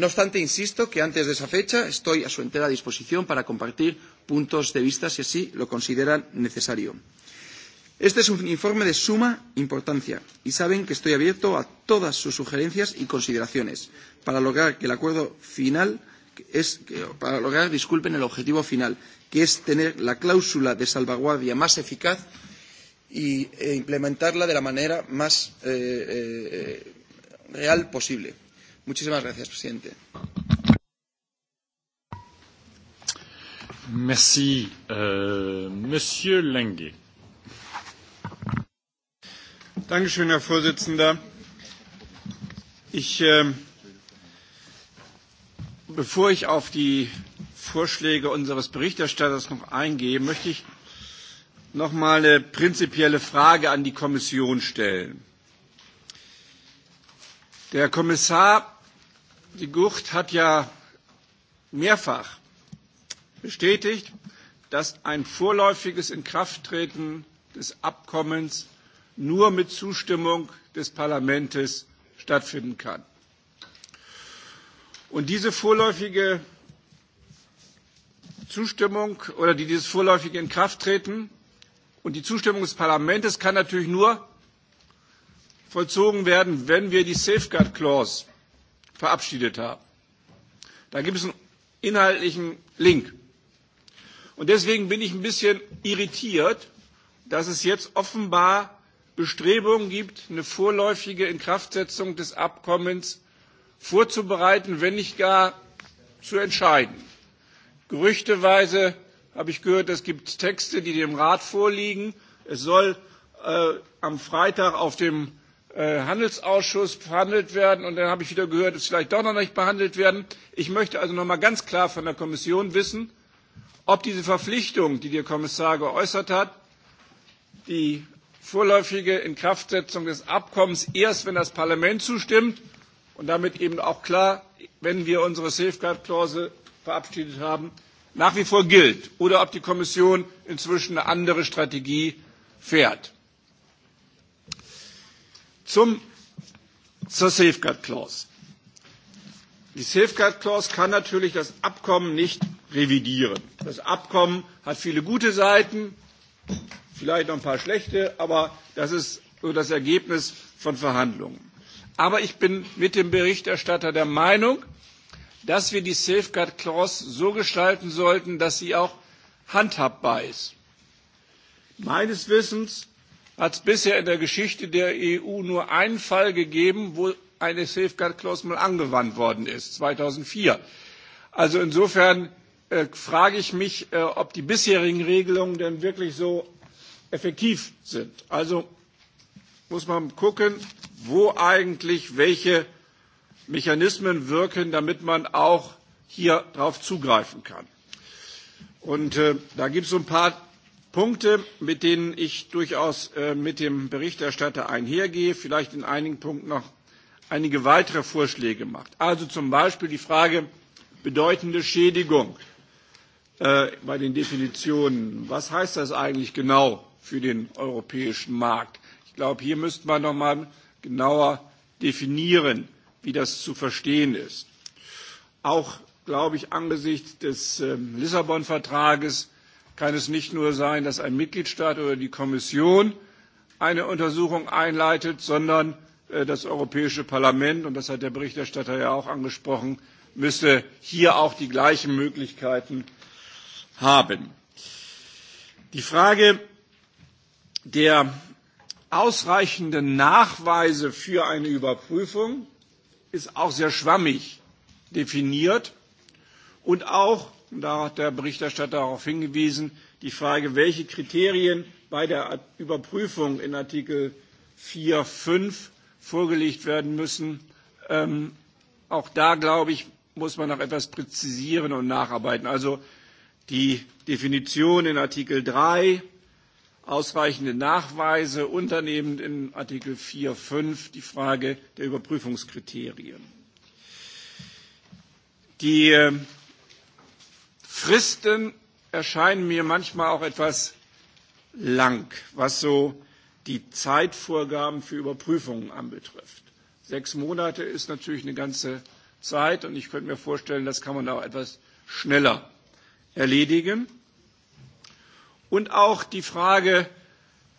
No obstante, insisto que antes de esa fecha estoy a su entera disposición para compartir puntos de vista si así lo consideran necesario. Este es un informe de suma importancia y saben que estoy abierto a todas sus sugerencias y consideraciones para lograr que el acuerdo final es para lograr, disculpen, el objetivo final, que es tener la cláusula de salvaguardia más eficaz e implementarla de la manera más real posible. Muchísimas gracias, presidente. Merci. Monsieur Dankeschön, Herr Vorsitzender. Ich, bevor ich auf die Vorschläge unseres Berichterstatters noch eingehe, möchte ich noch mal eine prinzipielle Frage an die Kommission stellen. Der Kommissar de Gucht hat ja mehrfach bestätigt, dass ein vorläufiges Inkrafttreten des Abkommens nur mit Zustimmung des Parlaments stattfinden kann. Und diese vorläufige Zustimmung oder dieses vorläufige Inkrafttreten und die Zustimmung des Parlaments kann natürlich nur vollzogen werden, wenn wir die Safeguard Clause verabschiedet haben. Da gibt es einen inhaltlichen Link. Und deswegen bin ich ein bisschen irritiert, dass es jetzt offenbar Bestrebungen gibt, eine vorläufige Inkraftsetzung des Abkommens vorzubereiten, wenn nicht gar zu entscheiden. Gerüchteweise habe ich gehört, es gibt Texte, die dem Rat vorliegen. Es soll am Freitag auf dem Handelsausschuss verhandelt werden und dann habe ich wieder gehört, dass vielleicht doch noch nicht behandelt werden. Ich möchte also noch mal ganz klar von der Kommission wissen, ob diese Verpflichtung, die der Kommissar geäußert hat, die vorläufige Inkraftsetzung des Abkommens erst, wenn das Parlament zustimmt und damit eben auch klar, wenn wir unsere Safeguard Clause verabschiedet haben, nach wie vor gilt oder ob die Kommission inzwischen eine andere Strategie fährt. Zum, zur Safeguard Clause. Die Safeguard Clause kann natürlich das Abkommen nicht revidieren. Das Abkommen hat viele gute Seiten, vielleicht noch ein paar schlechte, aber das ist so das Ergebnis von Verhandlungen. Aber ich bin mit dem Berichterstatter der Meinung, dass wir die Safeguard Clause so gestalten sollten, dass sie auch handhabbar ist. Meines Wissens hat es bisher in der Geschichte der EU nur einen Fall gegeben, wo eine Safeguard Clause mal angewandt worden ist, 2004. Also insofern frage ich mich, ob die bisherigen Regelungen denn wirklich so effektiv sind. Also muss man gucken, wo eigentlich welche Mechanismen wirken, damit man auch hier darauf zugreifen kann. Und da gibt es so ein paar Punkte, mit denen ich durchaus mit dem Berichterstatter einhergehe, vielleicht in einigen Punkten noch einige weitere Vorschläge macht. Also zum Beispiel die Frage bedeutende Schädigung bei den Definitionen. Was heißt das eigentlich genau? für den europäischen Markt. Ich glaube, hier müsste man noch mal genauer definieren, wie das zu verstehen ist. Auch, glaube ich, angesichts des Lissabon-Vertrages kann es nicht nur sein, dass ein Mitgliedstaat oder die Kommission eine Untersuchung einleitet, sondern das Europäische Parlament, und das hat der Berichterstatter ja auch angesprochen, müsste hier auch die gleichen Möglichkeiten haben. Die Frage der ausreichenden Nachweise für eine Überprüfung ist auch sehr schwammig definiert und auch, da hat der Berichterstatter darauf hingewiesen, die Frage, welche Kriterien bei der Überprüfung in Artikel 4, 5 vorgelegt werden müssen. Ähm, auch da, glaube ich, muss man noch etwas präzisieren und nacharbeiten. Also die Definition in Artikel 3 ausreichende Nachweise unternehmend in Artikel 4.5 die Frage der Überprüfungskriterien. Die Fristen erscheinen mir manchmal auch etwas lang, was so die Zeitvorgaben für Überprüfungen anbetrifft. Sechs Monate ist natürlich eine ganze Zeit und ich könnte mir vorstellen, das kann man auch etwas schneller erledigen und auch die Frage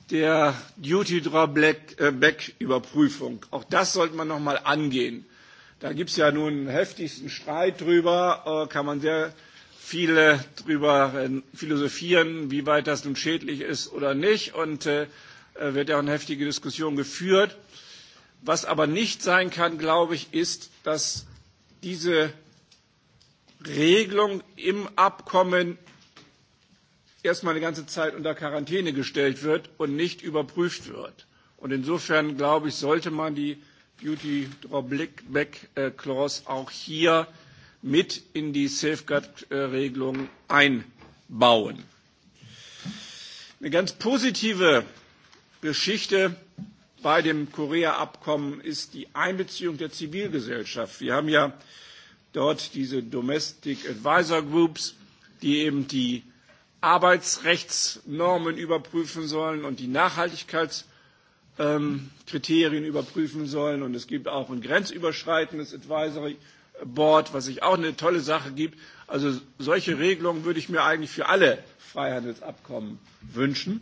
der Duty Drawback Überprüfung. Auch das sollte man noch mal angehen. Da gibt es ja nun einen heftigsten Streit drüber, kann man sehr viele drüber philosophieren, wie weit das nun schädlich ist oder nicht und wird ja auch eine heftige Diskussion geführt. Was aber nicht sein kann, glaube ich, ist, dass diese Regelung im Abkommen erstmal eine ganze Zeit unter Quarantäne gestellt wird und nicht überprüft wird. Und insofern, glaube ich, sollte man die Duty Drawback Back Clause auch hier mit in die Safeguard-Regelung einbauen. Eine ganz positive Geschichte bei dem Korea-Abkommen ist die Einbeziehung der Zivilgesellschaft. Wir haben ja dort diese Domestic Advisor Groups, die eben die Arbeitsrechtsnormen überprüfen sollen und die Nachhaltigkeitskriterien überprüfen sollen. Und es gibt auch ein grenzüberschreitendes Advisory Board, was ich auch eine tolle Sache gibt. Also solche Regelungen würde ich mir eigentlich für alle Freihandelsabkommen wünschen.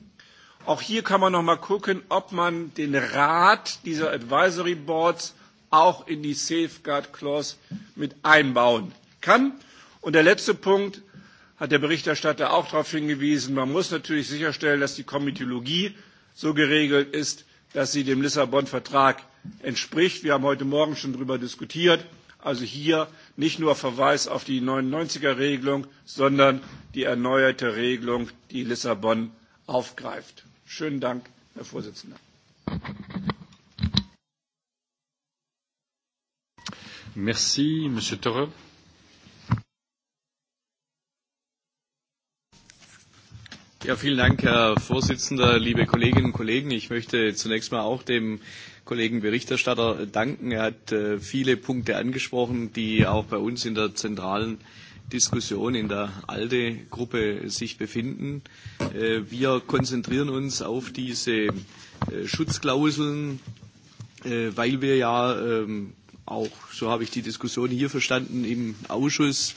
Auch hier kann man noch mal gucken, ob man den Rat dieser Advisory Boards auch in die Safeguard Clause mit einbauen kann. Und der letzte Punkt, hat der Berichterstatter auch darauf hingewiesen, man muss natürlich sicherstellen, dass die Komitologie so geregelt ist, dass sie dem Lissabon-Vertrag entspricht. Wir haben heute Morgen schon darüber diskutiert. Also hier nicht nur Verweis auf die 99er-Regelung, sondern die erneuerte Regelung, die Lissabon aufgreift. Schönen Dank, Herr Vorsitzender. Merci, Monsieur Torre. Ja, vielen Dank, Herr Vorsitzender, liebe Kolleginnen und Kollegen. Ich möchte zunächst mal auch dem Kollegen Berichterstatter danken. Er hat viele Punkte angesprochen, die auch bei uns in der zentralen Diskussion in der ALDE-Gruppe sich befinden. Wir konzentrieren uns auf diese Schutzklauseln, weil wir ja auch, so habe ich die Diskussion hier verstanden, im Ausschuss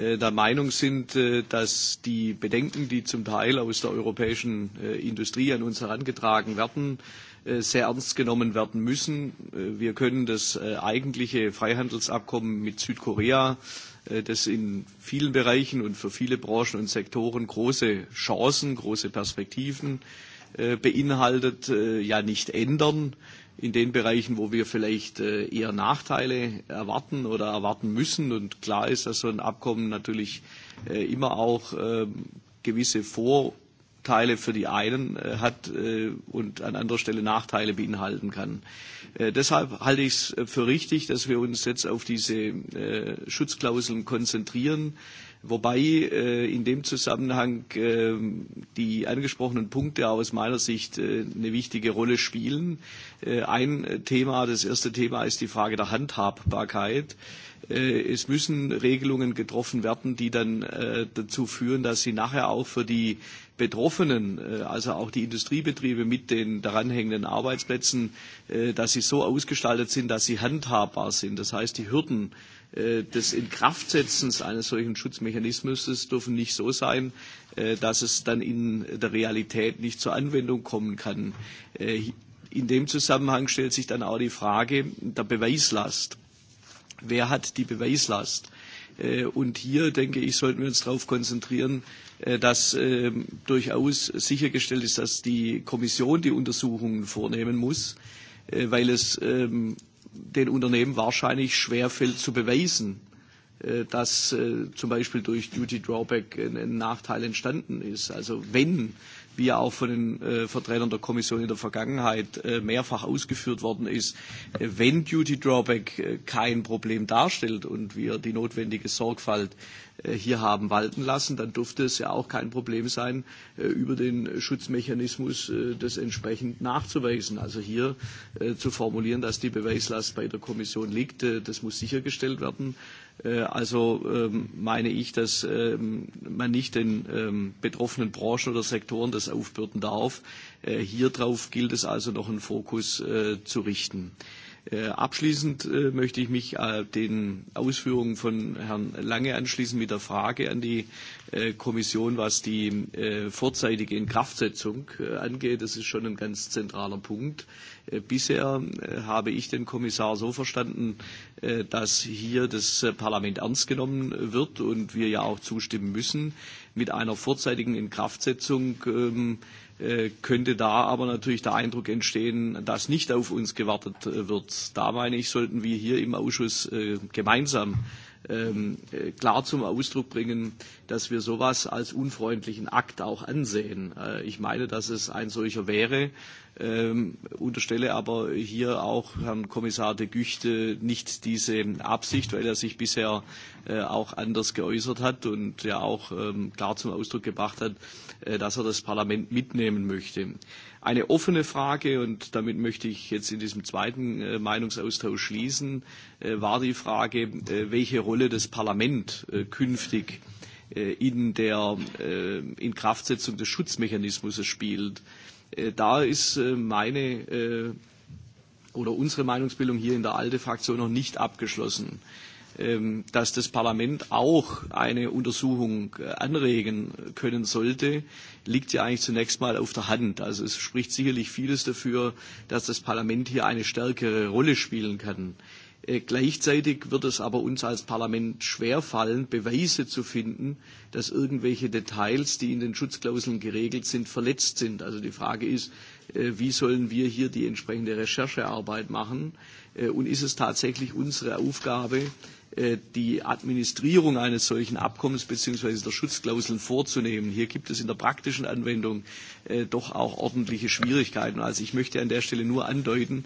der Meinung sind, dass die Bedenken, die zum Teil aus der europäischen Industrie an uns herangetragen werden, sehr ernst genommen werden müssen. Wir können das eigentliche Freihandelsabkommen mit Südkorea, das in vielen Bereichen und für viele Branchen und Sektoren große Chancen, große Perspektiven beinhaltet, ja nicht ändern in den Bereichen, wo wir vielleicht eher Nachteile erwarten oder erwarten müssen. Und klar ist, dass so ein Abkommen natürlich immer auch gewisse Vorteile für die einen hat und an anderer Stelle Nachteile beinhalten kann. Deshalb halte ich es für richtig, dass wir uns jetzt auf diese Schutzklauseln konzentrieren Wobei in dem Zusammenhang die angesprochenen Punkte aus meiner Sicht eine wichtige Rolle spielen. Ein Thema, das erste Thema ist die Frage der Handhabbarkeit. Äh, es müssen Regelungen getroffen werden, die dann dazu führen, dass sie nachher auch für die Betroffenen, also auch die Industriebetriebe mit den daranhängenden Arbeitsplätzen, dass sie so ausgestaltet sind, dass sie handhabbar sind. Das heißt, die Hürden des Inkraftsetzens eines solchen Schutzmechanismus dürfen nicht so sein, dass es dann in der Realität nicht zur Anwendung kommen kann. In dem Zusammenhang stellt sich dann auch die Frage der Beweislast wer hat die Beweislast? Und hier, denke ich, sollten wir uns darauf konzentrieren, dass durchaus sichergestellt ist, dass die Kommission die Untersuchungen vornehmen muss, weil es den Unternehmen wahrscheinlich schwerfällt zu beweisen, dass zum Beispiel durch Duty Drawback ein Nachteil entstanden ist. Also wenn wie ja auch von den Vertretern der Kommission in der Vergangenheit mehrfach ausgeführt worden ist, wenn Duty Drawback kein Problem darstellt und wir die notwendige Sorgfalt hier haben walten lassen, dann dürfte es ja auch kein Problem sein, über den Schutzmechanismus das entsprechend nachzuweisen. Also hier zu formulieren, dass die Beweislast bei der Kommission liegt, das muss sichergestellt werden. Also meine ich, dass man nicht den betroffenen Branchen oder Sektoren das aufbürden darf. Hier drauf gilt es also noch einen Fokus zu richten. Abschließend möchte ich mich den Ausführungen von Herrn Lange anschließen mit der Frage an die Kommission, was die vorzeitige Inkraftsetzung angeht. Das ist schon ein ganz zentraler Punkt. Bisher habe ich den Kommissar so verstanden, dass hier das Parlament ernst genommen wird und wir ja auch zustimmen müssen. Mit einer vorzeitigen Inkraftsetzung könnte da aber natürlich der Eindruck entstehen, dass nicht auf uns gewartet wird. Da meine ich, sollten wir hier im Ausschuss gemeinsam klar zum Ausdruck bringen, dass wir sowas als unfreundlichen Akt auch ansehen. Ich meine, dass es ein solcher wäre, unterstelle aber hier auch Herrn Kommissar de Güchte nicht diese Absicht, weil er sich bisher auch anders geäußert hat und ja auch klar zum Ausdruck gebracht hat, dass er das Parlament mitnehmen möchte eine offene Frage und damit möchte ich jetzt in diesem zweiten Meinungsaustausch schließen, war die Frage, welche Rolle das Parlament künftig in der Inkraftsetzung des Schutzmechanismus spielt. Da ist meine oder unsere Meinungsbildung hier in der ALDE-Fraktion noch nicht abgeschlossen dass das Parlament auch eine Untersuchung anregen können sollte, liegt ja eigentlich zunächst mal auf der Hand. Also es spricht sicherlich vieles dafür, dass das Parlament hier eine stärkere Rolle spielen kann. Gleichzeitig wird es aber uns als Parlament schwerfallen, Beweise zu finden, dass irgendwelche Details, die in den Schutzklauseln geregelt sind, verletzt sind. Also die Frage ist, wie sollen wir hier die entsprechende Recherchearbeit machen? Und ist es tatsächlich unsere Aufgabe, die Administrierung eines solchen Abkommens bzw. der Schutzklauseln vorzunehmen. Hier gibt es in der praktischen Anwendung doch auch ordentliche Schwierigkeiten. Also ich möchte an der Stelle nur andeuten,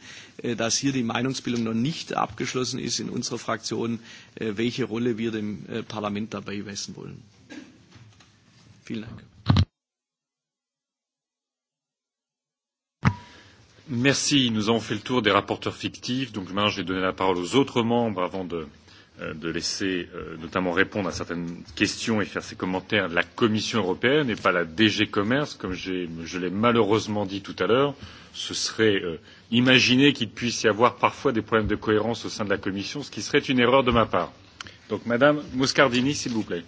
dass hier die Meinungsbildung noch nicht abgeschlossen ist in unserer Fraktion, welche Rolle wir dem Parlament dabei messen wollen. Vielen Dank. Merci. Nous avons fait le tour des rapporteurs fictifs. Donc maintenant, je vais donner la parole aux autres membres avant de de laisser notamment répondre à certaines questions et faire ses commentaires la Commission européenne et pas la DG Commerce, comme je l'ai malheureusement dit tout à l'heure. Ce serait imaginer qu'il puisse y avoir parfois des problèmes de cohérence au sein de la Commission, ce qui serait une erreur de ma part. Donc, Madame Moscardini, s'il vous plaît.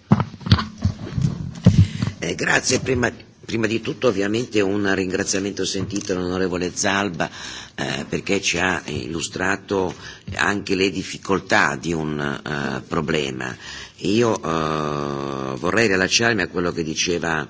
Grazie, prima Prima di tutto ovviamente un ringraziamento sentito all'onorevole Zalba eh, perché ci ha illustrato anche le difficoltà di un eh, problema. Io eh, vorrei rilacciarmi a quello che diceva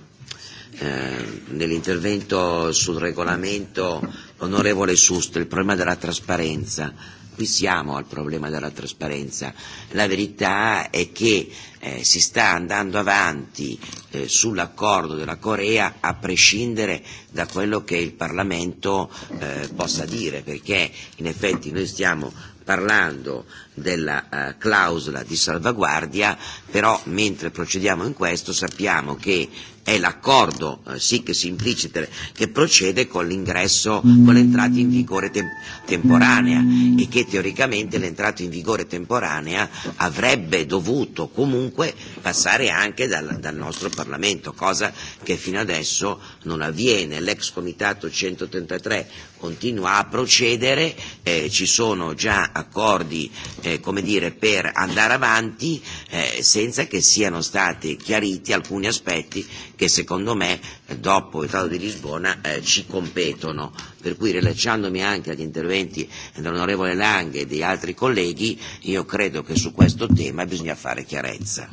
nell'intervento sul regolamento l'onorevole Susto, il problema della trasparenza. Qui siamo al problema della trasparenza. La verità è che eh, si sta andando avanti eh, sull'accordo della Corea a prescindere da quello che il Parlamento eh, possa dire, perché in effetti noi stiamo parlando della uh, clausola di salvaguardia, però mentre procediamo in questo sappiamo che è l'accordo sic simpliciter che procede con l'ingresso, con l'entrata in vigore te- temporanea e che teoricamente l'entrata in vigore temporanea avrebbe dovuto comunque passare anche dal, dal nostro Parlamento, cosa che fino adesso non avviene. L'ex Comitato 133 continua a procedere, eh, ci sono già accordi eh, come dire, per andare avanti eh, senza che siano stati chiariti alcuni aspetti che secondo me dopo il Trattato di Lisbona eh, ci competono. Per cui rilacciandomi anche agli interventi dell'onorevole Lange e di altri colleghi, io credo che su questo tema bisogna fare chiarezza.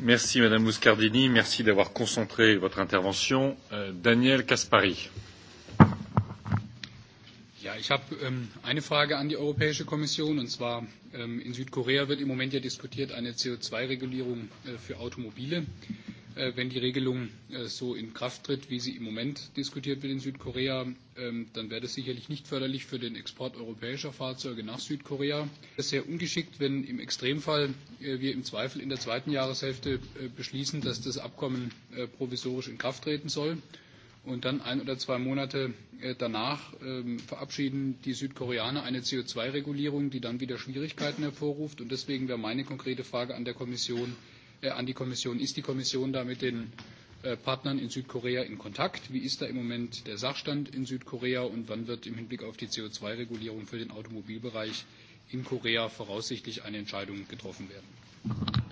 Merci Madame Muscardini, merci d'avoir concentré votre intervention. Euh, Daniel Caspari. Ja, ich habe ähm, eine Frage an die Europäische Kommission und zwar In Südkorea wird im Moment ja diskutiert eine co zwei regulierung für Automobile. Wenn die Regelung so in Kraft tritt, wie sie im Moment diskutiert wird in Südkorea, dann wäre das sicherlich nicht förderlich für den Export europäischer Fahrzeuge nach Südkorea. Es ist sehr ungeschickt, wenn im Extremfall wir im Zweifel in der zweiten Jahreshälfte beschließen, dass das Abkommen provisorisch in Kraft treten soll Und dann ein oder zwei Monate danach verabschieden die Südkoreaner eine co zwei regulierung die dann wieder Schwierigkeiten hervorruft. Und deswegen wäre meine konkrete Frage an, die Kommission, ist die Kommission da mit den Partnern in Südkorea in Kontakt? Wie ist da im Moment der Sachstand in Südkorea und wann wird im Hinblick auf die co zwei regulierung für den Automobilbereich in Korea voraussichtlich eine Entscheidung getroffen werden?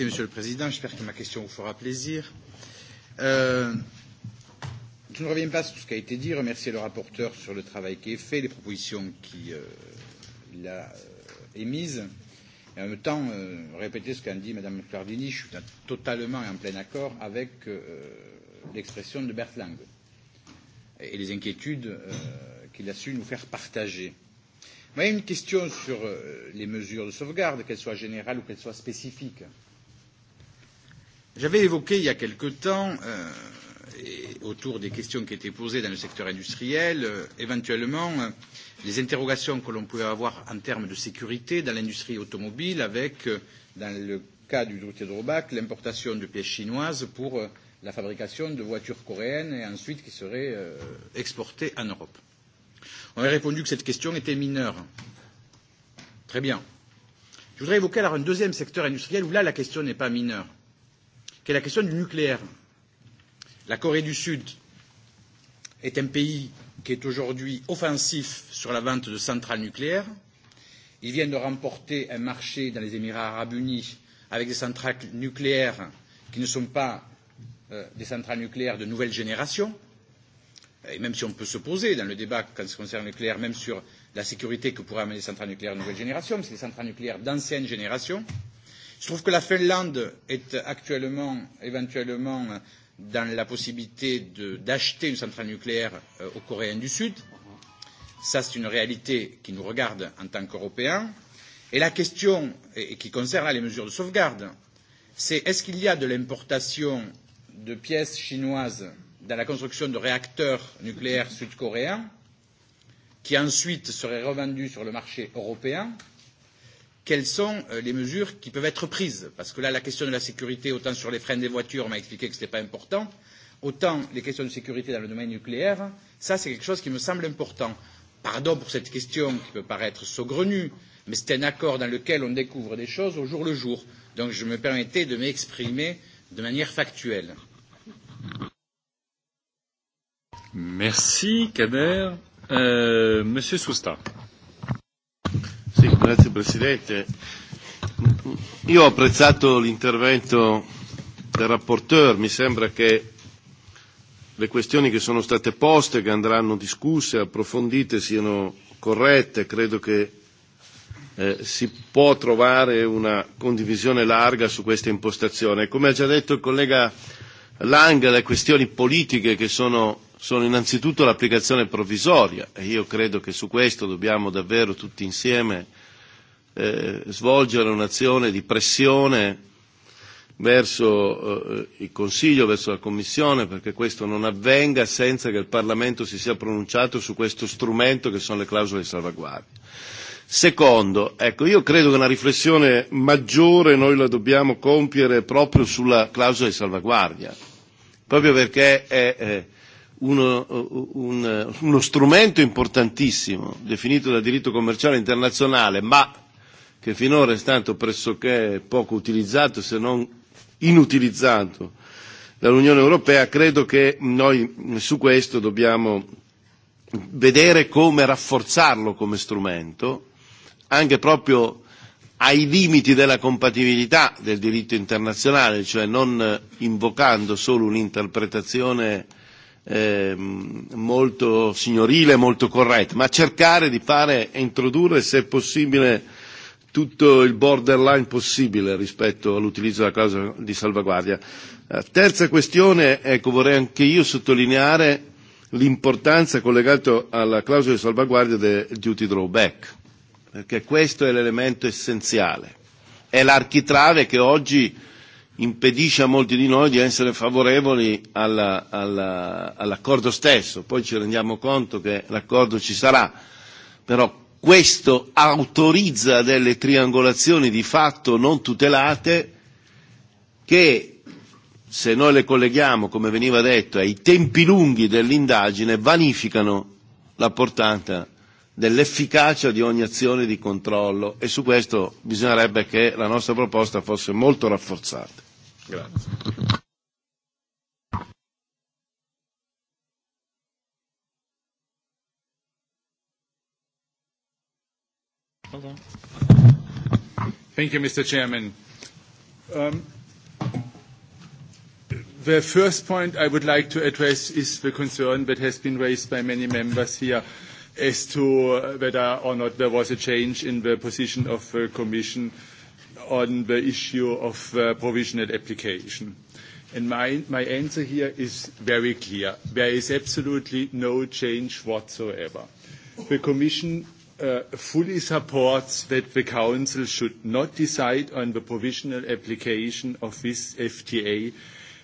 Monsieur le Président, j'espère que ma question vous fera plaisir. Euh, je ne reviens pas sur tout ce qui a été dit, remercier le rapporteur sur le travail qui est fait, les propositions qu'il euh, a émises, et en même temps euh, répéter ce qu'a dit Mme Clardini, je suis totalement et en plein accord avec euh, l'expression de Bert Lang et les inquiétudes euh, qu'il a su nous faire partager. Moi, une question sur les mesures de sauvegarde, qu'elles soient générales ou qu'elles soient spécifiques. J'avais évoqué il y a quelque temps, euh, et autour des questions qui étaient posées dans le secteur industriel, euh, éventuellement euh, les interrogations que l'on pouvait avoir en termes de sécurité dans l'industrie automobile avec, euh, dans le cas du doute Robac, l'importation de pièces chinoises pour euh, la fabrication de voitures coréennes et ensuite qui seraient euh, exportées en Europe. On avait répondu que cette question était mineure. Très bien. Je voudrais évoquer alors un deuxième secteur industriel où là la question n'est pas mineure qui est la question du nucléaire. La Corée du Sud est un pays qui est aujourd'hui offensif sur la vente de centrales nucléaires. Ils viennent de remporter un marché dans les Émirats arabes unis avec des centrales nucléaires qui ne sont pas des centrales nucléaires de nouvelle génération. Et même si on peut se poser dans le débat quand ce concerne le nucléaire, même sur la sécurité que pourraient amener les centrales nucléaires de nouvelle génération, c'est des centrales nucléaires d'ancienne génération. Euh, Je trouve que la Finlande est actuellement, éventuellement, dans la possibilité d'acheter une centrale nucléaire euh, aux Coréens du Sud. Ça, c'est une réalité qui nous regarde en tant qu'Européens. Et la question, et, et qui concerne là, les mesures de sauvegarde, c'est est-ce qu'il y a de l'importation de pièces chinoises dans la construction de réacteurs nucléaires sud-coréens qui ensuite seraient revendus sur le marché européen quelles sont les mesures qui peuvent être prises Parce que là, la question de la sécurité, autant sur les freins des voitures, on m'a expliqué que ce n'était pas important, autant les questions de sécurité dans le domaine nucléaire, ça c'est quelque chose qui me semble important. Pardon pour cette question qui peut paraître saugrenue, mais c'est un accord dans lequel on découvre des choses au jour le jour. Donc je me permettais de m'exprimer de manière factuelle. Merci Kader. Euh, Monsieur Sousta. Sì, grazie Presidente. Io ho apprezzato l'intervento del rapporteur, mi sembra che le questioni che sono state poste, che andranno discusse, approfondite, siano corrette, credo che eh, si può trovare una condivisione larga su questa impostazione. Come ha già detto il collega Lang, le questioni politiche che sono sono innanzitutto l'applicazione provvisoria e io credo che su questo dobbiamo davvero tutti insieme eh, svolgere un'azione di pressione verso eh, il Consiglio, verso la Commissione, perché questo non avvenga senza che il Parlamento si sia pronunciato su questo strumento che sono le clausole di salvaguardia. Secondo, ecco, io credo che una riflessione maggiore noi la dobbiamo compiere proprio sulla clausola di salvaguardia, proprio perché è, eh, uno, un, uno strumento importantissimo definito da diritto commerciale internazionale, ma che finora è stato pressoché poco utilizzato se non inutilizzato dall'Unione Europea, credo che noi su questo dobbiamo vedere come rafforzarlo come strumento, anche proprio ai limiti della compatibilità del diritto internazionale, cioè non invocando solo un'interpretazione molto signorile, molto corretta, ma cercare di fare e introdurre, se possibile, tutto il borderline possibile rispetto all'utilizzo della clausola di salvaguardia. Terza questione, ecco, vorrei anche io sottolineare l'importanza collegata alla clausola di salvaguardia del duty drawback, perché questo è l'elemento essenziale, è l'architrave che oggi impedisce a molti di noi di essere favorevoli alla, alla, all'accordo stesso. Poi ci rendiamo conto che l'accordo ci sarà, però questo autorizza delle triangolazioni di fatto non tutelate che, se noi le colleghiamo, come veniva detto, ai tempi lunghi dell'indagine, vanificano la portata dell'efficacia di ogni azione di controllo e su questo bisognerebbe che la nostra proposta fosse molto rafforzata. Grazie. Thank you, Mr. Chairman. The first point I would like to address is the concern that has been raised by many members here as to whether or not there was a change in the position of the Commission on the issue of provisional application. my answer here is very clear. There is absolutely no change whatsoever. The Commission fully supports that the Council should not decide on the provisional application of this FTA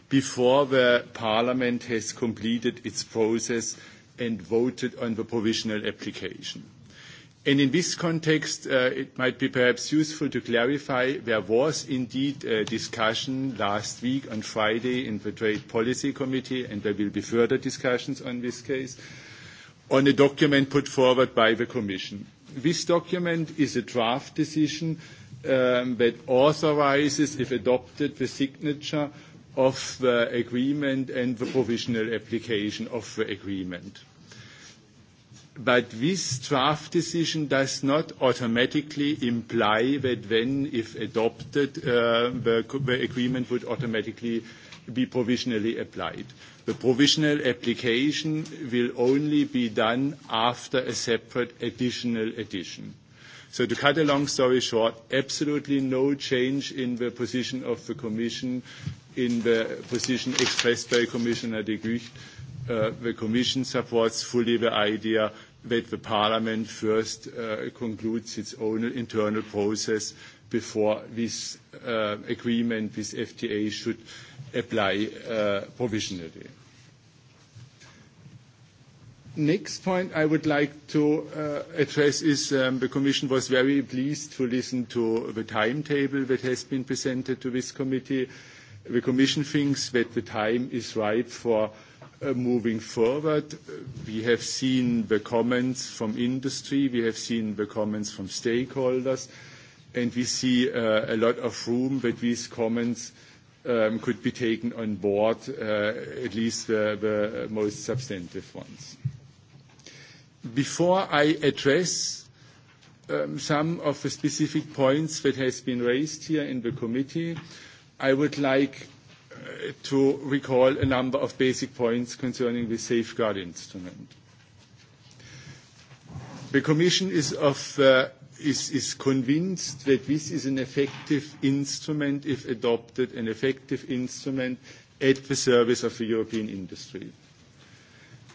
before the Parliament has completed its process and voted on the provisional application. And In this context, it might be perhaps useful to clarify there was indeed a discussion last week on Friday in the Trade Policy Committee, and there will be further discussions on this case, on a document put forward by the Commission. This document is a draft decision that authorises, if adopted, the signature of the agreement and the provisional application of the agreement. But this draft decision does not automatically imply that when, if adopted, the agreement would automatically be provisionally applied. The provisional application will only be done after a separate additional addition. So to cut a long story short, absolutely no change in the position of the Commission, in the position expressed by Commissioner de Gucht the Commission supports fully the idea that the Parliament first concludes its own internal process before this agreement, this FTA, should apply provisionally. Next point I would like to address is the Commission was very pleased to listen to the timetable that has been presented to this committee. The Commission thinks that the time is right for moving forward. We have seen the comments from industry, we have seen the comments from stakeholders, and we see a lot of room that these comments could be taken on board, at least the most substantive ones. Before I address some of the specific points that has been raised here in the committee, I would like to recall a number of basic points concerning the safeguard instrument. The Commission is, convinced that this is an effective instrument, if adopted, an effective instrument at the service of the European industry.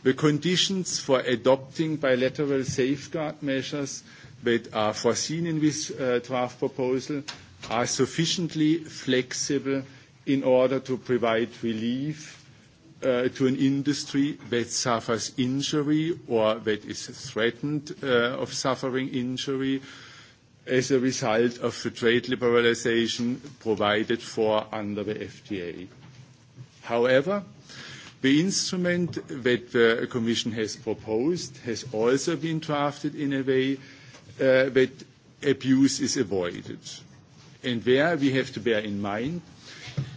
The conditions for adopting bilateral safeguard measures that are foreseen in this draft proposal are sufficiently flexible in order to provide relief to an industry that suffers injury or that is threatened of suffering injury as a result of the trade liberalization provided for under the FTA. However, the instrument that the Commission has proposed has also been drafted in a way that abuse is avoided. And there we have to bear in mind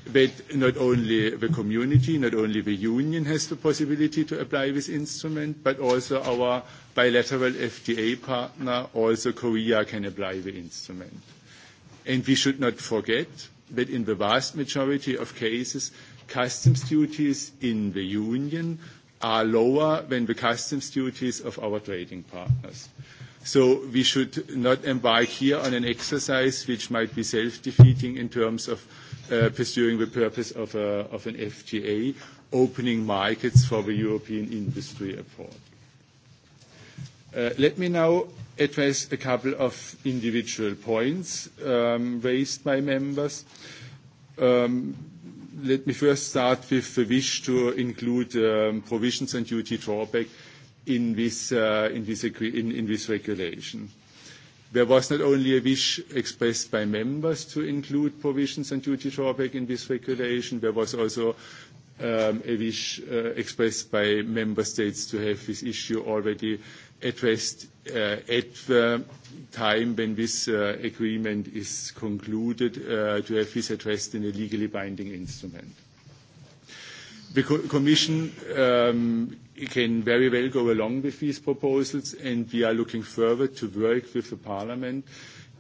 that not only the community, not only the union has the possibility to apply this instrument, but also our bilateral FTA partner, also Korea, can apply the instrument. And we should not forget that in the vast majority of cases, customs duties in the union are lower than the customs duties of our trading partners. So we should not embark here on an exercise which might be self-defeating in terms of pursuing the purpose of an FTA, opening markets for the European industry abroad. Let me now address a couple of individual points raised by members. Let me first start with the wish to include provisions on duty drawback in this regulation. There was not only a wish expressed by members to include provisions on duty drawback in this regulation, there was also um, a wish uh, expressed by member states to have this issue already addressed uh, at the time when this uh, agreement is concluded, uh, to have this addressed in a legally binding instrument. The Commission can very well go along with these proposals, and we are looking forward to work with the Parliament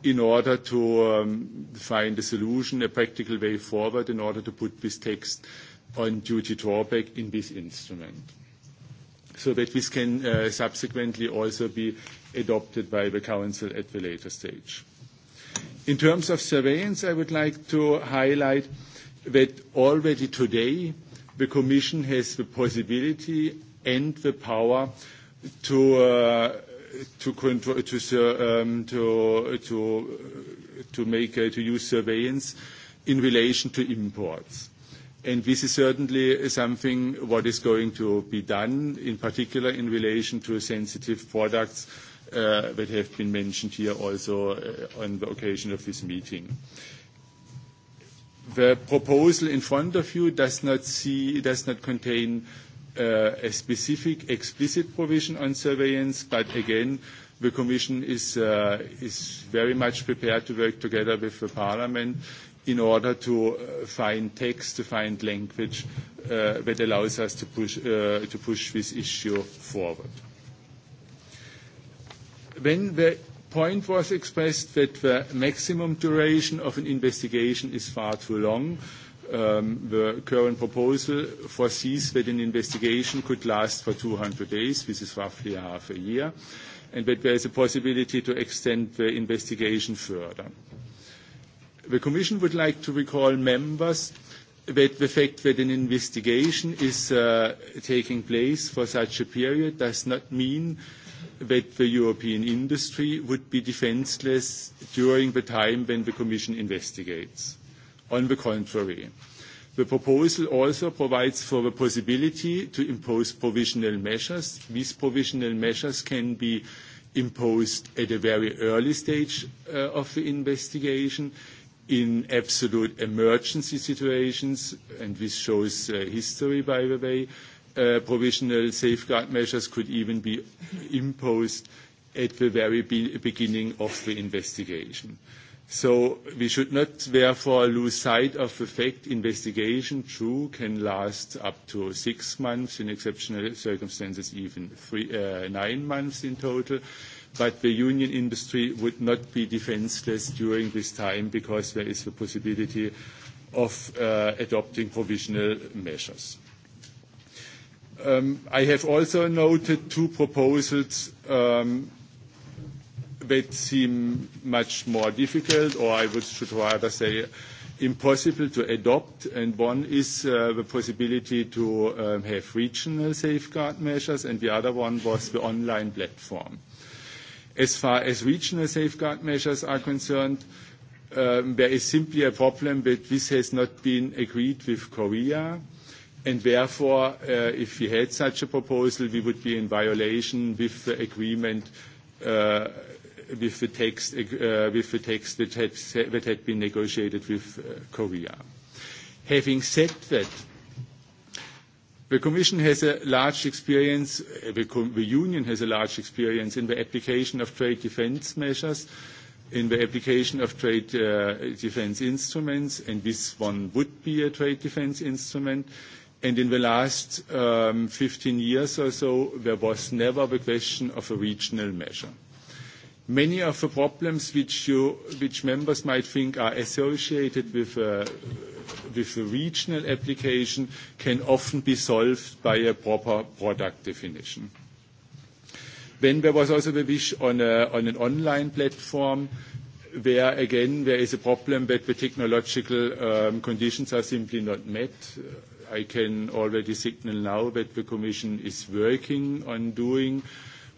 in order to find a solution, a practical way forward, in order to put this text on duty drawback in this instrument, so that this can subsequently also be adopted by the Council at the later stage. In terms of surveillance, I would like to highlight that already today, the Commission has the possibility and the power to to control to um, to to to make uh, to use surveillance in relation to imports. And this is certainly something what is going to be done, in particular in relation to sensitive products uh, that have been mentioned here also uh, on the occasion of this meeting. Uh, The proposal in front of you does not see, does not contain a specific explicit provision on surveillance, but again, the Commission is, very much prepared to work together with the Parliament in order to find text, to find language that allows us to push, to push this issue forward. When the point was expressed that the maximum duration of an investigation is far too long. The current proposal foresees that an investigation could last for 200 days, which is roughly half a year, and that there is a possibility to extend the investigation further. The Commission would like to recall members that the fact that an investigation is taking place for such a period does not mean that the European industry would be defenceless during the time when the Commission investigates. On the contrary, the proposal also provides for the possibility to impose provisional measures. These provisional measures can be imposed at a very early stage of the investigation in absolute emergency situations, and this shows history, by the way, provisional safeguard measures could even be imposed at the very beginning of the investigation. So we should not therefore lose sight of the fact investigation, true, can last up to six months, in exceptional circumstances, even three, uh, nine months in total. But the union industry would not be defenseless during this time because there is the possibility of uh, adopting provisional measures. I have also noted two proposals that seem much more difficult, or I would should rather say impossible to adopt. And one is the possibility to have regional safeguard measures, and the other one was the online platform. As far as regional safeguard measures are concerned, there is simply a problem that this has not been agreed with Korea. And Therefore, if we had such a proposal, we would be in violation with the agreement, with the text that had been negotiated with Korea. Having said that, the Commission has a large experience, the Union has a large experience in the application of trade defense measures, in the application of trade defense instruments, and this one would be a trade defense instrument in the last 15 years or so, there was never the question of a regional measure. Many of the problems which, members might think are associated with, a regional application can often be solved by a proper product definition. Then there was also the wish on, an online platform where again there is a problem that the technological conditions are simply not met. I can already signal now that the Commission is working on doing,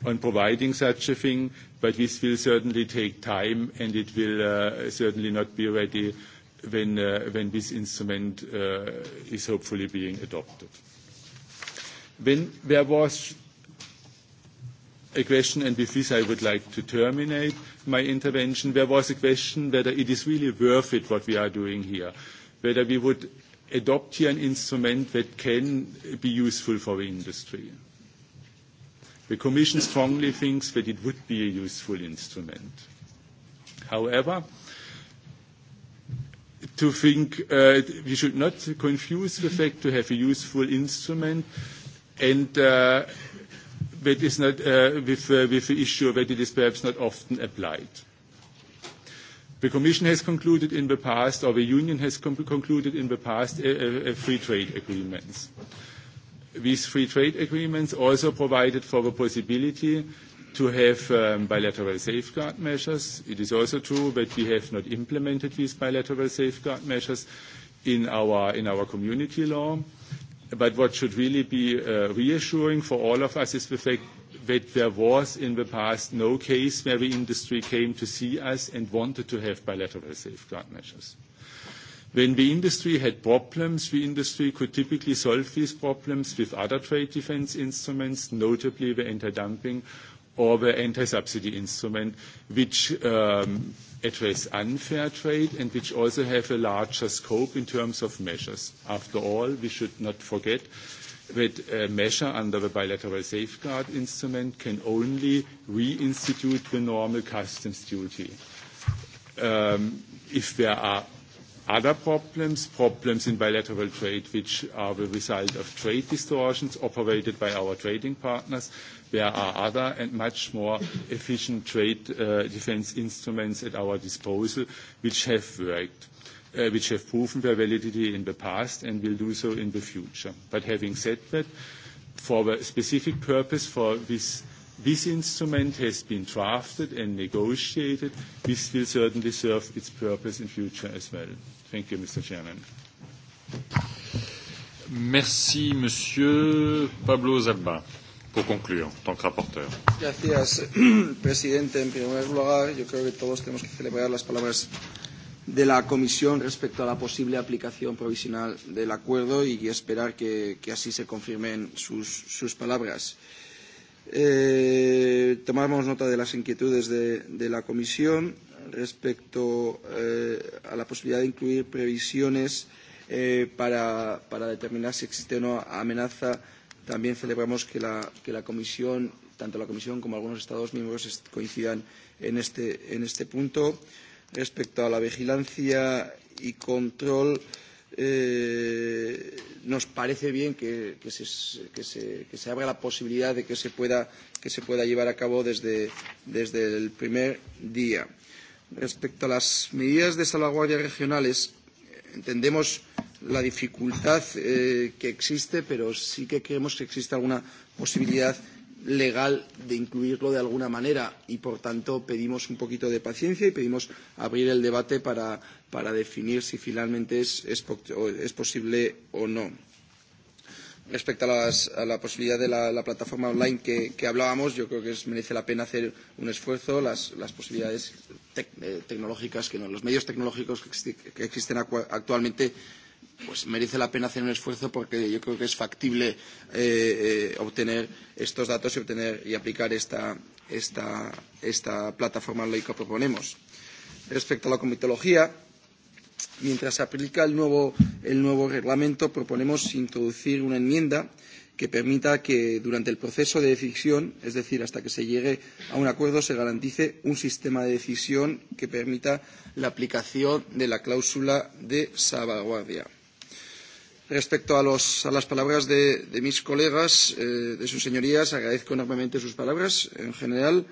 on providing such a thing, but this will certainly take time, and it will certainly not be ready when this instrument is hopefully being adopted. Then there was a question, and with this I would like to terminate my intervention. There was a question whether it is really worth it what we are doing here, whether we would adopt here an instrument that can be useful for the industry. The Commission strongly thinks that it would be a useful instrument. However, to think we should not confuse the fact to have a useful instrument and that is not with, with the issue that it is perhaps not often applied. The Commission has concluded in the past, or the Union has concluded in the past, free trade agreements. These free trade agreements also provided for the possibility to have bilateral safeguard measures. It is also true that we have not implemented these bilateral safeguard measures in our community law. But what should really be reassuring for all of us is the fact that there was, in the past, no case where the industry came to see us and wanted to have bilateral safeguard measures. When the industry had problems, the industry could typically solve these problems with other trade defense instruments, notably the anti-dumping or the anti-subsidy instrument, which address unfair trade and which also have a larger scope in terms of measures. After all, we should not forget that a measure under the bilateral safeguard instrument can only reinstitute the normal customs duty. If there are other problems, problems in bilateral trade, which are the result of trade distortions operated by our trading partners. There are other and much more efficient trade defence instruments at our disposal, which have worked, which have proven their validity in the past and will do so in the future. But having said that, for the specific purpose for this This instrument has been drafted and negotiated, This will certainly serve its purpose in future as well. Thank you, Mr. Chairman. Merci, Monsieur Pablo Zalba, pour conclure, en tant que rapporteur. Gracias, presidente. En primer lugar, yo creo que todos tenemos que celebrar las palabras de la Comisión respecto a la posible aplicación provisional del acuerdo y esperar que, así se confirmen sus, palabras. Eh, tomamos nota de las inquietudes de, de la Comisión respecto eh, a la posibilidad de incluir previsiones eh, para, para determinar si existe o no amenaza. También celebramos que la, que la Comisión, tanto la Comisión como algunos Estados miembros coincidan en este, en este punto. Respecto a la vigilancia y control, eh, nos parece bien que, se, abra la posibilidad de que se pueda, llevar a cabo desde, el primer día. Respecto a las medidas de salvaguardia regionales, entendemos la dificultad que existe, pero sí que creemos que existe alguna posibilidad legal de incluirlo de alguna manera y por tanto pedimos un poquito de paciencia y pedimos abrir el debate para, para definir si finalmente es, es, es posible o no. Respecto a, las, a la posibilidad de la, la plataforma online que, que hablábamos, yo creo que es, merece la pena hacer un esfuerzo. Las, las posibilidades tec, eh, tecnológicas, que no, los medios tecnológicos que, existen actualmente pues merece la pena hacer un esfuerzo porque yo creo que es factible eh, eh, obtener estos datos y obtener y aplicar esta, esta, esta plataforma ley que proponemos. Respecto a la comitología, mientras se aplica el nuevo, el nuevo reglamento, proponemos introducir una enmienda que permita que durante el proceso de decisión, es decir, hasta que se llegue a un acuerdo, se garantice un sistema de decisión que permita la aplicación de la cláusula de salvaguardia. Respecto a, los, a las palabras de, de mis colegas, eh, de sus señorías, agradezco enormemente sus palabras. En general,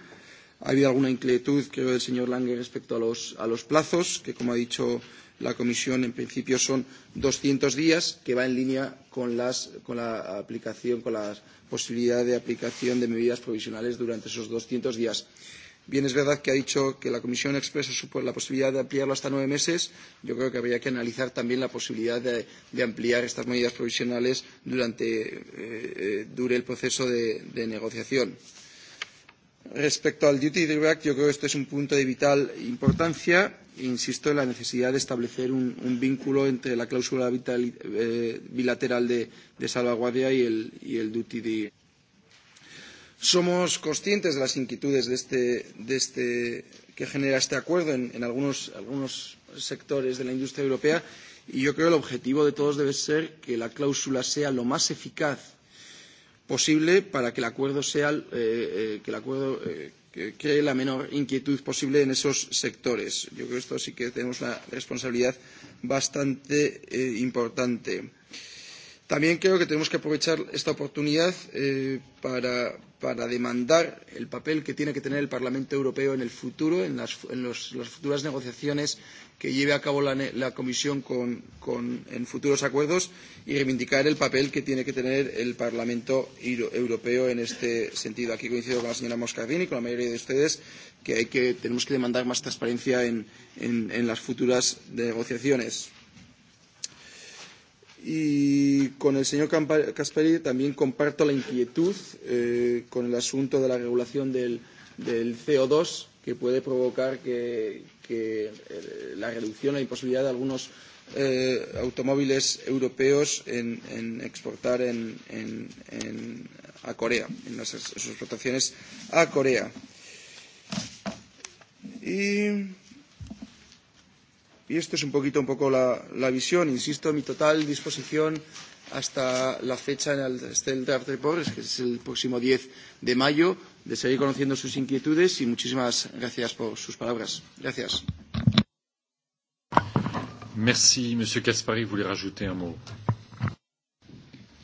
ha habido alguna inquietud, creo, del señor Lange respecto a los, a los plazos, que, como ha dicho la Comisión, en principio son 200 días, que va en línea con, las, con la aplicación, con la posibilidad de aplicación de medidas provisionales durante esos 200 días. Bien, es verdad que ha dicho que la Comisión expresa la posibilidad de ampliarlo hasta nueve meses. Yo creo que habría que analizar también la posibilidad de, ampliar estas medidas provisionales durante dure el proceso de, negociación. Respecto al duty drawback, yo creo que este es un punto de vital importancia. Insisto en la necesidad de establecer un, vínculo entre la cláusula vital bilateral de, salvaguardia y el, duty Somos conscientes de las inquietudes de este, de este, que genera este acuerdo en, en algunos, algunos sectores de la industria europea y yo creo que el objetivo de todos debe ser que la cláusula sea lo más eficaz posible para que el acuerdo sea eh, eh, que el acuerdo eh, que cree la menor inquietud posible en esos sectores. Yo creo que esto sí que tenemos una responsabilidad bastante eh, importante. Eh, También creo que tenemos que aprovechar esta oportunidad eh, para, para demandar el papel que tiene que tener el Parlamento Europeo en el futuro, en las, en los, las futuras negociaciones que lleve a cabo la, la Comisión con, con, en futuros acuerdos y reivindicar el papel que tiene que tener el Parlamento Europeo en este sentido. Aquí coincido con la señora Moscardini y con la mayoría de ustedes que, hay que tenemos que demandar más transparencia en, en, en las futuras negociaciones. Y con el señor Caspary también comparto la inquietud eh, con el asunto de la regulación del, del CO2, que puede provocar que, que la reducción, la imposibilidad de algunos eh, automóviles europeos en, en exportar en, en, en, a Corea, en las, sus exportaciones a Corea. Y Y esto es un poquito un poco la, la visión, insisto, mi total disposición hasta la fecha en el, hasta el draft pobres, que es el próximo 10 de mayo, de seguir conociendo sus inquietudes y muchísimas gracias por sus palabras. Gracias. Merci, Monsieur Caspari, voulez rajouter un mot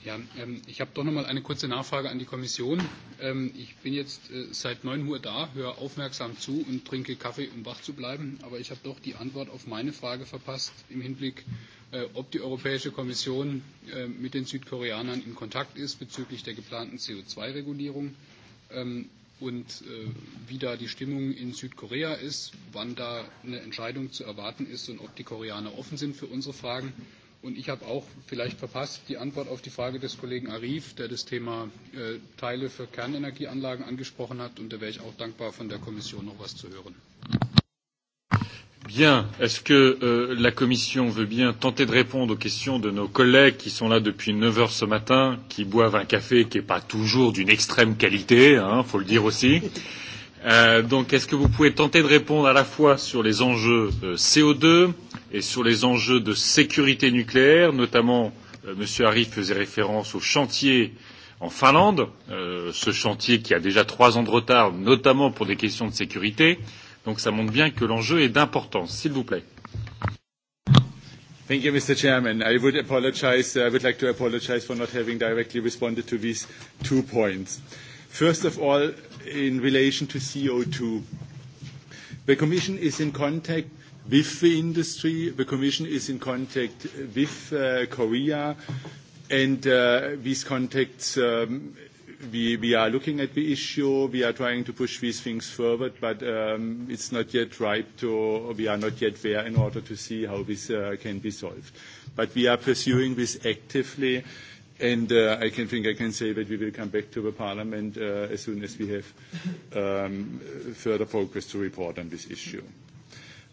Ja, ähm, ich habe doch noch mal eine kurze Nachfrage an die Kommission. Ähm, ich bin jetzt äh, seit 9 Uhr da, höre aufmerksam zu und trinke Kaffee, um wach zu bleiben. Aber ich habe doch die Antwort auf meine Frage verpasst im Hinblick, äh, ob die Europäische Kommission äh, mit den Südkoreanern in Kontakt ist bezüglich der geplanten CO2-Regulierung. Ähm, und wie da die Stimmung in Südkorea ist, wann da eine Entscheidung zu erwarten ist und ob die Koreaner offen sind für unsere Fragen. Und ich habe auch vielleicht verpasst die Antwort auf die Frage des Kollegen Arif, der das Thema Teile für Kernenergieanlagen angesprochen hat. Und da wäre ich auch dankbar, von der Kommission noch was zu hören. Bien. Est-ce que la Commission veut bien tenter de répondre aux questions de nos collègues qui sont là depuis 9 heures ce matin, qui boivent un café qui n'est pas toujours d'une extrême qualité, il faut le dire aussi donc, est-ce que vous pouvez tenter de répondre à la fois sur les enjeux CO2 et sur les enjeux de sécurité nucléaire, notamment M. Arif faisait référence au chantier en Finlande, ce chantier qui a déjà trois ans de retard, notamment pour des questions de sécurité. Donc, ça montre bien que l'enjeu est d'importance. S'il vous plaît. Thank you, Mr. Chairman. I would apologize. I would like to apologize for not having directly responded to these two points. Uh, First of all, in relation to CO2. The Commission is in contact with the industry. The Commission is in contact with uh, Korea. And uh, these contacts, um, we, we are looking at the issue. We are trying to push these things forward, but um, it's not yet ripe to, we are not yet there in order to see how this uh, can be solved. But we are pursuing this actively And uh, I can think I can say that we will come back to the Parliament uh, as soon as we have um, further progress to report on this issue.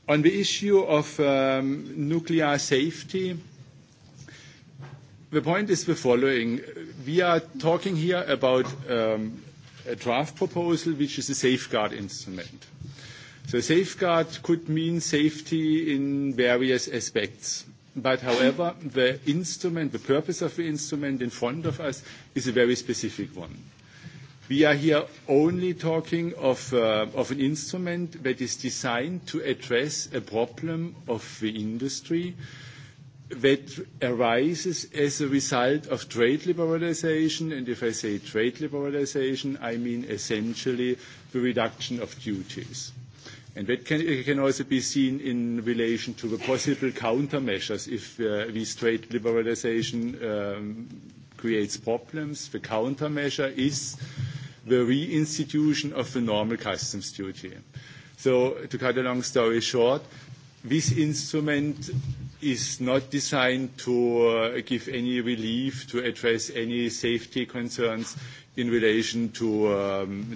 On the issue of um, nuclear safety, the point is the following. We are talking here about um, a draft proposal which is a safeguard instrument. So safeguard could mean safety in various aspects. But however, the instrument, the purpose of the instrument in front of us is a very specific one. We are here only talking of an instrument that is designed to address a problem of the industry that arises as a result of trade liberalization. and If I say trade liberalization, I mean essentially the reduction of duties. And That can also be seen in relation to the possible countermeasures if this trade liberalization creates problems. The countermeasure is the reinstitution of the normal customs duty. So To cut a long story short, this instrument is not designed to give any relief, to address any safety concerns in relation to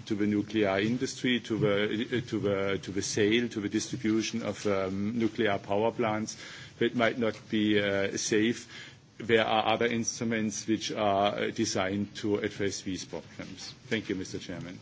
the nuclear industry, to the sale, to the distribution of nuclear power plants that might not be safe. There are other instruments which are designed to address these problems. Thank you, Mr. Chairman.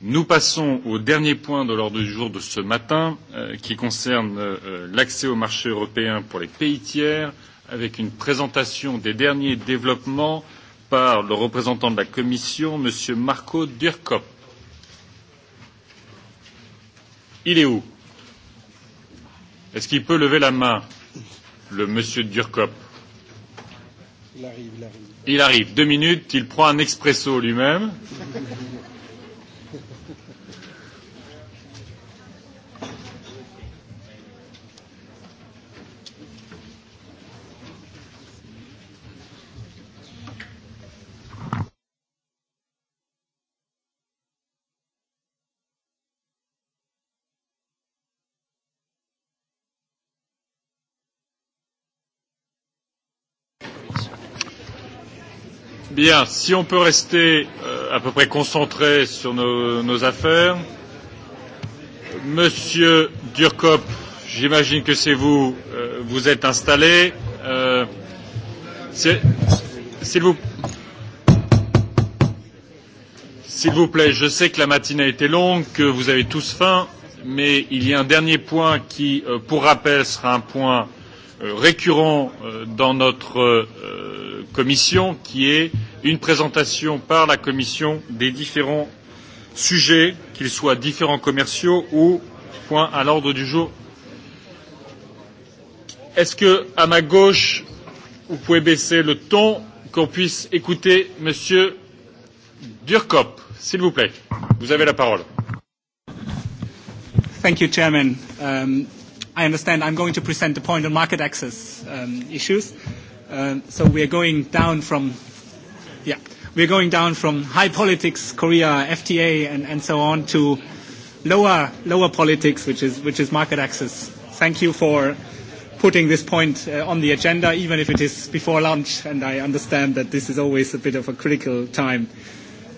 Nous passons au dernier point de l'ordre du jour de ce matin, euh, qui concerne euh, l'accès au marché européen pour les pays tiers, avec une présentation des derniers développements par le représentant de la Commission, M. Marco Durkop. Il est où Est-ce qu'il peut lever la main, le Monsieur Durkop Il arrive, il arrive. Il arrive, deux minutes, il prend un expresso lui-même. Bien, si on peut rester euh, à peu près concentré sur nos, nos affaires. Monsieur Durkop, j'imagine que c'est vous, euh, vous êtes installé. Euh, S'il vous, vous plaît, je sais que la matinée a été longue, que vous avez tous faim, mais il y a un dernier point qui, euh, pour rappel, sera un point euh, récurrent dans notre commission qui est une présentation par la commission des différents sujets, qu'ils soient différents commerciaux ou points à l'ordre du jour. Est-ce que, à ma gauche, vous pouvez baisser le ton, qu'on puisse écouter Monsieur Durkop, s'il vous plaît. Vous avez la parole. Thank you, Chairman. Um, I understand I'm going to present the point on market access um, issues. Um, so we are going down from, yeah, going down from high politics, Korea, FTA, and, and so on to lower lower politics, which is which is market access. Thank you for putting this point uh, on the agenda, even if it is before lunch. And I understand that this is always a bit of a critical time.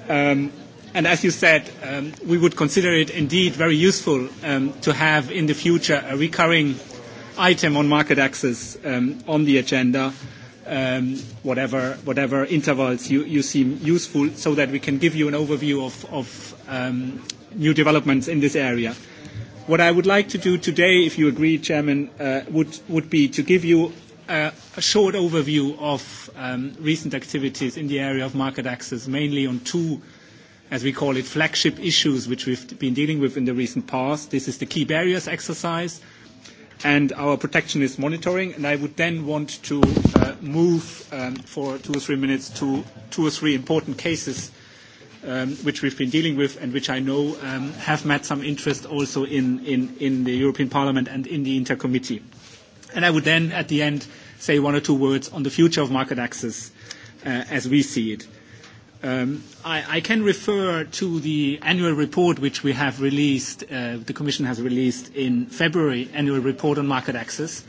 Um, And as you said, um, we would consider it indeed very useful um, to have in the future a recurring item on market access um, on the agenda, um, whatever, whatever intervals you, you seem useful, so that we can give you an overview of, of um, new developments in this area. What I would like to do today, if you agree, Chairman, uh, would, would be to give you a short overview of recent activities in the area of market access, mainly on two as we call it, flagship issues which we've been dealing with in the recent past. This is the key barriers exercise and our protectionist monitoring. I would then want to move for two or three minutes to two or three important cases which we've been dealing with and which I know have met some interest also in the European Parliament and in the Intercommittee. Committee. I would then, at the end, say one or two words on the future of market access as we see it. I can refer to the annual report which we have released, the Commission has released in February, annual report on market access,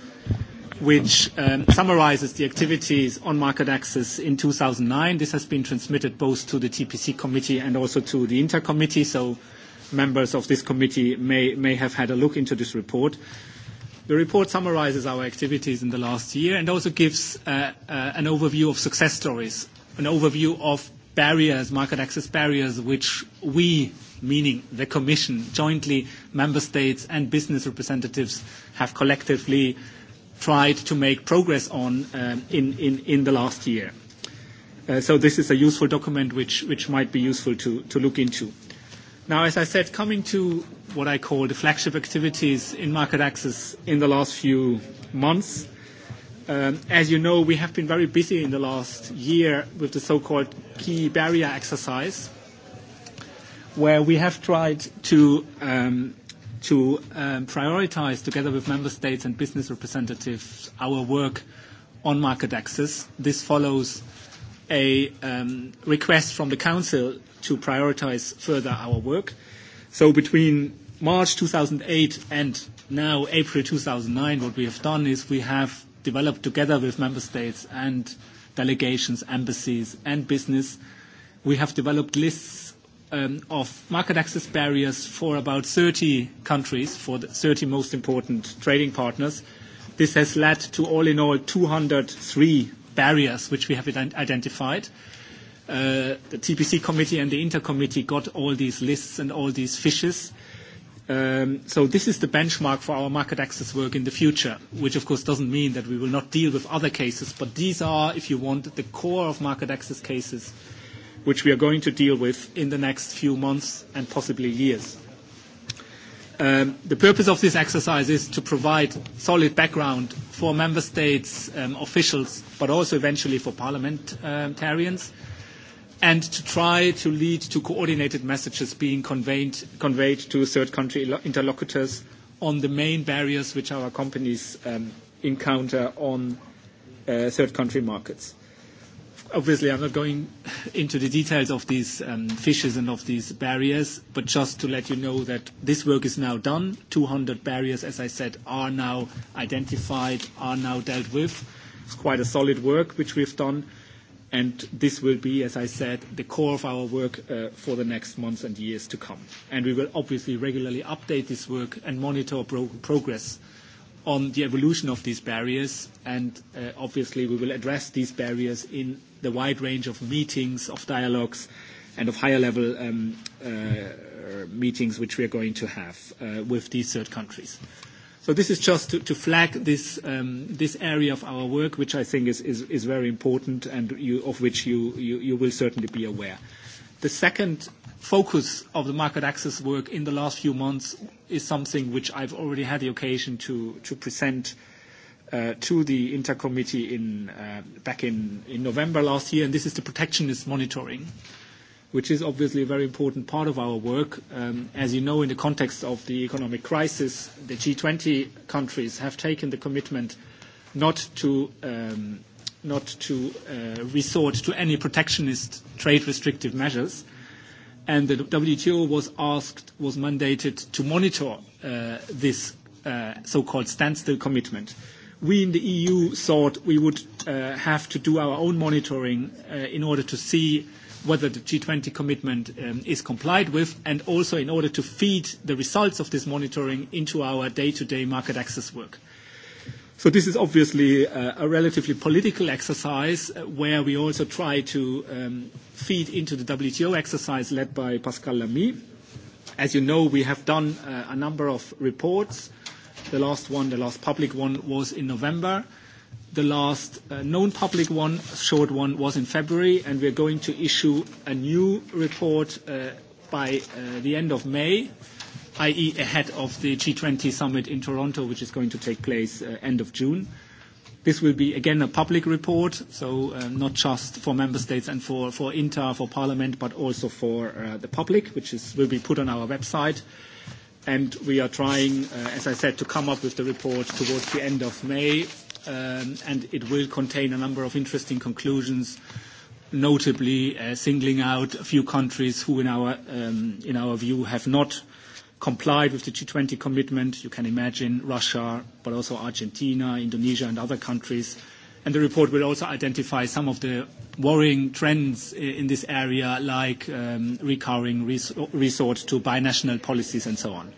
which summarises the activities on market access in 2009. This has been transmitted both to the TPC committee and also to the Inter committee, so members of this committee may have had a look into this report. The report summarises our activities in the last year and also gives an overview of success stories, an overview of barriers, market access barriers, which we, meaning the Commission, jointly, member states and business representatives, have collectively tried to make progress on in the last year. So this is a useful document which might be useful to look into. Now, as I said, coming to what I call the flagship activities in market access in the last few months, As you know, we have been very busy in the last year with the so-called key barrier exercise, where we have tried to prioritize, together with member states and business representatives, our work on market access. This follows a request from the Council to prioritize further our work. So between March 2008 and now April 2009, what we have done is we have developed together with member states and delegations, embassies, and business. We have developed lists of market access barriers for about 30 countries, for the 30 most important trading partners. This has led to all in all 203 barriers which we have identified. The TPC committee and the Inter committee got all these lists and all these fishes. So this is the benchmark for our market access work in the future, which of course doesn't mean that we will not deal with other cases, but these are, if you want, the core of market access cases, which we are going to deal with in the next few months and possibly years. The purpose of this exercise is to provide solid background for member states, officials, but also eventually for parliamentarians, and to try to lead to coordinated messages being conveyed, conveyed to third country interlocutors on the main barriers which our companies um, encounter on uh, third country markets. Obviously, I'm not going into the details of these um, fishes and of these barriers, but just to let you know that this work is now done. 200 barriers, as I said, are now identified, are now dealt with. It's quite a solid work which we've done and this will be, as I said, the core of our work for the next months and years to come. we will obviously regularly update this work and monitor progress on the evolution of these barriers, and obviously, we will address these barriers in the wide range of meetings, of dialogues, and of higher level meetings which we are going to have with these third countries. So this is just to, flag this, area of our work, which I think is, is, very important and of which you, will certainly be aware. The second focus of the market access work in the last few months is something which I've already had the occasion to, present to the inter Committee back in, November last year, and this is the protectionist monitoring which is obviously a very important part of our work. As you know, in the context of the economic crisis, the G20 countries have taken the commitment not to resort to any protectionist trade restrictive measures. and The WTO was asked, was mandated to monitor this so-called standstill commitment. We in the EU thought we would have to do our own monitoring in order to see whether the G20 commitment is complied with, and also in order to feed the results of this monitoring into our day-to-day market access work. So This is obviously a relatively political exercise where we also try to feed into the WTO exercise led by Pascal Lamy. As you know, we have done a number of reports. The last one, the last public one, was in November. The last known public one, short one, was in February, and we're going to issue a new report by the end of May, i.e., ahead of the G20 summit in Toronto, which is going to take place end of June. This will be, again, a public report, so not just for member states and for Inter, for parliament, but also for the public, which will be put on our website. And we are trying, as I said, to come up with the report towards the end of May, and it will contain a number of interesting conclusions, notably singling out a few countries who, in our view, have not complied with the G20 commitment. You can imagine Russia, but also Argentina, Indonesia, and other countries. And The report will also identify some of the worrying trends in this area, like recurring resort to binational policies and so on.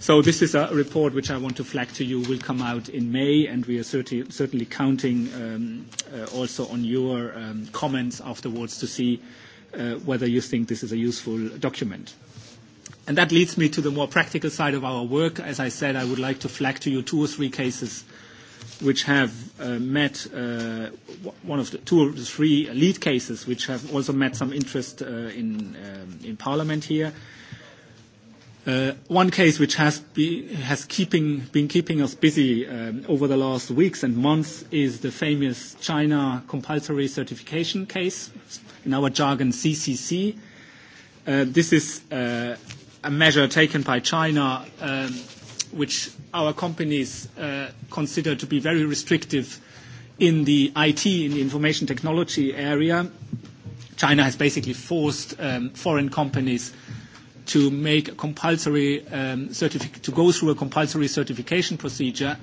So this is a report which I want to flag to you will come out in May, and we are certainly counting also on your comments afterwards to see whether you think this is a useful document. And that leads me to the more practical side of our work. As I said, I would like to flag to you two or three cases which have met one of the two or three lead cases, which have also met some interest in Parliament here. One case which has been keeping us busy over the last weeks and months is the famous China compulsory certification case, in our jargon, CCC. This is a measure taken by China, which our companies consider to be very restrictive in the IT, in the information technology area. China has basically forced foreign companies to make a compulsory certificate to go through a compulsory certification procedure,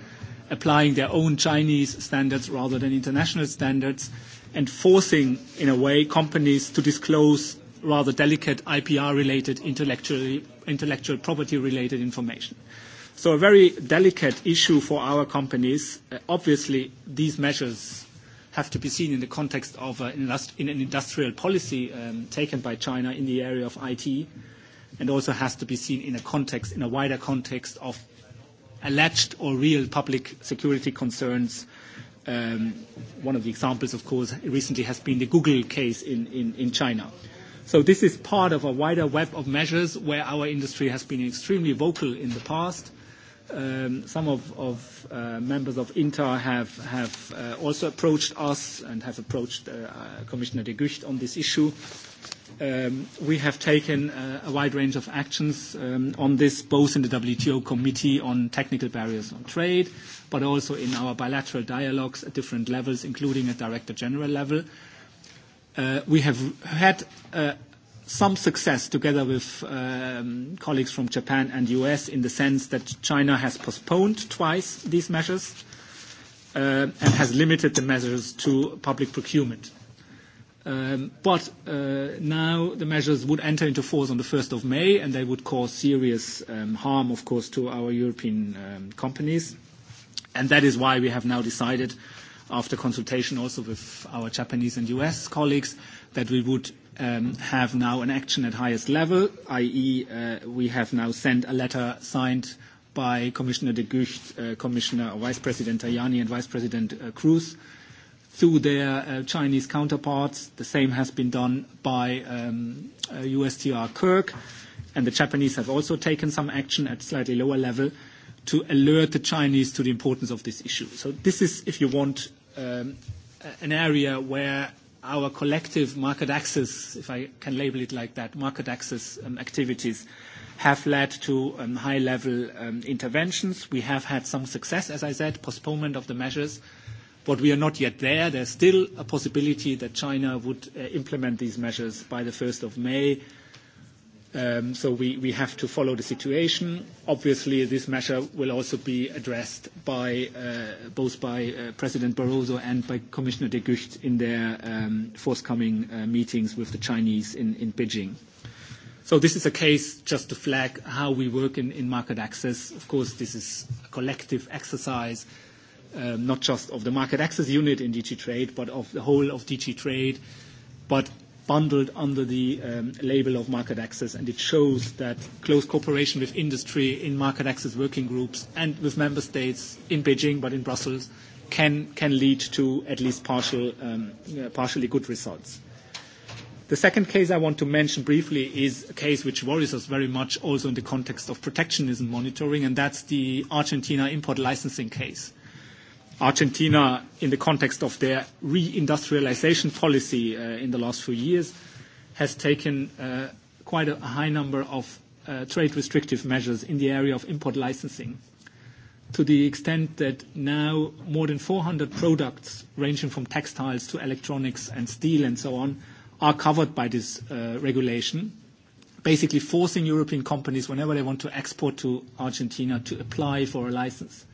applying their own Chinese standards rather than international standards, and forcing, in a way, companies to disclose rather delicate IPR-related intellectual, intellectual property-related information. So a very delicate issue for our companies. obviously, these measures have to be seen in the context of in an industrial policy taken by China in the area of IT and also has to be seen in a context, in a wider context of alleged or real public security concerns. One of the examples, of course, recently has been the Google case in China. So this is part of a wider web of measures where our industry has been extremely vocal in the past, um, some of, of uh, members of INTA have, have uh, also approached us and have approached uh, Commissioner de Gucht on this issue. Um, we have taken uh, a wide range of actions um, on this, both in the WTO Committee on Technical Barriers on Trade, but also in our bilateral dialogues at different levels, including at Director General level. Uh, we have had a some success together with colleagues from Japan and U.S. in the sense that China has postponed twice these measures and has limited the measures to public procurement. But now the measures would enter into force on the 1st of May, and they would cause serious harm, of course, to our European companies. And that is why we have now decided, after consultation also with our Japanese and U.S. colleagues, that we would have now an action at highest level, i.e., we have now sent a letter signed by Commissioner de Gucht, Commissioner or Vice President Tajani, and Vice President Cruz to their Chinese counterparts. The same has been done by USTR Kirk, and the Japanese have also taken some action at slightly lower level to alert the Chinese to the importance of this issue. So this is, if you want, an area where our collective market access, if I can label it like that, market access activities have led to high-level interventions. We have had some success, as I said, postponement of the measures, but we are not yet there. There's still a possibility that China would implement these measures by the 1st of May, So we have to follow the situation. Obviously, this measure will also be addressed by both by President Barroso and by Commissioner de Gucht in their forthcoming meetings with the Chinese in Beijing. So this is a case just to flag how we work in market access. Of course, this is a collective exercise, not just of the market access unit in DG Trade, but of the whole of DG Trade. But bundled under the um, label of market access, and it shows that close cooperation with industry in market access working groups and with member states in Beijing, but in Brussels, can, can lead to at least partial, um, uh, partially good results. The second case I want to mention briefly is a case which worries us very much also in the context of protectionism monitoring, and that's the Argentina import licensing case Argentina in the context of their re-industrialization policy in the last few years has taken quite a high number of trade restrictive measures in the area of import licensing to the extent that now more than 400 products ranging from textiles to electronics and steel and so on are covered by this regulation, basically forcing European companies, whenever they want to export to Argentina, to apply for a license.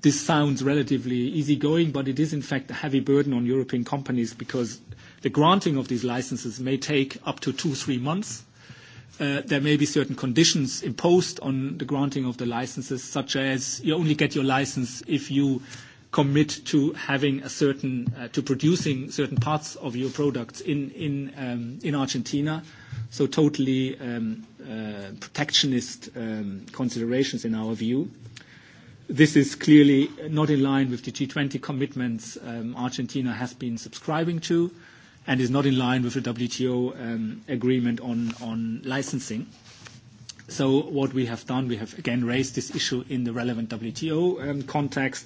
This sounds relatively easygoing, but it is in fact a heavy burden on European companies because the granting of these licenses may take up to two, three months. There may be certain conditions imposed on the granting of the licenses, such as you only get your license if you commit to having a certain to producing certain parts of your products in in Argentina. So totally protectionist considerations in our view. This is clearly not in line with the G20 commitments Argentina has been subscribing to and is not in line with the WTO agreement on licensing. So What we have done, we have again raised this issue in the relevant WTO context.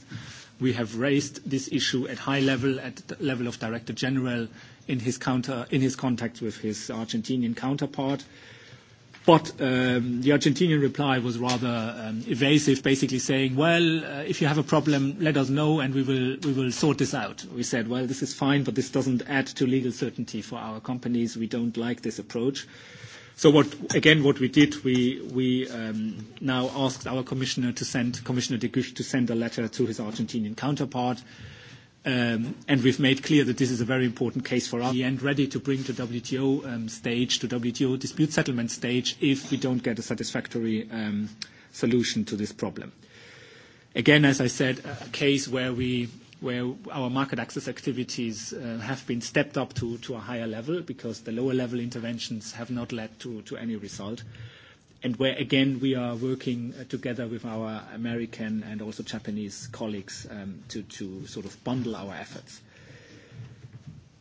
We have raised this issue at high level, at the level of Director General in his counter in his with his Argentinian counterpart. But the Argentinian reply was rather evasive, basically saying, "Well, if you have a problem, let us know, and we will we will sort this out." We said, "Well, this is fine, but this doesn't add to legal certainty for our companies. We don't like this approach." So what Again, what we did, we we um now asked our commissioner to send Commissioner de Gucht to send a letter to his Argentinian counterpart, And we've made clear that this is a very important case for us and ready to bring to WTO stage, to WTO dispute settlement stage, if we don't get a satisfactory solution to this problem. Again, as I said, a case where we where our market access activities have been stepped up to a higher level because the lower level interventions have not led to any result and where again we are working together with our American and also Japanese colleagues to sort of bundle our efforts.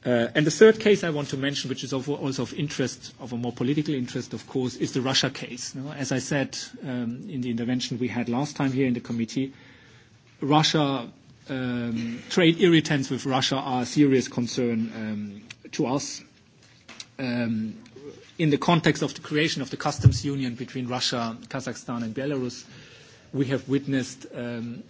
And the third case I want to mention, which is also of interest, of a more political interest, of course, is the Russia case. As I said in the intervention we had last time here in the committee, Russia trade irritants with Russia are a serious concern to us in the context of the creation of the customs union between Russia, Kazakhstan, and Belarus, we have witnessed an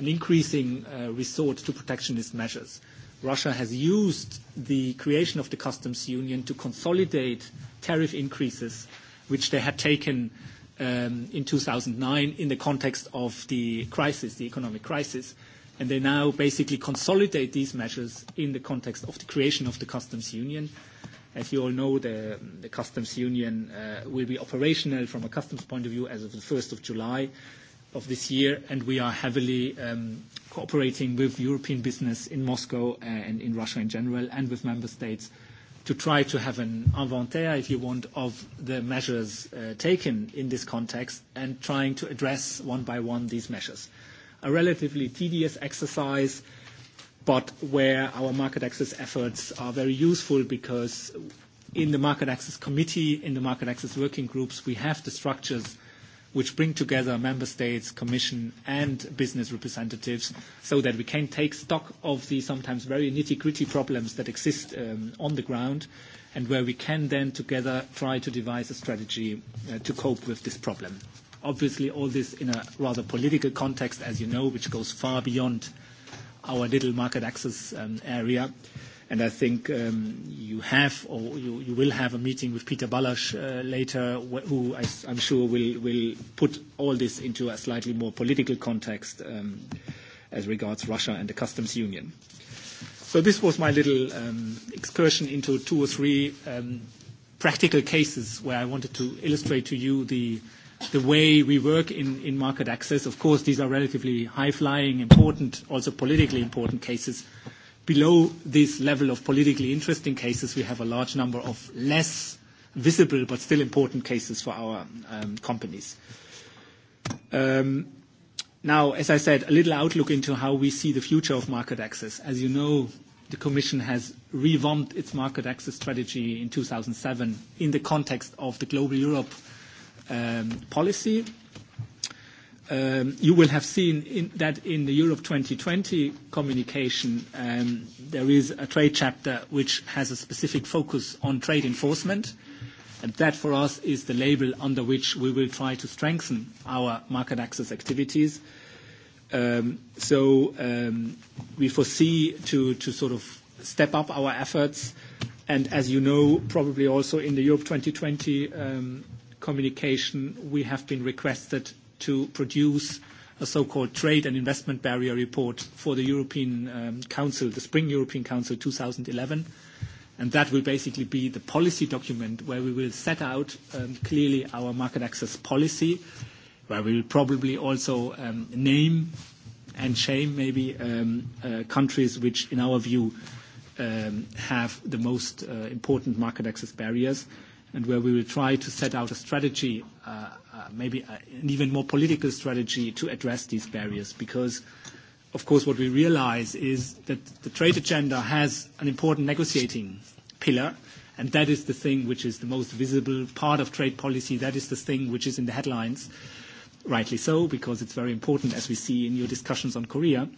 increasing resort to protectionist measures. Russia has used the creation of the customs union to consolidate tariff increases, which they had taken um, in 2009 in the context of the crisis, the economic crisis. And they now basically consolidate these measures in the context of the creation of the customs union. As you all know, the customs union will be operational from a customs point of view as of the 1st of July of this year, and we are heavily cooperating with European business in Moscow and in Russia in general, and with member states to try to have an inventaire, if you want, of the measures taken in this context and trying to address one by one these measures. A relatively tedious exercise, but where our market access efforts are very useful because in the market access committee, in the market access working groups, we have the structures which bring together member states, commission, and business representatives so that we can take stock of the sometimes very nitty-gritty problems that exist on the ground and where we can then together try to devise a strategy to cope with this problem. Obviously, all this in a rather political context, as you know, which goes far beyond uh, our little market access um, area. And I think um, you have or you, you will have a meeting with Peter Balash uh, later, who I, I'm sure will, will put all this into a slightly more political context as regards Russia and the customs union. So this was my little um, excursion into two or three um, practical cases where I wanted to illustrate to you the the way we work in, market access. Of course, these are relatively high-flying, important, also politically important cases. Below this level of politically interesting cases, we have a large number of less visible but still important cases for our companies. now, as I said, a little outlook into how we see the future of market access. As you know, the Commission has revamped its market access strategy in 2007 in the context of the Global Europe – policy. You will have seen that in the Europe 2020 communication, there is a trade chapter which has a specific focus on trade enforcement, and that for us is the label under which we will try to strengthen our market access activities. So, we foresee to sort of step up our efforts, and as you know, probably also in the Europe 2020 communication, we have been requested to produce a so-called trade and investment barrier report for the European Council, the Spring European Council 2011. And that will basically be the policy document where we will set out clearly our market access policy, where we will probably also name and shame maybe countries which, in our view, have the most important market access barriers and where we will try to set out a strategy, maybe an even more political strategy to address these barriers. Because, of course, what we realize is that the trade agenda has an important negotiating pillar, and that is the thing which is the most visible part of trade policy. That is the thing which is in the headlines, rightly so, because it's very important, as we see in your discussions on Korea.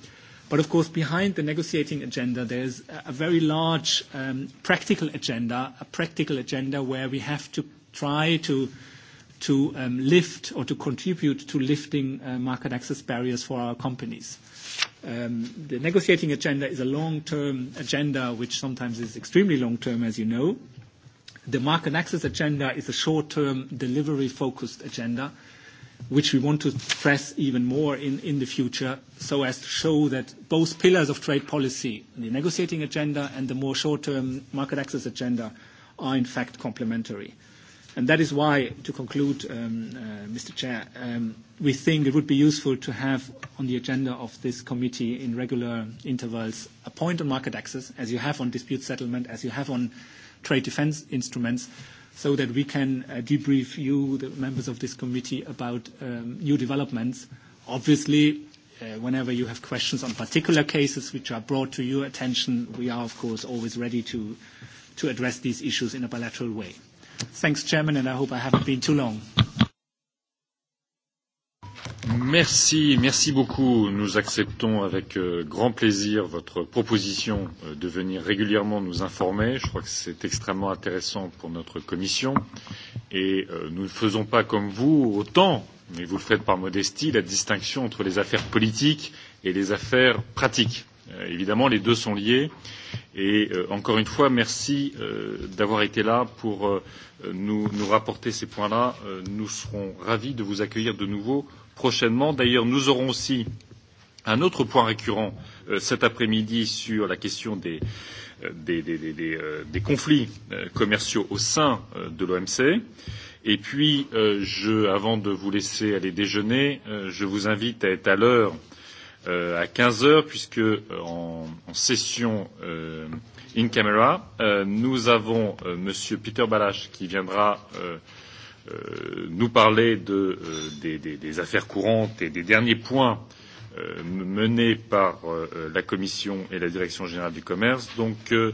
But of course, behind the negotiating agenda, there's a very large um, practical agenda, a practical agenda where we have to try to to um, lift or to contribute to lifting uh, market access barriers for our companies. Um, the negotiating agenda is a long-term agenda, which sometimes is extremely long-term, as you know. The market access agenda is a short-term delivery-focused agenda which we want to stress even more in the future, so as to show that both pillars of trade policy, the negotiating agenda and the more short-term market access agenda, are in fact complementary. And That is why, to conclude, Mr. Chair, we think it would be useful to have on the agenda of this committee in regular intervals a point on market access, as you have on dispute settlement, as you have on trade defense instruments, so that we can debrief you, the members of this committee, about new developments. Obviously, whenever you have questions on particular cases which are brought to your attention, we are, of course, always ready to address these issues in a bilateral way. Thanks, Chairman, and I hope I haven't been too long. Merci, merci beaucoup. Nous acceptons avec grand plaisir votre proposition de venir régulièrement nous informer. Je crois que c'est extrêmement intéressant pour notre commission. Et nous ne faisons pas comme vous autant, mais vous le faites par modestie, la distinction entre les affaires politiques et les affaires pratiques. évidemment, les deux sont liés. Et encore une fois, merci d'avoir été là pour nous, rapporter ces points-là. nous serons ravis de vous accueillir de nouveau prochainement. D'ailleurs, nous aurons aussi un autre point récurrent cet après-midi sur la question des, des, des, des, des, euh, des conflits euh, commerciaux au sein euh, de l'OMC. Et puis, euh, je, avant de vous laisser aller déjeuner, euh, je vous invite à être à l'heure euh, à 15 heures, puisque en, en session euh, in camera, euh, nous avons euh, Monsieur Peter Balash qui viendra euh, nous parler de, euh, des, des, des affaires courantes et des derniers points euh, menés par euh, la Commission et la Direction générale du commerce. Donc, euh,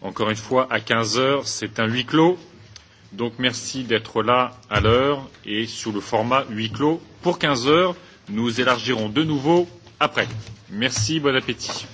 encore une fois, à 15 heures, c'est un huis clos. Donc, merci d'être là à l'heure et sous le format huis clos pour 15 heures. Nous élargirons de nouveau après. Merci, bon appétit.